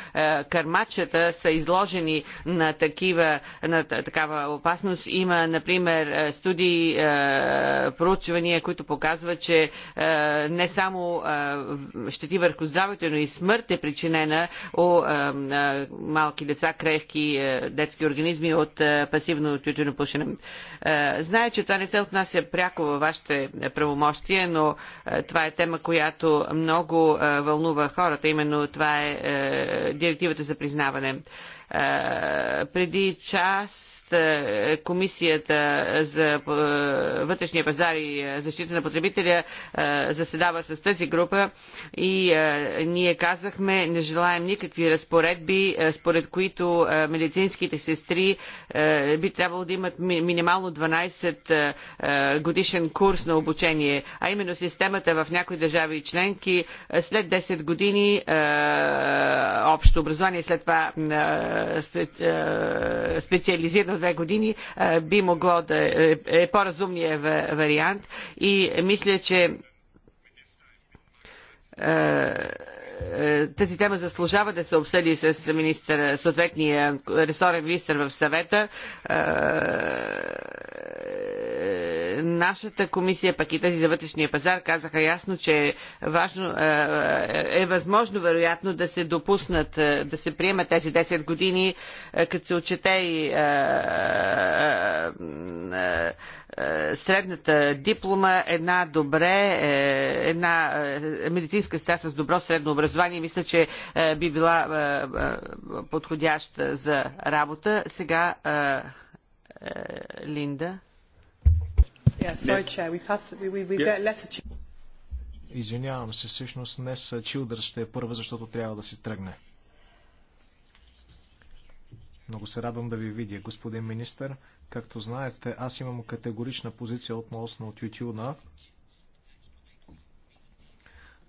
кърмачета, са изложени на, такива, на такава опасност. Има, например, студии, проучвания, които показват, че не само щети върху здравето, но и смърт е причинена о малки деца, крехки детски организми от пасивно тютюно пушене. Знае, че това не се отнася пряко във вашите правомощия, но това е тема, която много вълнува хората. Именно това е директивата за признаване. Преди час е, комисията за е, вътрешния пазар и е, защита на потребителя заседава с тази група и ние казахме, не желаем никакви разпоредби, според които медицинските сестри би трябвало да имат минимално 12 годишен курс на обучение, а именно системата в някои държави и членки след 10 години общо образование, след това специализирано две години би могло да е, е, е по-разумният вариант и мисля, че е, тази тема заслужава да се обсъди с министър, съответния ресорен министр в съвета. Е, нашата комисия, пък и тези за вътрешния пазар, казаха ясно, че е, важно, е, е възможно вероятно да се допуснат, да се приемат тези 10 години, като се отчете и е, средната диплома, една добре, е, една е, медицинска сестра с добро средно образование, мисля, че би била подходяща за работа. Сега Линда. Извинявам се, всъщност днес Чилдър ще е първа, защото трябва да се тръгне. Много се радвам да ви видя, господин министър. Както знаете, аз имам категорична позиция относно от Ютюна.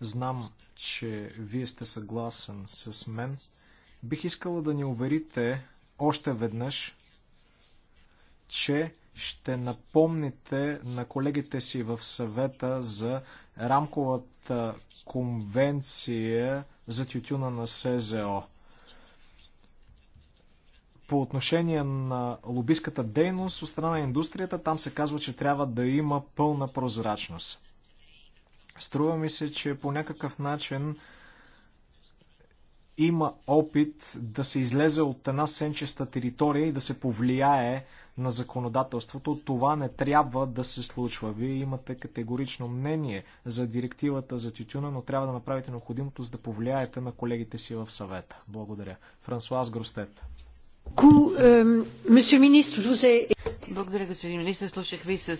Знам, че вие сте съгласен с мен. Бих искала да ни уверите още веднъж, че ще напомните на колегите си в съвета за рамковата конвенция за тютюна на СЗО по отношение на лобистката дейност от страна на индустрията, там се казва, че трябва да има пълна прозрачност. Струва ми се, че по някакъв начин има опит да се излезе от една сенчеста територия и да се повлияе на законодателството. Това не трябва да се случва. Вие имате категорично мнение за директивата за тютюна, но трябва да направите необходимото, за да повлияете на колегите си в съвета. Благодаря. Франсуаз Гростет. Euh, Благодаря, господин министр. Слушах ви с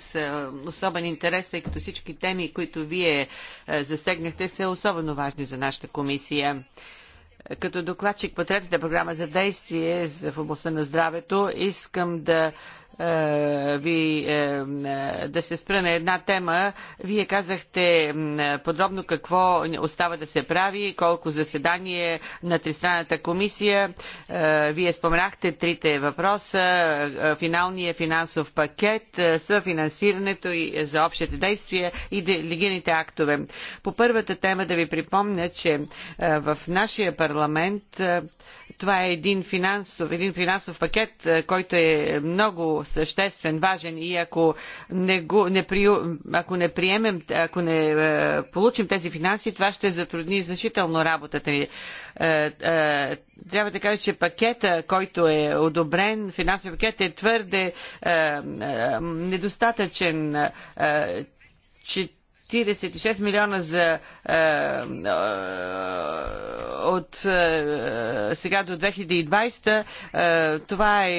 особен интерес, тъй като всички теми, които вие засегнахте, са особено важни за нашата комисия като докладчик по третата програма за действие в областта на здравето, искам да е, ви, е, е, да се спра на една тема. Вие казахте подробно какво остава да се прави, колко заседание на Тристранната комисия. Вие споменахте трите въпроса, финалния финансов пакет, съфинансирането и за общите действия и делегираните актове. По първата тема да ви припомня, че в нашия парламент това е един финансов, един финансов пакет, който е много съществен, важен и ако не, го, не, при, ако не приемем, ако не е, получим тези финанси, това ще затрудни значително работата ни. Е, е, трябва да кажа, че пакета, който е одобрен, финансовия пакет е твърде е, е, недостатъчен. Е, че 46 милиона за, е, е, от е, сега до 2020, е, това е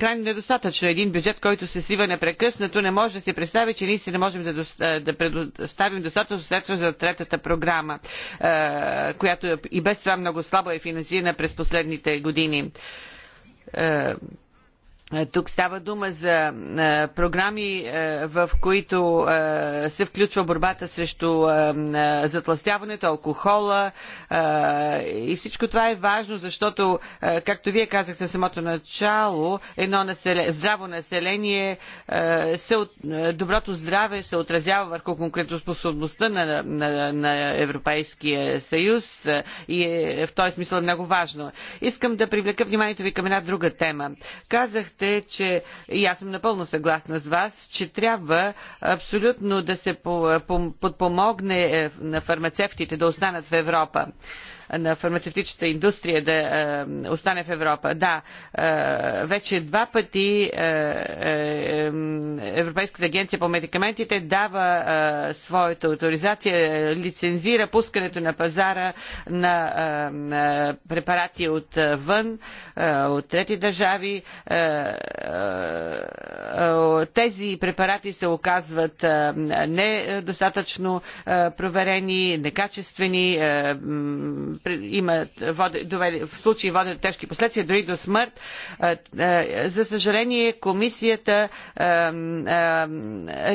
крайно недостатъчно. Един бюджет, който се сива непрекъснато, не може да се представи, че ние си не можем да, до, е, да предоставим достатъчно средства за третата програма, е, която е и без това много слабо е финансирана през последните години. Е, е, тук става дума за е, програми, е, в които се включва борбата срещу затластяването, алкохола и всичко това е важно, защото, както вие казахте в самото начало, едно населе, здраво население, се, доброто здраве се отразява върху конкретоспособността на, на, на Европейския съюз и е, в този смисъл е много важно. Искам да привлека вниманието ви към една друга тема. Казахте, казахте, че и аз съм напълно съгласна с вас, че трябва абсолютно да се подпомогне е, на фармацевтите да останат в Европа на фармацевтичната индустрия да е, остане в Европа. Да, е, вече два пъти е, Европейската агенция по медикаментите дава своята авторизация, лицензира пускането на пазара на препарати вън от трети държави. Тези препарати се оказват недостатъчно проверени, некачествени, имат, води, довели, в случай тежки последствия, дори до смърт. За съжаление, комисията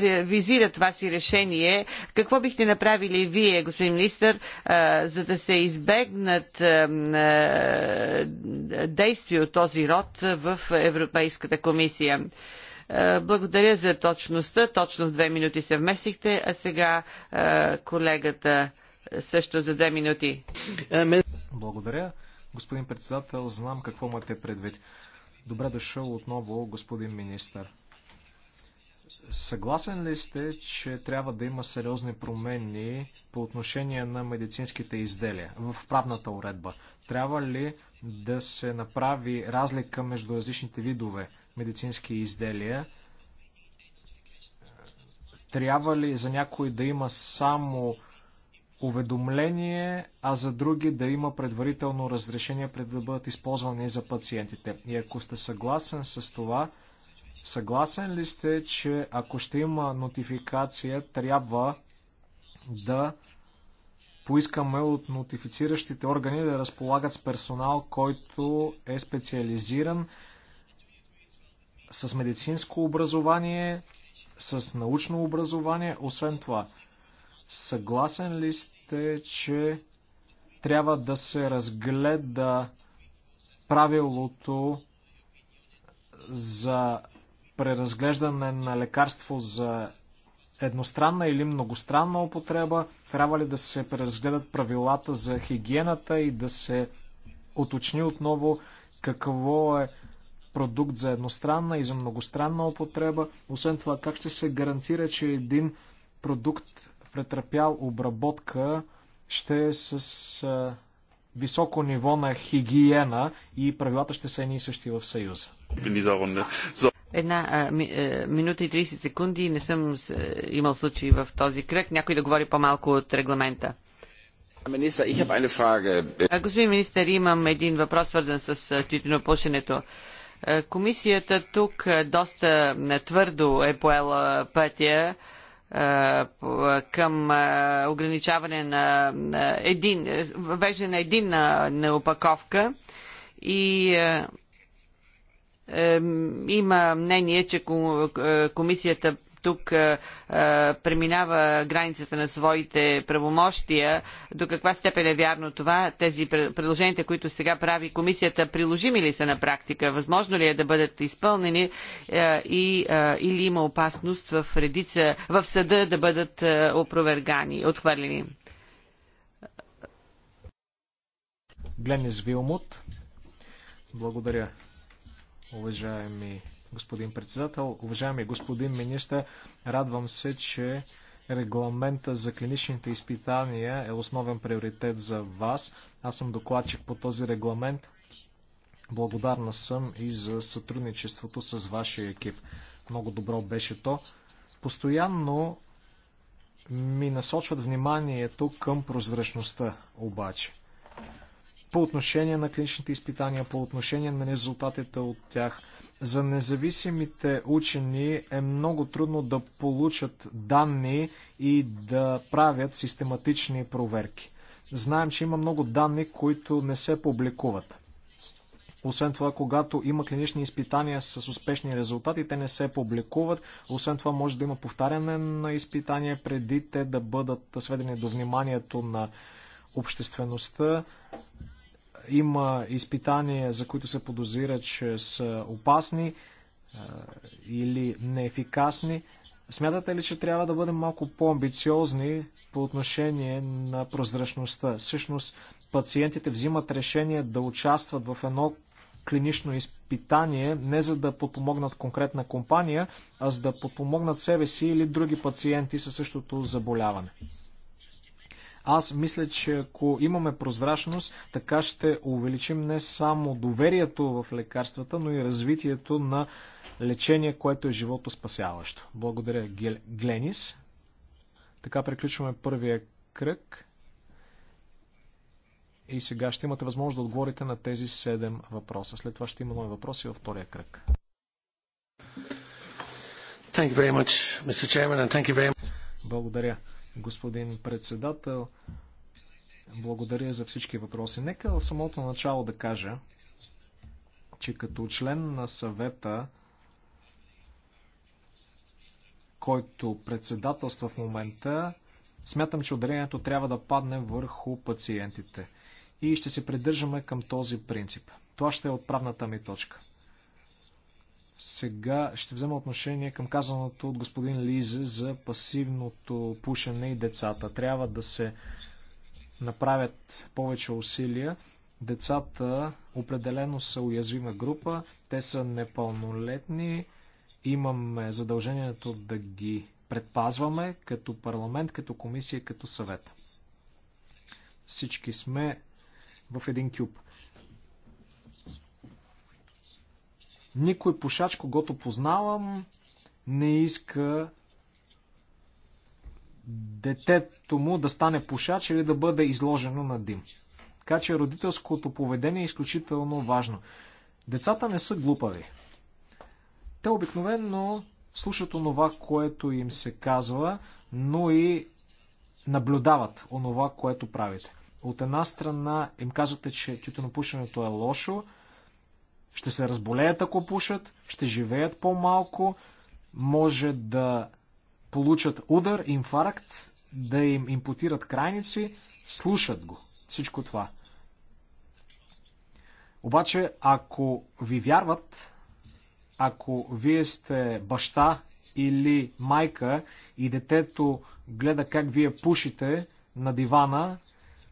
ревизира това си решение. Какво бихте направили вие, господин министр, за да се избегнат действия от този род в Европейската комисия? Благодаря за точността. Точно в две минути се вместихте, а сега колегата също за две минути. Благодаря. Господин председател, знам какво имате предвид. Добре дошъл отново, господин министър. Съгласен ли сте, че трябва да има сериозни промени по отношение на медицинските изделия в правната уредба? Трябва ли да се направи разлика между различните видове медицински изделия? Трябва ли за някой да има само уведомление, а за други да има предварително разрешение преди да бъдат използвани за пациентите. И ако сте съгласен с това, съгласен ли сте, че ако ще има нотификация, трябва да поискаме от нотифициращите органи да разполагат с персонал, който е специализиран с медицинско образование, с научно образование, освен това – Съгласен ли сте, че трябва да се разгледа правилото за преразглеждане на лекарство за едностранна или многостранна употреба? Трябва ли да се преразгледат правилата за хигиената и да се уточни отново какво е продукт за едностранна и за многостранна употреба? Освен това, как ще се гарантира, че един продукт претърпял обработка, ще е с а, високо ниво на хигиена и правилата ще са едни и същи в Съюза. Една а, ми, а, минута и 30 секунди не съм с, имал случай в този кръг. Някой да говори по-малко от регламента. Господин министър, имам един въпрос, свързан с тютюнопушенето. Комисията тук доста твърдо е поела пътя към ограничаване на един, въвеждане на на неопаковка и е, има мнение, че комисията тук а, преминава границата на своите правомощия. До каква степен е вярно това? Тези предложенията, които сега прави комисията, приложими ли са на практика? Възможно ли е да бъдат изпълнени а, и, а, или има опасност в редица, в съда да бъдат опровергани, отхвърлени? Гленис Вилмут. Благодаря, уважаеми господин председател. Уважаеми господин министр, радвам се, че регламента за клиничните изпитания е основен приоритет за вас. Аз съм докладчик по този регламент. Благодарна съм и за сътрудничеството с вашия екип. Много добро беше то. Постоянно ми насочват вниманието към прозрачността, обаче по отношение на клиничните изпитания, по отношение на резултатите от тях. За независимите учени е много трудно да получат данни и да правят систематични проверки. Знаем, че има много данни, които не се публикуват. Освен това, когато има клинични изпитания с успешни резултати, те не се публикуват. Освен това, може да има повтаряне на изпитания преди те да бъдат сведени до вниманието на обществеността има изпитания, за които се подозира, че са опасни или неефикасни. Смятате ли, че трябва да бъдем малко по-амбициозни по отношение на прозрачността? Всъщност, пациентите взимат решение да участват в едно клинично изпитание, не за да подпомогнат конкретна компания, а за да подпомогнат себе си или други пациенти със същото заболяване. Аз мисля, че ако имаме прозрачност, така ще увеличим не само доверието в лекарствата, но и развитието на лечение, което е живото спасяващо. Благодаря, Гленис. Така приключваме първия кръг. И сега ще имате възможност да отговорите на тези 7 въпроса. След това ще има нови въпроси във втория кръг. Благодаря господин председател. Благодаря за всички въпроси. Нека в самото начало да кажа, че като член на съвета, който председателства в момента, смятам, че ударението трябва да падне върху пациентите. И ще се придържаме към този принцип. Това ще е отправната ми точка. Сега ще взема отношение към казаното от господин Лизе за пасивното пушене и децата. Трябва да се направят повече усилия. Децата определено са уязвима група, те са непълнолетни, имаме задължението да ги предпазваме като парламент, като комисия, като съвет. Всички сме в един кюб. Никой пушач, когато познавам, не иска детето му да стане пушач или да бъде изложено на дим. Така че родителското поведение е изключително важно. Децата не са глупави. Те обикновенно слушат онова, което им се казва, но и наблюдават онова, което правите. От една страна им казвате, че тютюнопушенето е лошо, ще се разболеят ако пушат, ще живеят по-малко, може да получат удар, инфаркт, да им импутират крайници, слушат го. Всичко това. Обаче, ако ви вярват, ако вие сте баща или майка и детето гледа как вие пушите на дивана,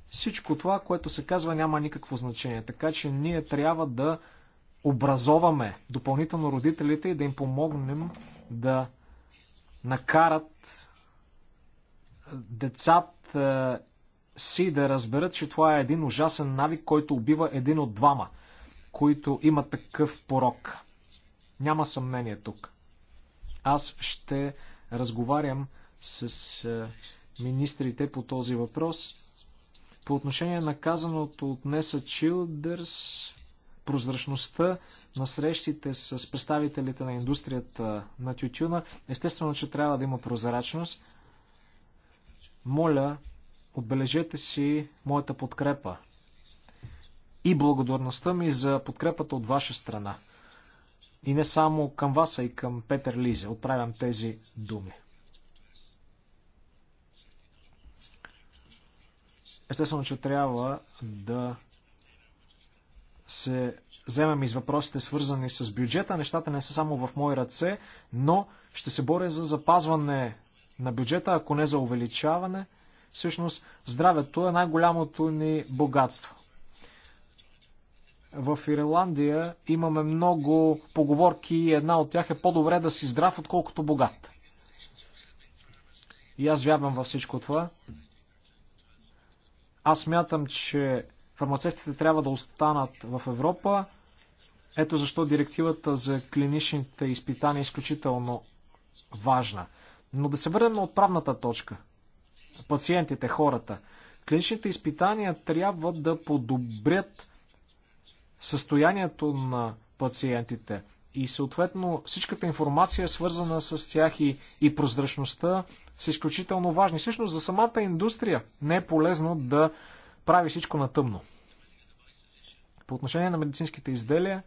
всичко това, което се казва, няма никакво значение. Така че ние трябва да образоваме допълнително родителите и да им помогнем да накарат децата си да разберат, че това е един ужасен навик, който убива един от двама, които има такъв порок. Няма съмнение тук. Аз ще разговарям с министрите по този въпрос. По отношение на казаното от Неса Чилдърс, прозрачността на срещите с представителите на индустрията на тютюна. Естествено, че трябва да има прозрачност. Моля, отбележете си моята подкрепа и благодарността ми за подкрепата от ваша страна. И не само към вас, а и към Петър Лизе. Отправям тези думи. Естествено, че трябва да се вземем из въпросите свързани с бюджета. Нещата не са само в мои ръце, но ще се боря за запазване на бюджета, ако не за увеличаване. Всъщност, здравето е най-голямото ни богатство. В Ирландия имаме много поговорки и една от тях е по-добре да си здрав, отколкото богат. И аз вярвам във всичко това. Аз мятам, че Фармацевтите трябва да останат в Европа. Ето защо директивата за клиничните изпитания е изключително важна. Но да се върнем на отправната точка. Пациентите, хората. Клиничните изпитания трябва да подобрят състоянието на пациентите и съответно всичката информация свързана с тях и, и прозрачността са изключително важни. Всъщност за самата индустрия не е полезно да прави всичко на тъмно. По отношение на медицинските изделия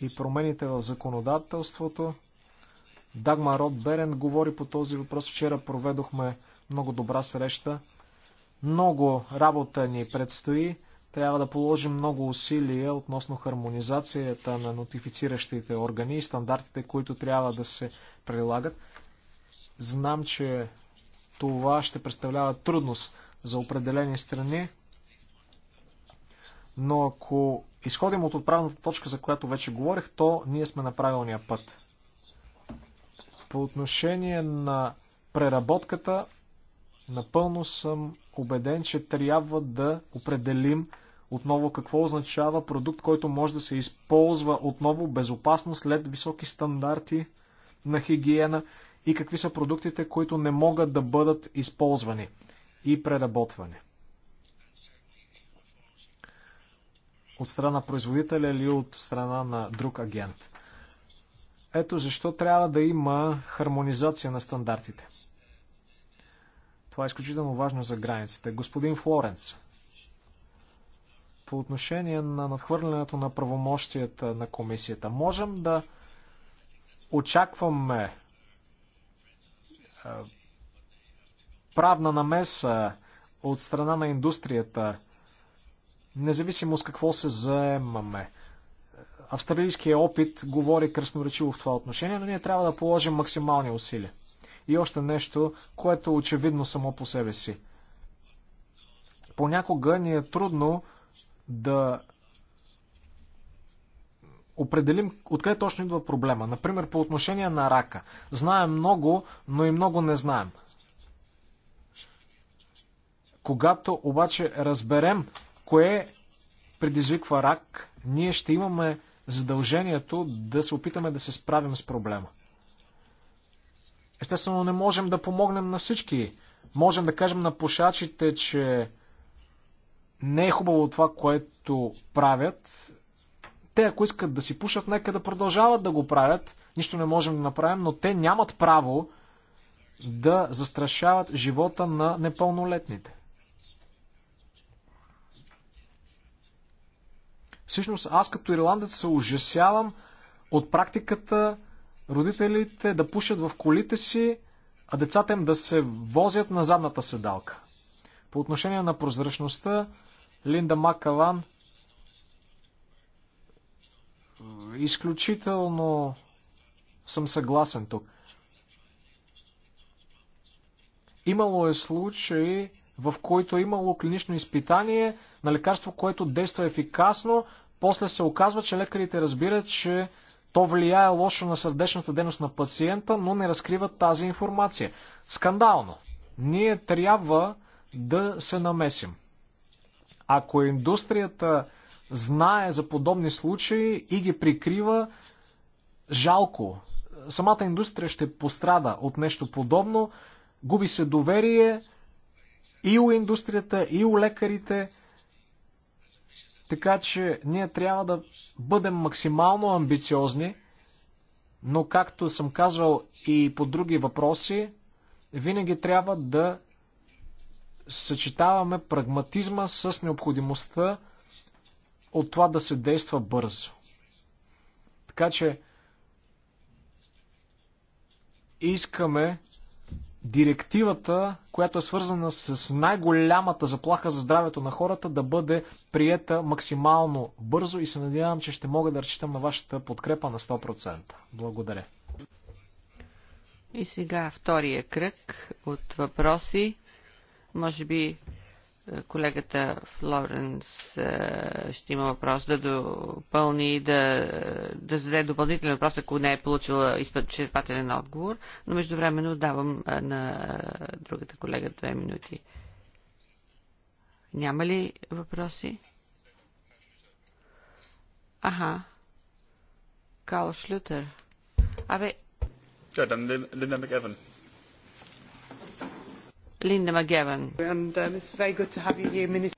и промените в законодателството, Дагма Род Берен говори по този въпрос. Вчера проведохме много добра среща. Много работа ни предстои. Трябва да положим много усилия относно хармонизацията на нотифициращите органи и стандартите, които трябва да се прилагат. Знам, че това ще представлява трудност за определени страни, но ако изходим от отправната точка, за която вече говорих, то ние сме на правилния път. По отношение на преработката, напълно съм убеден, че трябва да определим отново какво означава продукт, който може да се използва отново безопасно след високи стандарти на хигиена и какви са продуктите, които не могат да бъдат използвани и преработвани. От страна производителя или от страна на друг агент. Ето защо трябва да има хармонизация на стандартите. Това е изключително важно за границите. Господин Флоренц, по отношение на надхвърлянето на правомощията на комисията, можем да очакваме правна намеса от страна на индустрията, независимо с какво се заемаме. Австралийският опит говори кръсноречиво в това отношение, но ние трябва да положим максимални усилия. И още нещо, което е очевидно само по себе си. Понякога ни е трудно да определим откъде точно идва проблема. Например, по отношение на рака. Знаем много, но и много не знаем. Когато обаче разберем кое предизвиква рак, ние ще имаме задължението да се опитаме да се справим с проблема. Естествено, не можем да помогнем на всички. Можем да кажем на пушачите, че не е хубаво това, което правят, те, ако искат да си пушат, нека да продължават да го правят. Нищо не можем да направим, но те нямат право да застрашават живота на непълнолетните. Всъщност, аз като ирландец се ужасявам от практиката родителите да пушат в колите си, а децата им да се возят на задната седалка. По отношение на прозрачността, Линда Макаван Изключително съм съгласен тук. Имало е случаи, в които е имало клинично изпитание на лекарство, което действа ефикасно, после се оказва, че лекарите разбират, че то влияе лошо на сърдечната дейност на пациента, но не разкриват тази информация. Скандално! Ние трябва да се намесим. Ако индустрията знае за подобни случаи и ги прикрива. Жалко. Самата индустрия ще пострада от нещо подобно. Губи се доверие и у индустрията, и у лекарите. Така че ние трябва да бъдем максимално амбициозни, но както съм казвал и по други въпроси, винаги трябва да съчетаваме прагматизма с необходимостта от това да се действа бързо. Така че искаме директивата, която е свързана с най-голямата заплаха за здравето на хората, да бъде приета максимално бързо и се надявам, че ще мога да разчитам на вашата подкрепа на 100%. Благодаря. И сега втория кръг от въпроси. Може би колегата Флоренс е, ще има въпрос да допълни и да, да зададе допълнителен въпрос, ако не е получила изчерпателен отговор, но междувременно давам е, на другата колега две минути. Няма ли въпроси? Аха. Карл Шлютер. Абе. Ja, dann Linda McEwan. Линда Магеван. Uh,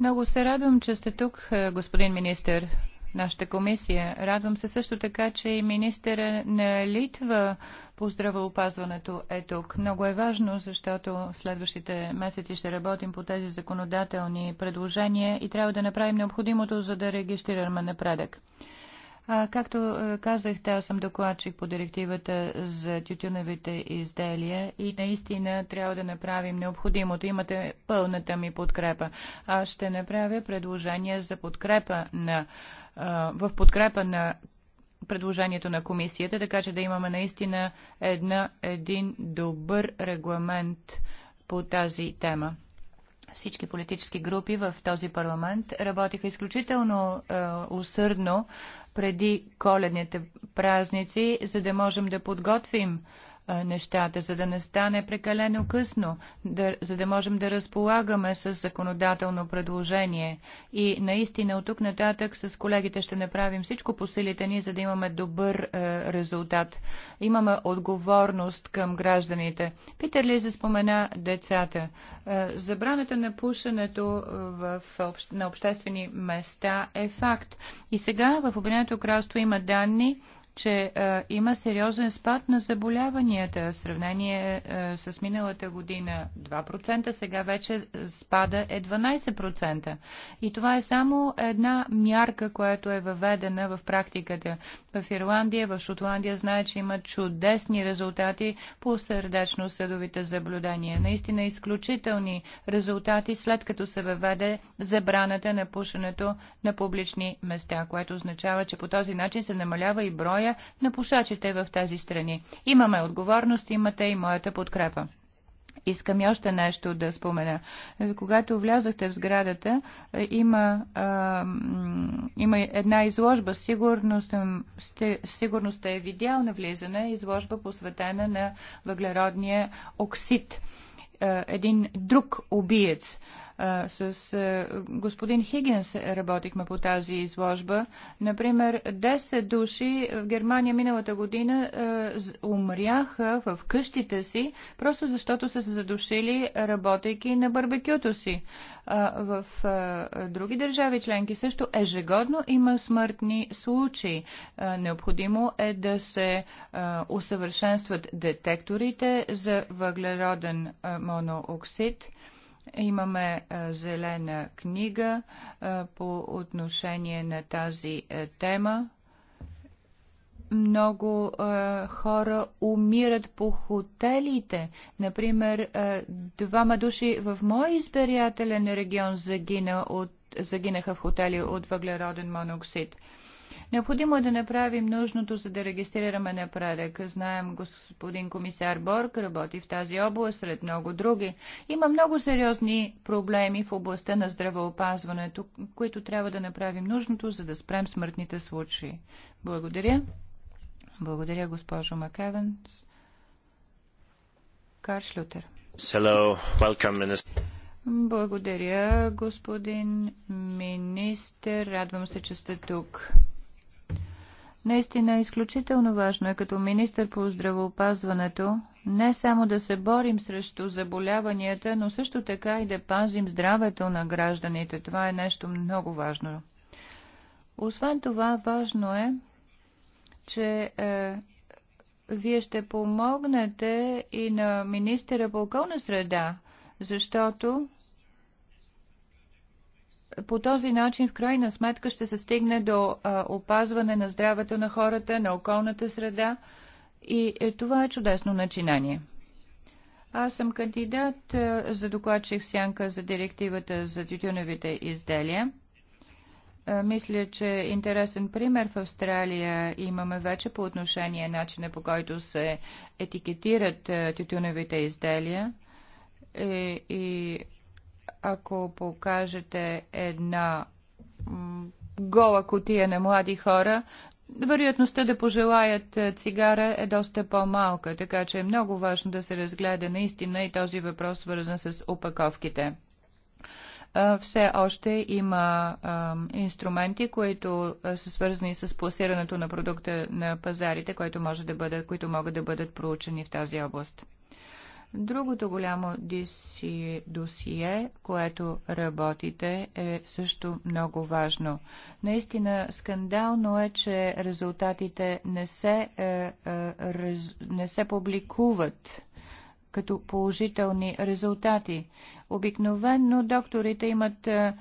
Много се радвам, че сте тук, е, господин министър нашата комисия. Радвам се също така, че и министъра на Литва по здравеопазването е тук. Много е важно, защото следващите месеци ще работим по тези законодателни предложения и трябва да направим необходимото, за да регистрираме напредък. А, както е, казахте, аз съм докладчик по директивата за тютюневите изделия и наистина трябва да направим необходимото. Имате пълната ми подкрепа. Аз ще направя предложение за подкрепа на, а, в подкрепа на предложението на комисията, така че да имаме наистина една, един добър регламент по тази тема всички политически групи в този парламент работиха изключително е, усърдно преди коледните празници, за да можем да подготвим нещата, за да не стане прекалено късно, да, за да можем да разполагаме с законодателно предложение. И наистина от тук нататък с колегите ще направим всичко по силите ни, за да имаме добър е, резултат. Имаме отговорност към гражданите. Питер ли спомена децата. Е, забраната на пушенето в, в, на обществени места е факт. И сега в Обединеното кралство има данни че а, има сериозен спад на заболяванията в сравнение а, с миналата година 2%, сега вече спада е 12%. И това е само една мярка, която е въведена в практиката. В Ирландия, в Шотландия знае, че има чудесни резултати по сърдечно-съдовите заблюдения. Наистина изключителни резултати след като се въведе забраната на пушенето на публични места, което означава, че по този начин се намалява и броя броя на пушачите в тези страни. Имаме отговорност, имате и моята подкрепа. Искам и още нещо да спомена. Е, когато влязахте в сградата, е, има, а, има една изложба, сигурно, съм, сте, сигурно сте е видял на влизане, изложба посветена на въглеродния оксид. Е, един друг убиец. С господин Хигенс работихме по тази изложба. Например, 10 души в Германия миналата година умряха в къщите си, просто защото са се задушили, работейки на барбекюто си. В други държави членки също ежегодно има смъртни случаи. Необходимо е да се усъвършенстват детекторите за въглероден монооксид – Имаме зелена книга по отношение на тази е, тема. Много хора умират по хотелите. Например, двама души в мой избирателен регион загина от, загинаха в хотели от въглероден моноксид. Необходимо е да направим нужното, за да регистрираме напредък. Знаем, господин комисар Борг работи в тази област, сред много други. Има много сериозни проблеми в областта на здравеопазването, които трябва да направим нужното, за да спрем смъртните случаи. Благодаря. Благодаря, госпожо Макевенс. Каршлютер. Шлютер. Hello. Welcome, Благодаря, господин министр. Радвам се, че сте тук. Наистина изключително важно е като министър по здравеопазването не само да се борим срещу заболяванията, но също така и да пазим здравето на гражданите. Това е нещо много важно. Освен това, важно е, че е, вие ще помогнете и на министъра по околна среда, защото по този начин, в крайна сметка, ще се стигне до опазване на здравето на хората, на околната среда и е, това е чудесно начинание. Аз съм кандидат за докладчик сянка за директивата за тютюневите изделия. Мисля, че е интересен пример в Австралия имаме вече по отношение начина по който се етикетират тютюневите изделия е, и, и ако покажете една гола котия на млади хора, вероятността да пожелаят е, цигара е доста по-малка, така че е много важно да се разгледа наистина и този въпрос свързан с опаковките все още има а, инструменти, които а, са свързани с пласирането на продукта на пазарите, които, може да бъдат, които могат да бъдат проучени в тази област. Другото голямо досие, което работите, е също много важно. Наистина скандално е, че резултатите не се, е, е, раз, не се публикуват като положителни резултати. Обикновенно докторите имат е,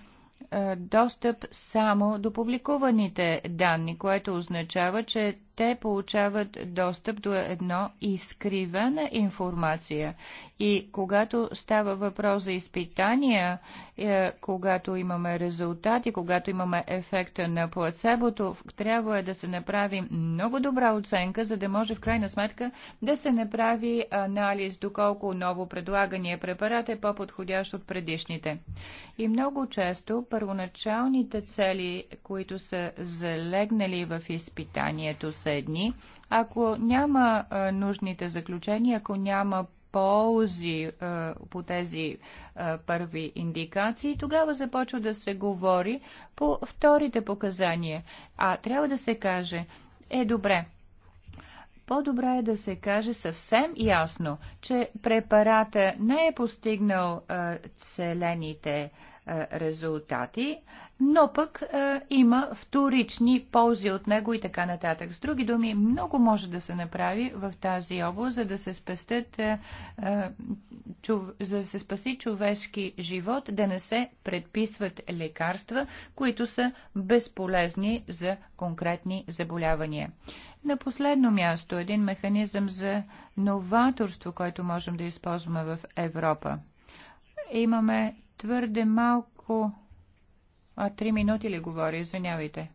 е достъп само до публикуваните данни, което означава, че те получават достъп до едно изкривена информация. И когато става въпрос за изпитания, е, когато имаме резултати, когато имаме ефекта на плацебото, трябва да се направи много добра оценка, за да може в крайна сметка да се направи анализ доколко ново предлагания препарат е по-подходящ от предишните. И много често първоначалните цели, които са залегнали в изпитанието, съседни, ако няма а, нужните заключения, ако няма ползи а, по тези а, първи индикации, тогава започва да се говори по вторите показания. А трябва да се каже, е добре, по-добре е да се каже съвсем ясно, че препарата не е постигнал а, целените а, резултати, но пък а, е, има вторични ползи от него и така нататък. С други думи, много може да се направи в тази област, за да се спестят, а, е, а, е, за да се спаси човешки живот, да не се предписват лекарства, които са безполезни за конкретни заболявания. На последно място, един механизъм за новаторство, който можем да използваме в Европа. Имаме твърде малко а, три минути ли говори? Извинявайте.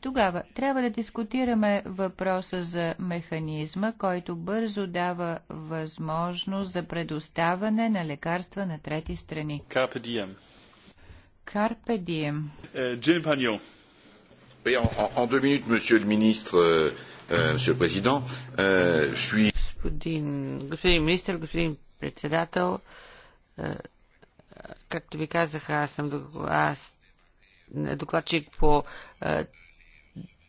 Тогава трябва да дискутираме въпроса за механизма, който бързо дава възможност за предоставяне на лекарства на трети страни. Carpe diem. Carpe diem. Е, Джин Паньо. Господин, господин министр, господин председател, както ви казах, аз съм аз, докладчик по е,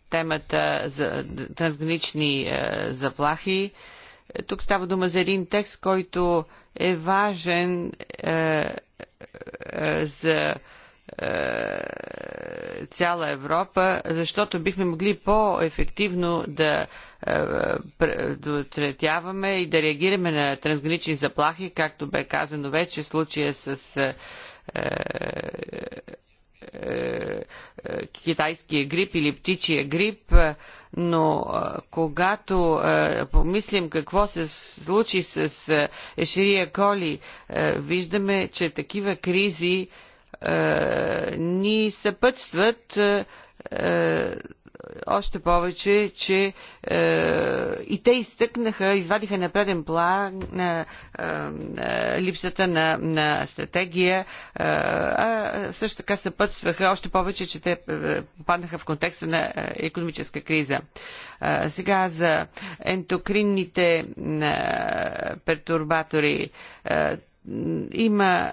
темата за трансгранични е, заплахи. Е, тук става дума за един текст, който е важен за е, е, цяла Европа, защото бихме могли по-ефективно да е, дотретяваме и да реагираме на трансгранични заплахи, както бе казано вече случая с е, китайския грип или птичия грип, но когато помислим какво се случи с Ешерия Коли, виждаме, че такива кризи е, ни съпътстват е, е, още повече, че е, и те изтъкнаха, извадиха на преден план на, е, е, липсата на, на стратегия, е, а също така съпътстваха още повече, че те попаднаха в контекста на економическа криза. Е, сега за ентокринните е, пертурбатори. Е, има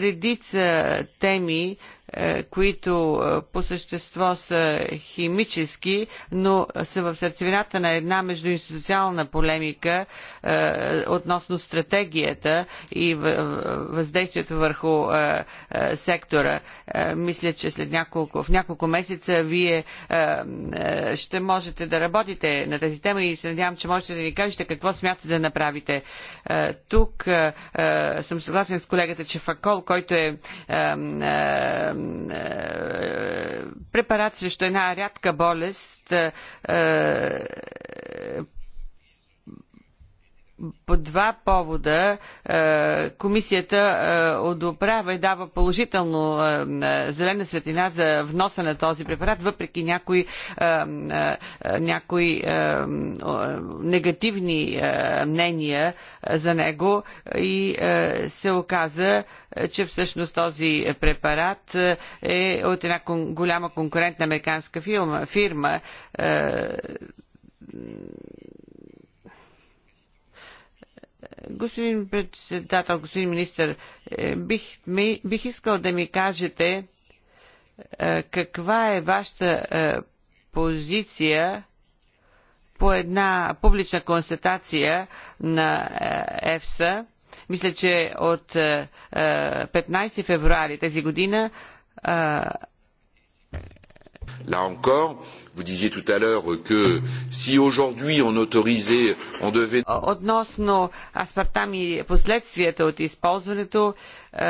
редица теми, е, които е, по същество са химически, но са в сърцевината на една междуинституционална полемика е, относно стратегията и въздействието върху сектора. Мисля, че след няколко, в няколко месеца вие ще можете да работите на тази тема и се надявам, че можете да ни кажете какво смятате да направите. Тук съм съгласен с колегата Чефакол, който е препарат срещу една рядка болест е, е, по два повода е, комисията е, одобрява и дава положително е, зелена светлина за вноса на този препарат, въпреки някои, някои негативни мнения за него и се оказа, че всъщност този препарат е от една голяма конкурентна американска фирма. фирма Господин председател, господин министр, е, бих, ми, бих искал да ми кажете е, каква е вашата е, позиция по една публична констатация на ЕФСА. Мисля, че от 15 февруари тази година Là encore, vous disiez tout à l'heure que si aujourd'hui on autorisait, on devait... Относно Аспартами, последствията от използването, е,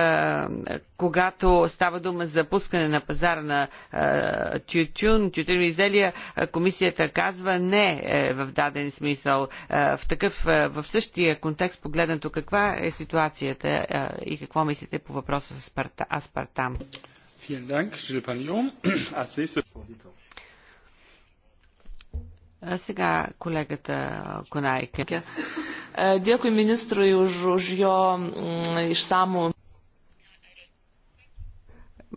когато става дума за пускане на пазара на е, тютюн, Тютюн изделия, е, комисията казва не в даден смисъл. В такъв, в същия контекст погледнато, каква е ситуацията и какво мислите по въпроса с аспартам? А сега колегата Конайке. Дякую министру уж, уж йо иш само.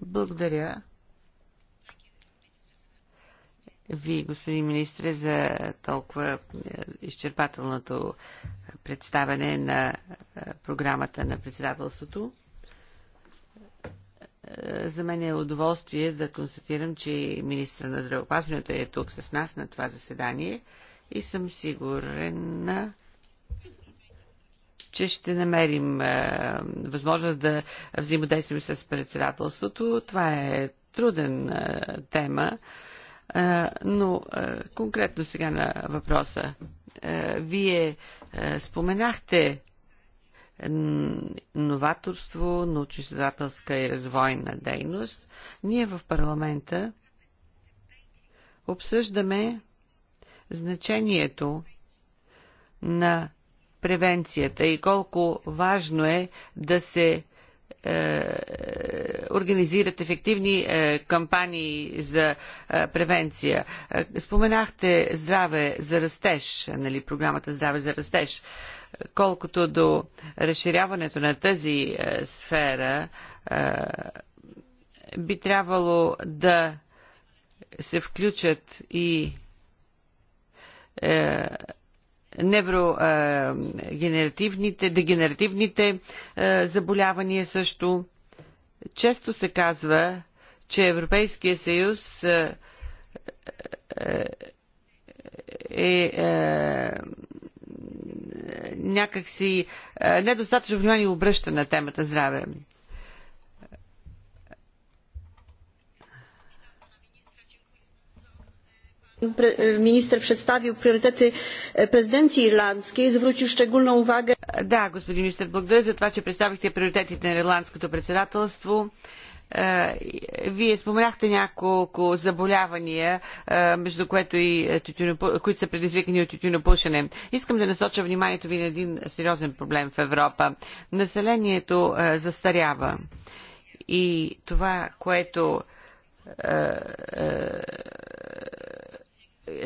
Благодаря ви, господин министре, за толкова е, изчерпателното представяне на е, програмата на председателството. Е, за мен е удоволствие да констатирам, че министра на здравеопазването е тук с нас на това заседание и съм сигурен, че ще намерим е, възможност да взаимодействим с председателството. Това е труден е, тема, е, но е, конкретно сега на въпроса. Е, вие е, споменахте новаторство, научно-изследователска и развойна дейност, ние в парламента обсъждаме значението на превенцията и колко важно е да се е, организират ефективни е, кампании за е, превенция. Споменахте здраве за растеж, нали, програмата здраве за растеж. Колкото до разширяването на тази е, сфера, е, би трябвало да се включат и е, неврогенеративните, е, дегенеративните е, заболявания също. Често се казва, че Европейския съюз е, е, е, някакси е, недостатъчно внимание обръща на темата здраве. Е, министър представил приоритети е, президенции ирландски и завручил щегулна увага. Да, господин министър, благодаря за това, че представихте приоритетите на ирландското председателство. Uh, е, вие споменахте няколко заболявания, е, между което и е, тютюнопу... които са предизвикани от тютюнопушене. Искам да насоча вниманието ви на един сериозен проблем в Европа. Населението застарява. И това, което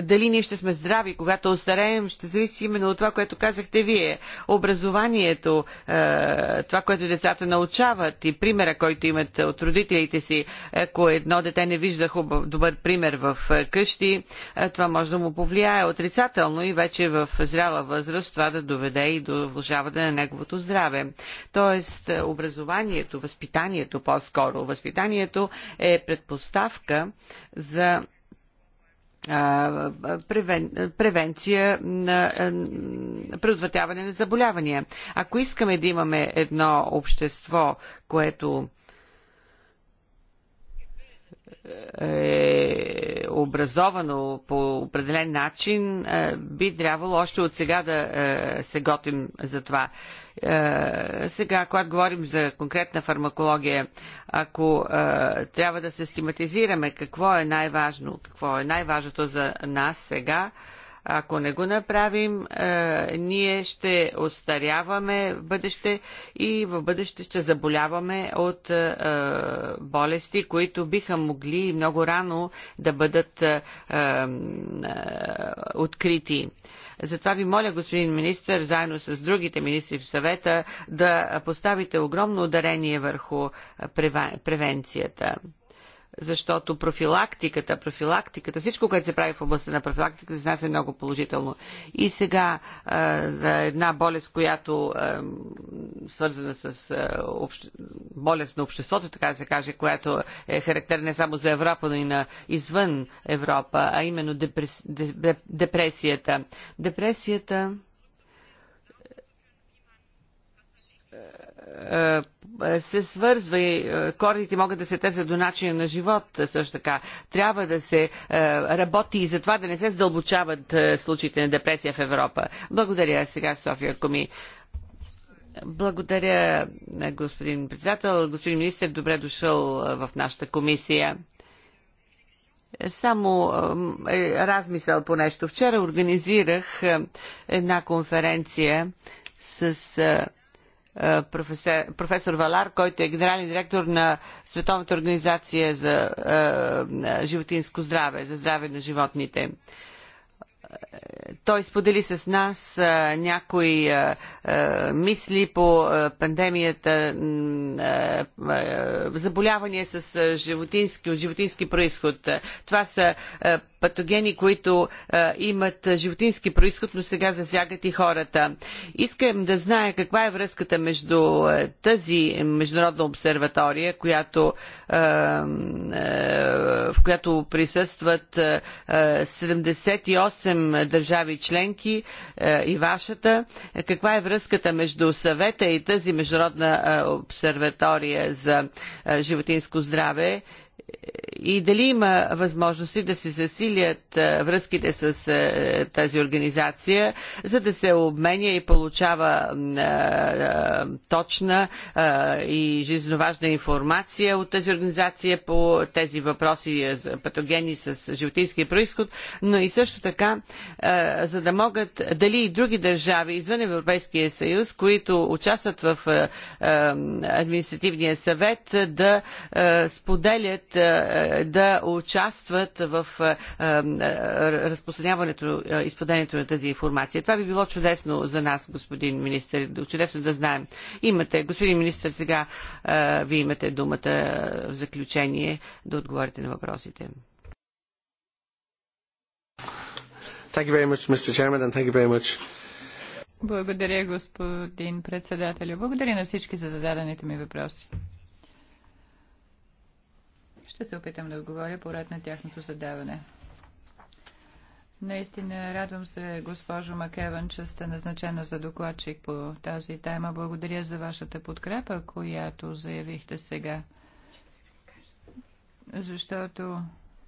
дали ние ще сме здрави, когато остареем, ще зависи именно от това, което казахте вие. Образованието, е, това, което децата научават и примера, който имат от родителите си. Ако едно дете не вижда хубав, добър пример в е, къщи, е, това може да му повлияе отрицателно и вече в здрава възраст това да доведе и до влушаване на неговото здраве. Тоест, образованието, възпитанието по-скоро, възпитанието е предпоставка за превенция на предотвратяване на заболявания. Ако искаме да имаме едно общество, което е образовано по определен начин, е, би трябвало още от сега да е, се готвим за това. Е, сега, когато говорим за конкретна фармакология, ако е, трябва да систематизираме какво е най-важно, какво е най-важното за нас сега, ако не го направим, е, ние ще остаряваме в бъдеще и в бъдеще ще заболяваме от е, е болести, които биха могли много рано да бъдат е, е, открити. Затова ви моля, господин министр, заедно с другите министри в съвета, да поставите огромно ударение върху превенцията защото профилактиката, профилактиката, всичко, което се прави в областта на профилактиката, за нас е много положително. И сега а, за една болест, която а, свързана с а, общ... болест на обществото, така да се каже, която е характерна не само за Европа, но и на извън Европа, а именно депрес... депресията. Депресията Е, е, се свързва и е, корните могат да се търсят до начина на живот също така. Трябва да се работи и за това да не се задълбочават случаите на депресия в Европа. Благодаря сега, София Коми. Благодаря, господин председател. Господин министр, добре дошъл в нашата комисия. Само е, размисъл по нещо. Вчера организирах една конференция с е, професор, професор Валар, който е генерален директор на Световната организация за е, е животинско здраве, за здраве на животните. Е, той сподели с нас някои мисли по пандемията, заболявания с животински, от животински происход. Това са патогени, които а, имат животински происход, но сега засягат и хората. Искам да зная каква е връзката между тази международна обсерватория, която, а, а, в която присъстват 78 държави членки и вашата. Каква е връзката между съвета и тази международна обсерватория за животинско здраве? и дали има възможности да се засилят връзките с тази организация, за да се обменя и получава точна и жизненоважна информация от тази организация по тези въпроси за патогени с животински происход, но и също така, за да могат дали и други държави извън Европейския съюз, които участват в административния съвет, да споделят е, да участват в е, е, разпространяването, изпадението на тази информация. Това би било чудесно за нас, господин министр, чудесно да знаем. Имате, господин министр, сега вие имате думата в заключение да отговорите на въпросите. Thank you very much, Mr. Chairman, and thank you very much. Благодаря, господин председател. Благодаря на всички за зададените ми въпроси. Ще се опитам да отговоря по ред на тяхното задаване. Наистина радвам се, госпожо Макеван, че сте назначена за докладчик по тази тема. Благодаря за вашата подкрепа, която заявихте сега. Защото в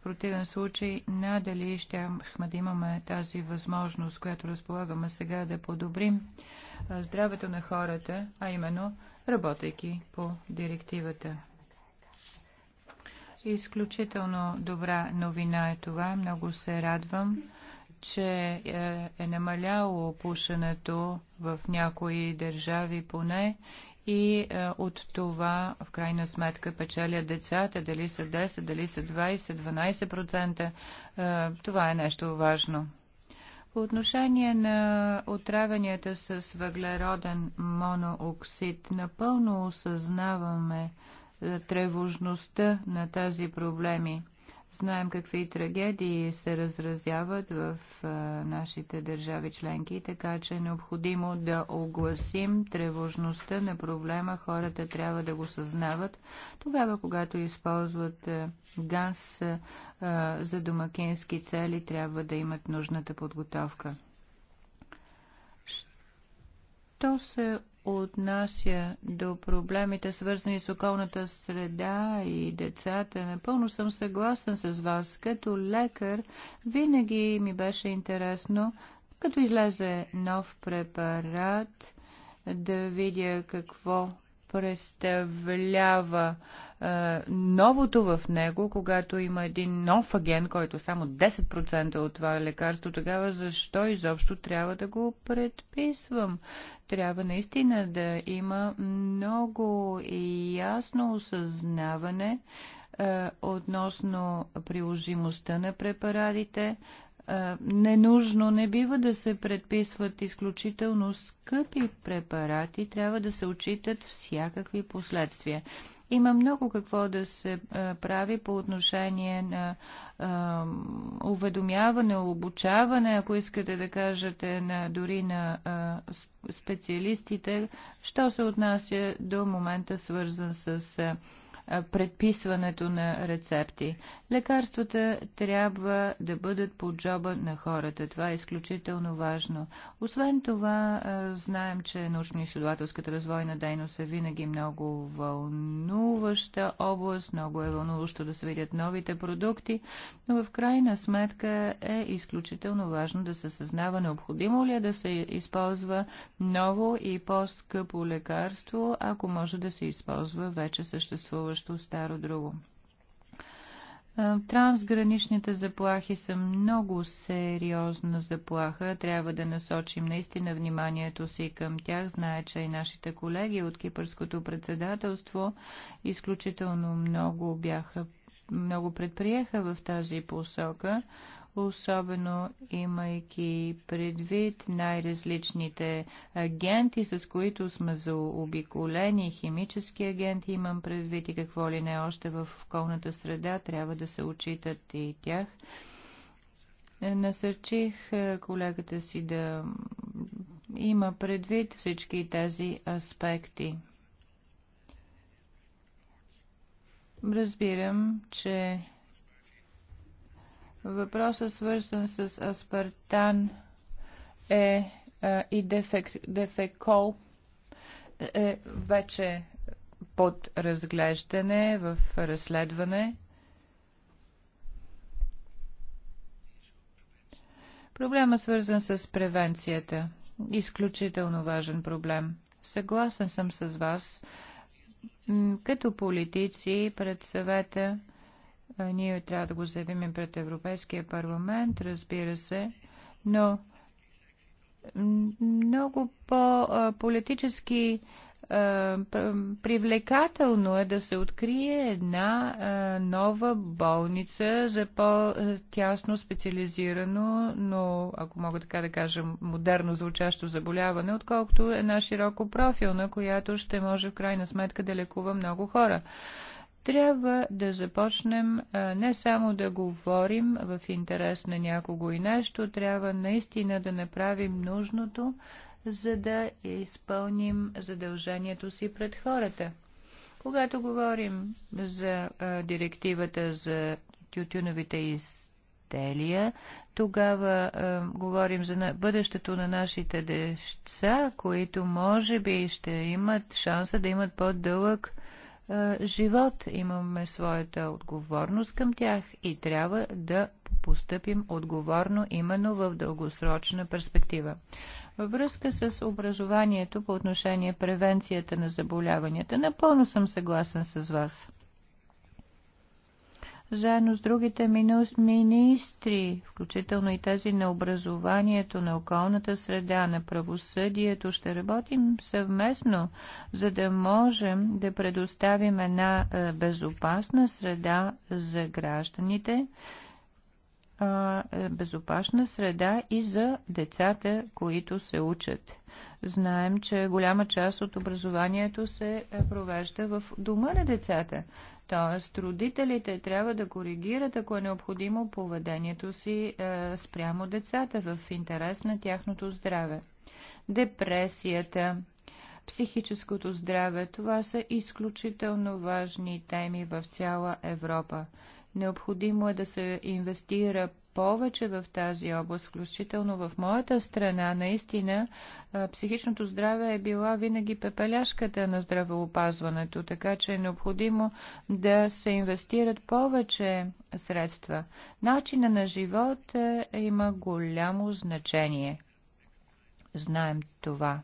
противен случай надали щяхме да имаме тази възможност, която разполагаме сега да подобрим здравето на хората, а именно работейки по директивата. Изключително добра новина е това. Много се радвам, че е, е намаляло пушенето в някои държави поне и е, от това в крайна сметка печелят децата, дали са 10, дали са 20, 12%. Е, това е нещо важно. По отношение на отравянията с въглероден монооксид, напълно осъзнаваме тревожността на тази проблеми. Знаем какви трагедии се разразяват в нашите държави членки, така че е необходимо да огласим тревожността на проблема. Хората трябва да го съзнават тогава, когато използват газ за домакински цели, трябва да имат нужната подготовка. Що се отнася до проблемите, свързани с околната среда и децата, напълно съм съгласен с вас. Като лекар винаги ми беше интересно, като излезе нов препарат, да видя какво представлява е, новото в него, когато има един нов аген, който само 10% от това лекарство, тогава защо изобщо трябва да го предписвам? Трябва наистина да има много ясно осъзнаване е, относно приложимостта на препаратите, е, ненужно не бива да се предписват изключително скъпи препарати, трябва да се очитат всякакви последствия. Има много какво да се прави по отношение на уведомяване, обучаване, ако искате да кажете на, дори на специалистите, що се отнася до момента свързан с предписването на рецепти. Лекарствата трябва да бъдат по джоба на хората. Това е изключително важно. Освен това, знаем, че научно-изследователската развойна дейност е винаги много вълнуваща област, много е вълнуващо да се видят новите продукти, но в крайна сметка е изключително важно да се съзнава необходимо ли е да се използва ново и по-скъпо лекарство, ако може да се използва вече съществуващо също старо друго. Трансграничните заплахи са много сериозна заплаха. Трябва да насочим наистина вниманието си към тях. Знае, че и нашите колеги от Кипърското председателство изключително много бяха много предприеха в тази посока особено имайки предвид най-различните агенти, с които сме заобиколени, химически агенти имам предвид и какво ли не още в околната среда, трябва да се очитат и тях. Насърчих е, колегата си да има предвид всички тези аспекти. Разбирам, че Въпросът свързан с аспартан е, е и дефек, дефекол е вече под разглеждане в разследване. Проблема свързан с превенцията. Изключително важен проблем. Съгласен съм с вас. Като политици пред съвета е, ние трябва да го заявим пред Европейския парламент, разбира се, но много по-политически е, привлекателно е да се открие една е, нова болница за по-тясно специализирано, но ако мога така да кажа, модерно звучащо заболяване, отколкото една широко профилна, която ще може в крайна сметка да лекува много хора трябва да започнем не само да говорим в интерес на някого и нещо, трябва наистина да направим нужното, за да изпълним задължението си пред хората. Когато говорим за а, директивата за тютюновите изделия, тогава а, говорим за на, бъдещето на нашите деца, които може би ще имат шанса да имат по-дълъг е, живот. Имаме своята отговорност към тях и трябва да постъпим отговорно именно в дългосрочна перспектива. Във връзка с образованието по отношение превенцията на заболяванията, напълно съм съгласен с вас заедно с другите министри, включително и тези на образованието, на околната среда, на правосъдието. Ще работим съвместно, за да можем да предоставим една е, безопасна среда за гражданите, е, безопасна среда и за децата, които се учат. Знаем, че голяма част от образованието се е, провежда в дома на децата. Тоест, родителите трябва да коригират, ако е необходимо, поведението си е, спрямо децата в интерес на тяхното здраве. Депресията, психическото здраве, това са изключително важни теми в цяла Европа. Необходимо е да се инвестира повече в тази област, включително в моята страна. Наистина, психичното здраве е била винаги пепеляшката на здравеопазването, така че е необходимо да се инвестират повече средства. Начина на живот е, има голямо значение. Знаем това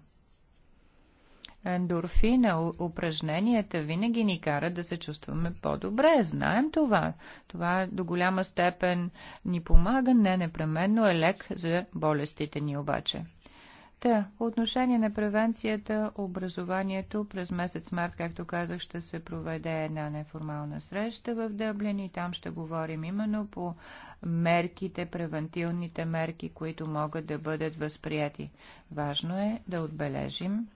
ендорфина, упражненията винаги ни карат да се чувстваме по-добре. Знаем това. Това до голяма степен ни помага, не непременно е лек за болестите ни обаче. Та, по отношение на превенцията, образованието, през месец март, както казах, ще се проведе една неформална среща в Дъблин и там ще говорим именно по мерките, превентивните мерки, които могат да бъдат възприяти. Важно е да отбележим,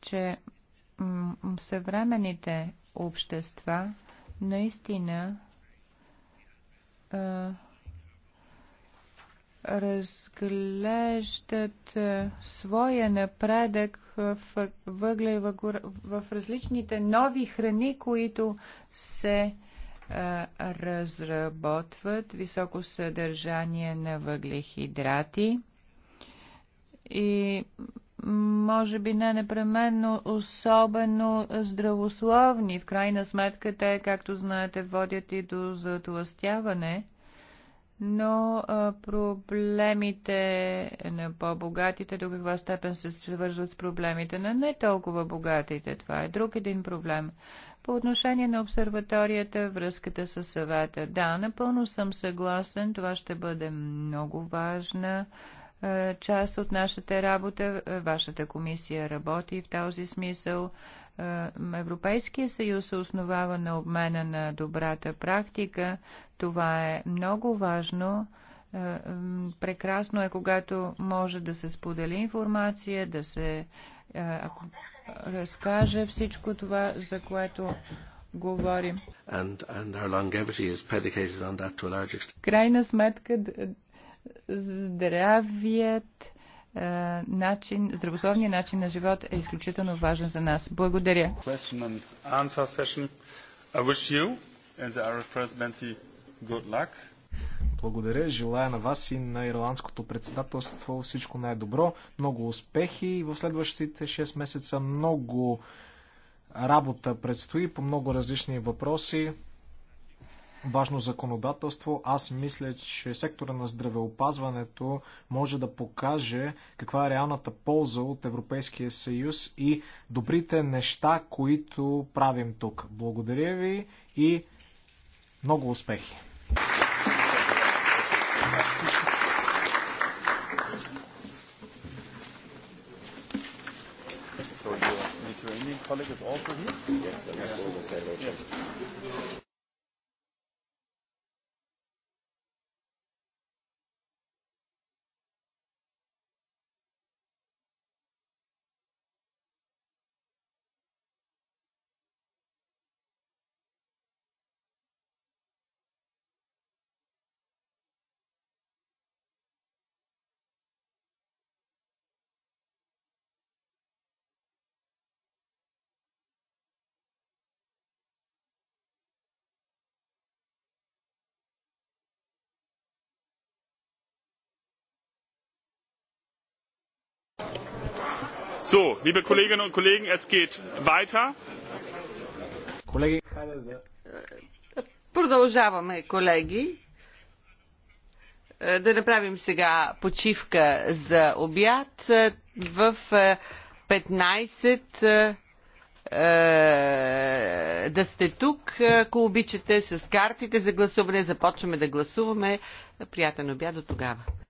че съвременните общества наистина разглеждат своя напредък в, въглева, в различните нови храни, които се а, разработват, високо съдържание на въглехидрати и може би не непременно особено здравословни. В крайна сметка те, както знаете, водят и до затластяване, но а, проблемите на по-богатите до каква степен се свързват с проблемите на не толкова богатите. Това е друг един проблем. По отношение на обсерваторията, връзката с съвета. Да, напълно съм съгласен. Това ще бъде много важна е, част от нашата работа. Е, вашата комисия работи в този смисъл. Е, Европейския съюз се основава на обмена на добрата практика. Това е много важно. Прекрасно е, когато може да се сподели информация, да се ако разкаже всичко това, за което говорим. And, and Крайна сметка здравият начин, здравословният начин на живот е изключително важен за нас. Благодаря. Благодаря. Желая на вас и на ирландското председателство всичко най-добро. Много успехи и в следващите 6 месеца много работа предстои по много различни въпроси важно законодателство. Аз мисля, че сектора на здравеопазването може да покаже каква е реалната полза от Европейския съюз и добрите неща, които правим тук. Благодаря ви и много успехи! colleague is also here? Yes, yes. must So, liebe Kolleginnen und Kollegen, es geht weiter. продължаваме, колеги. Е, да направим сега почивка за обяд е, в 15 е, да сте тук, ако обичате, с картите за гласуване. Започваме да гласуваме. Приятен обяд до тогава.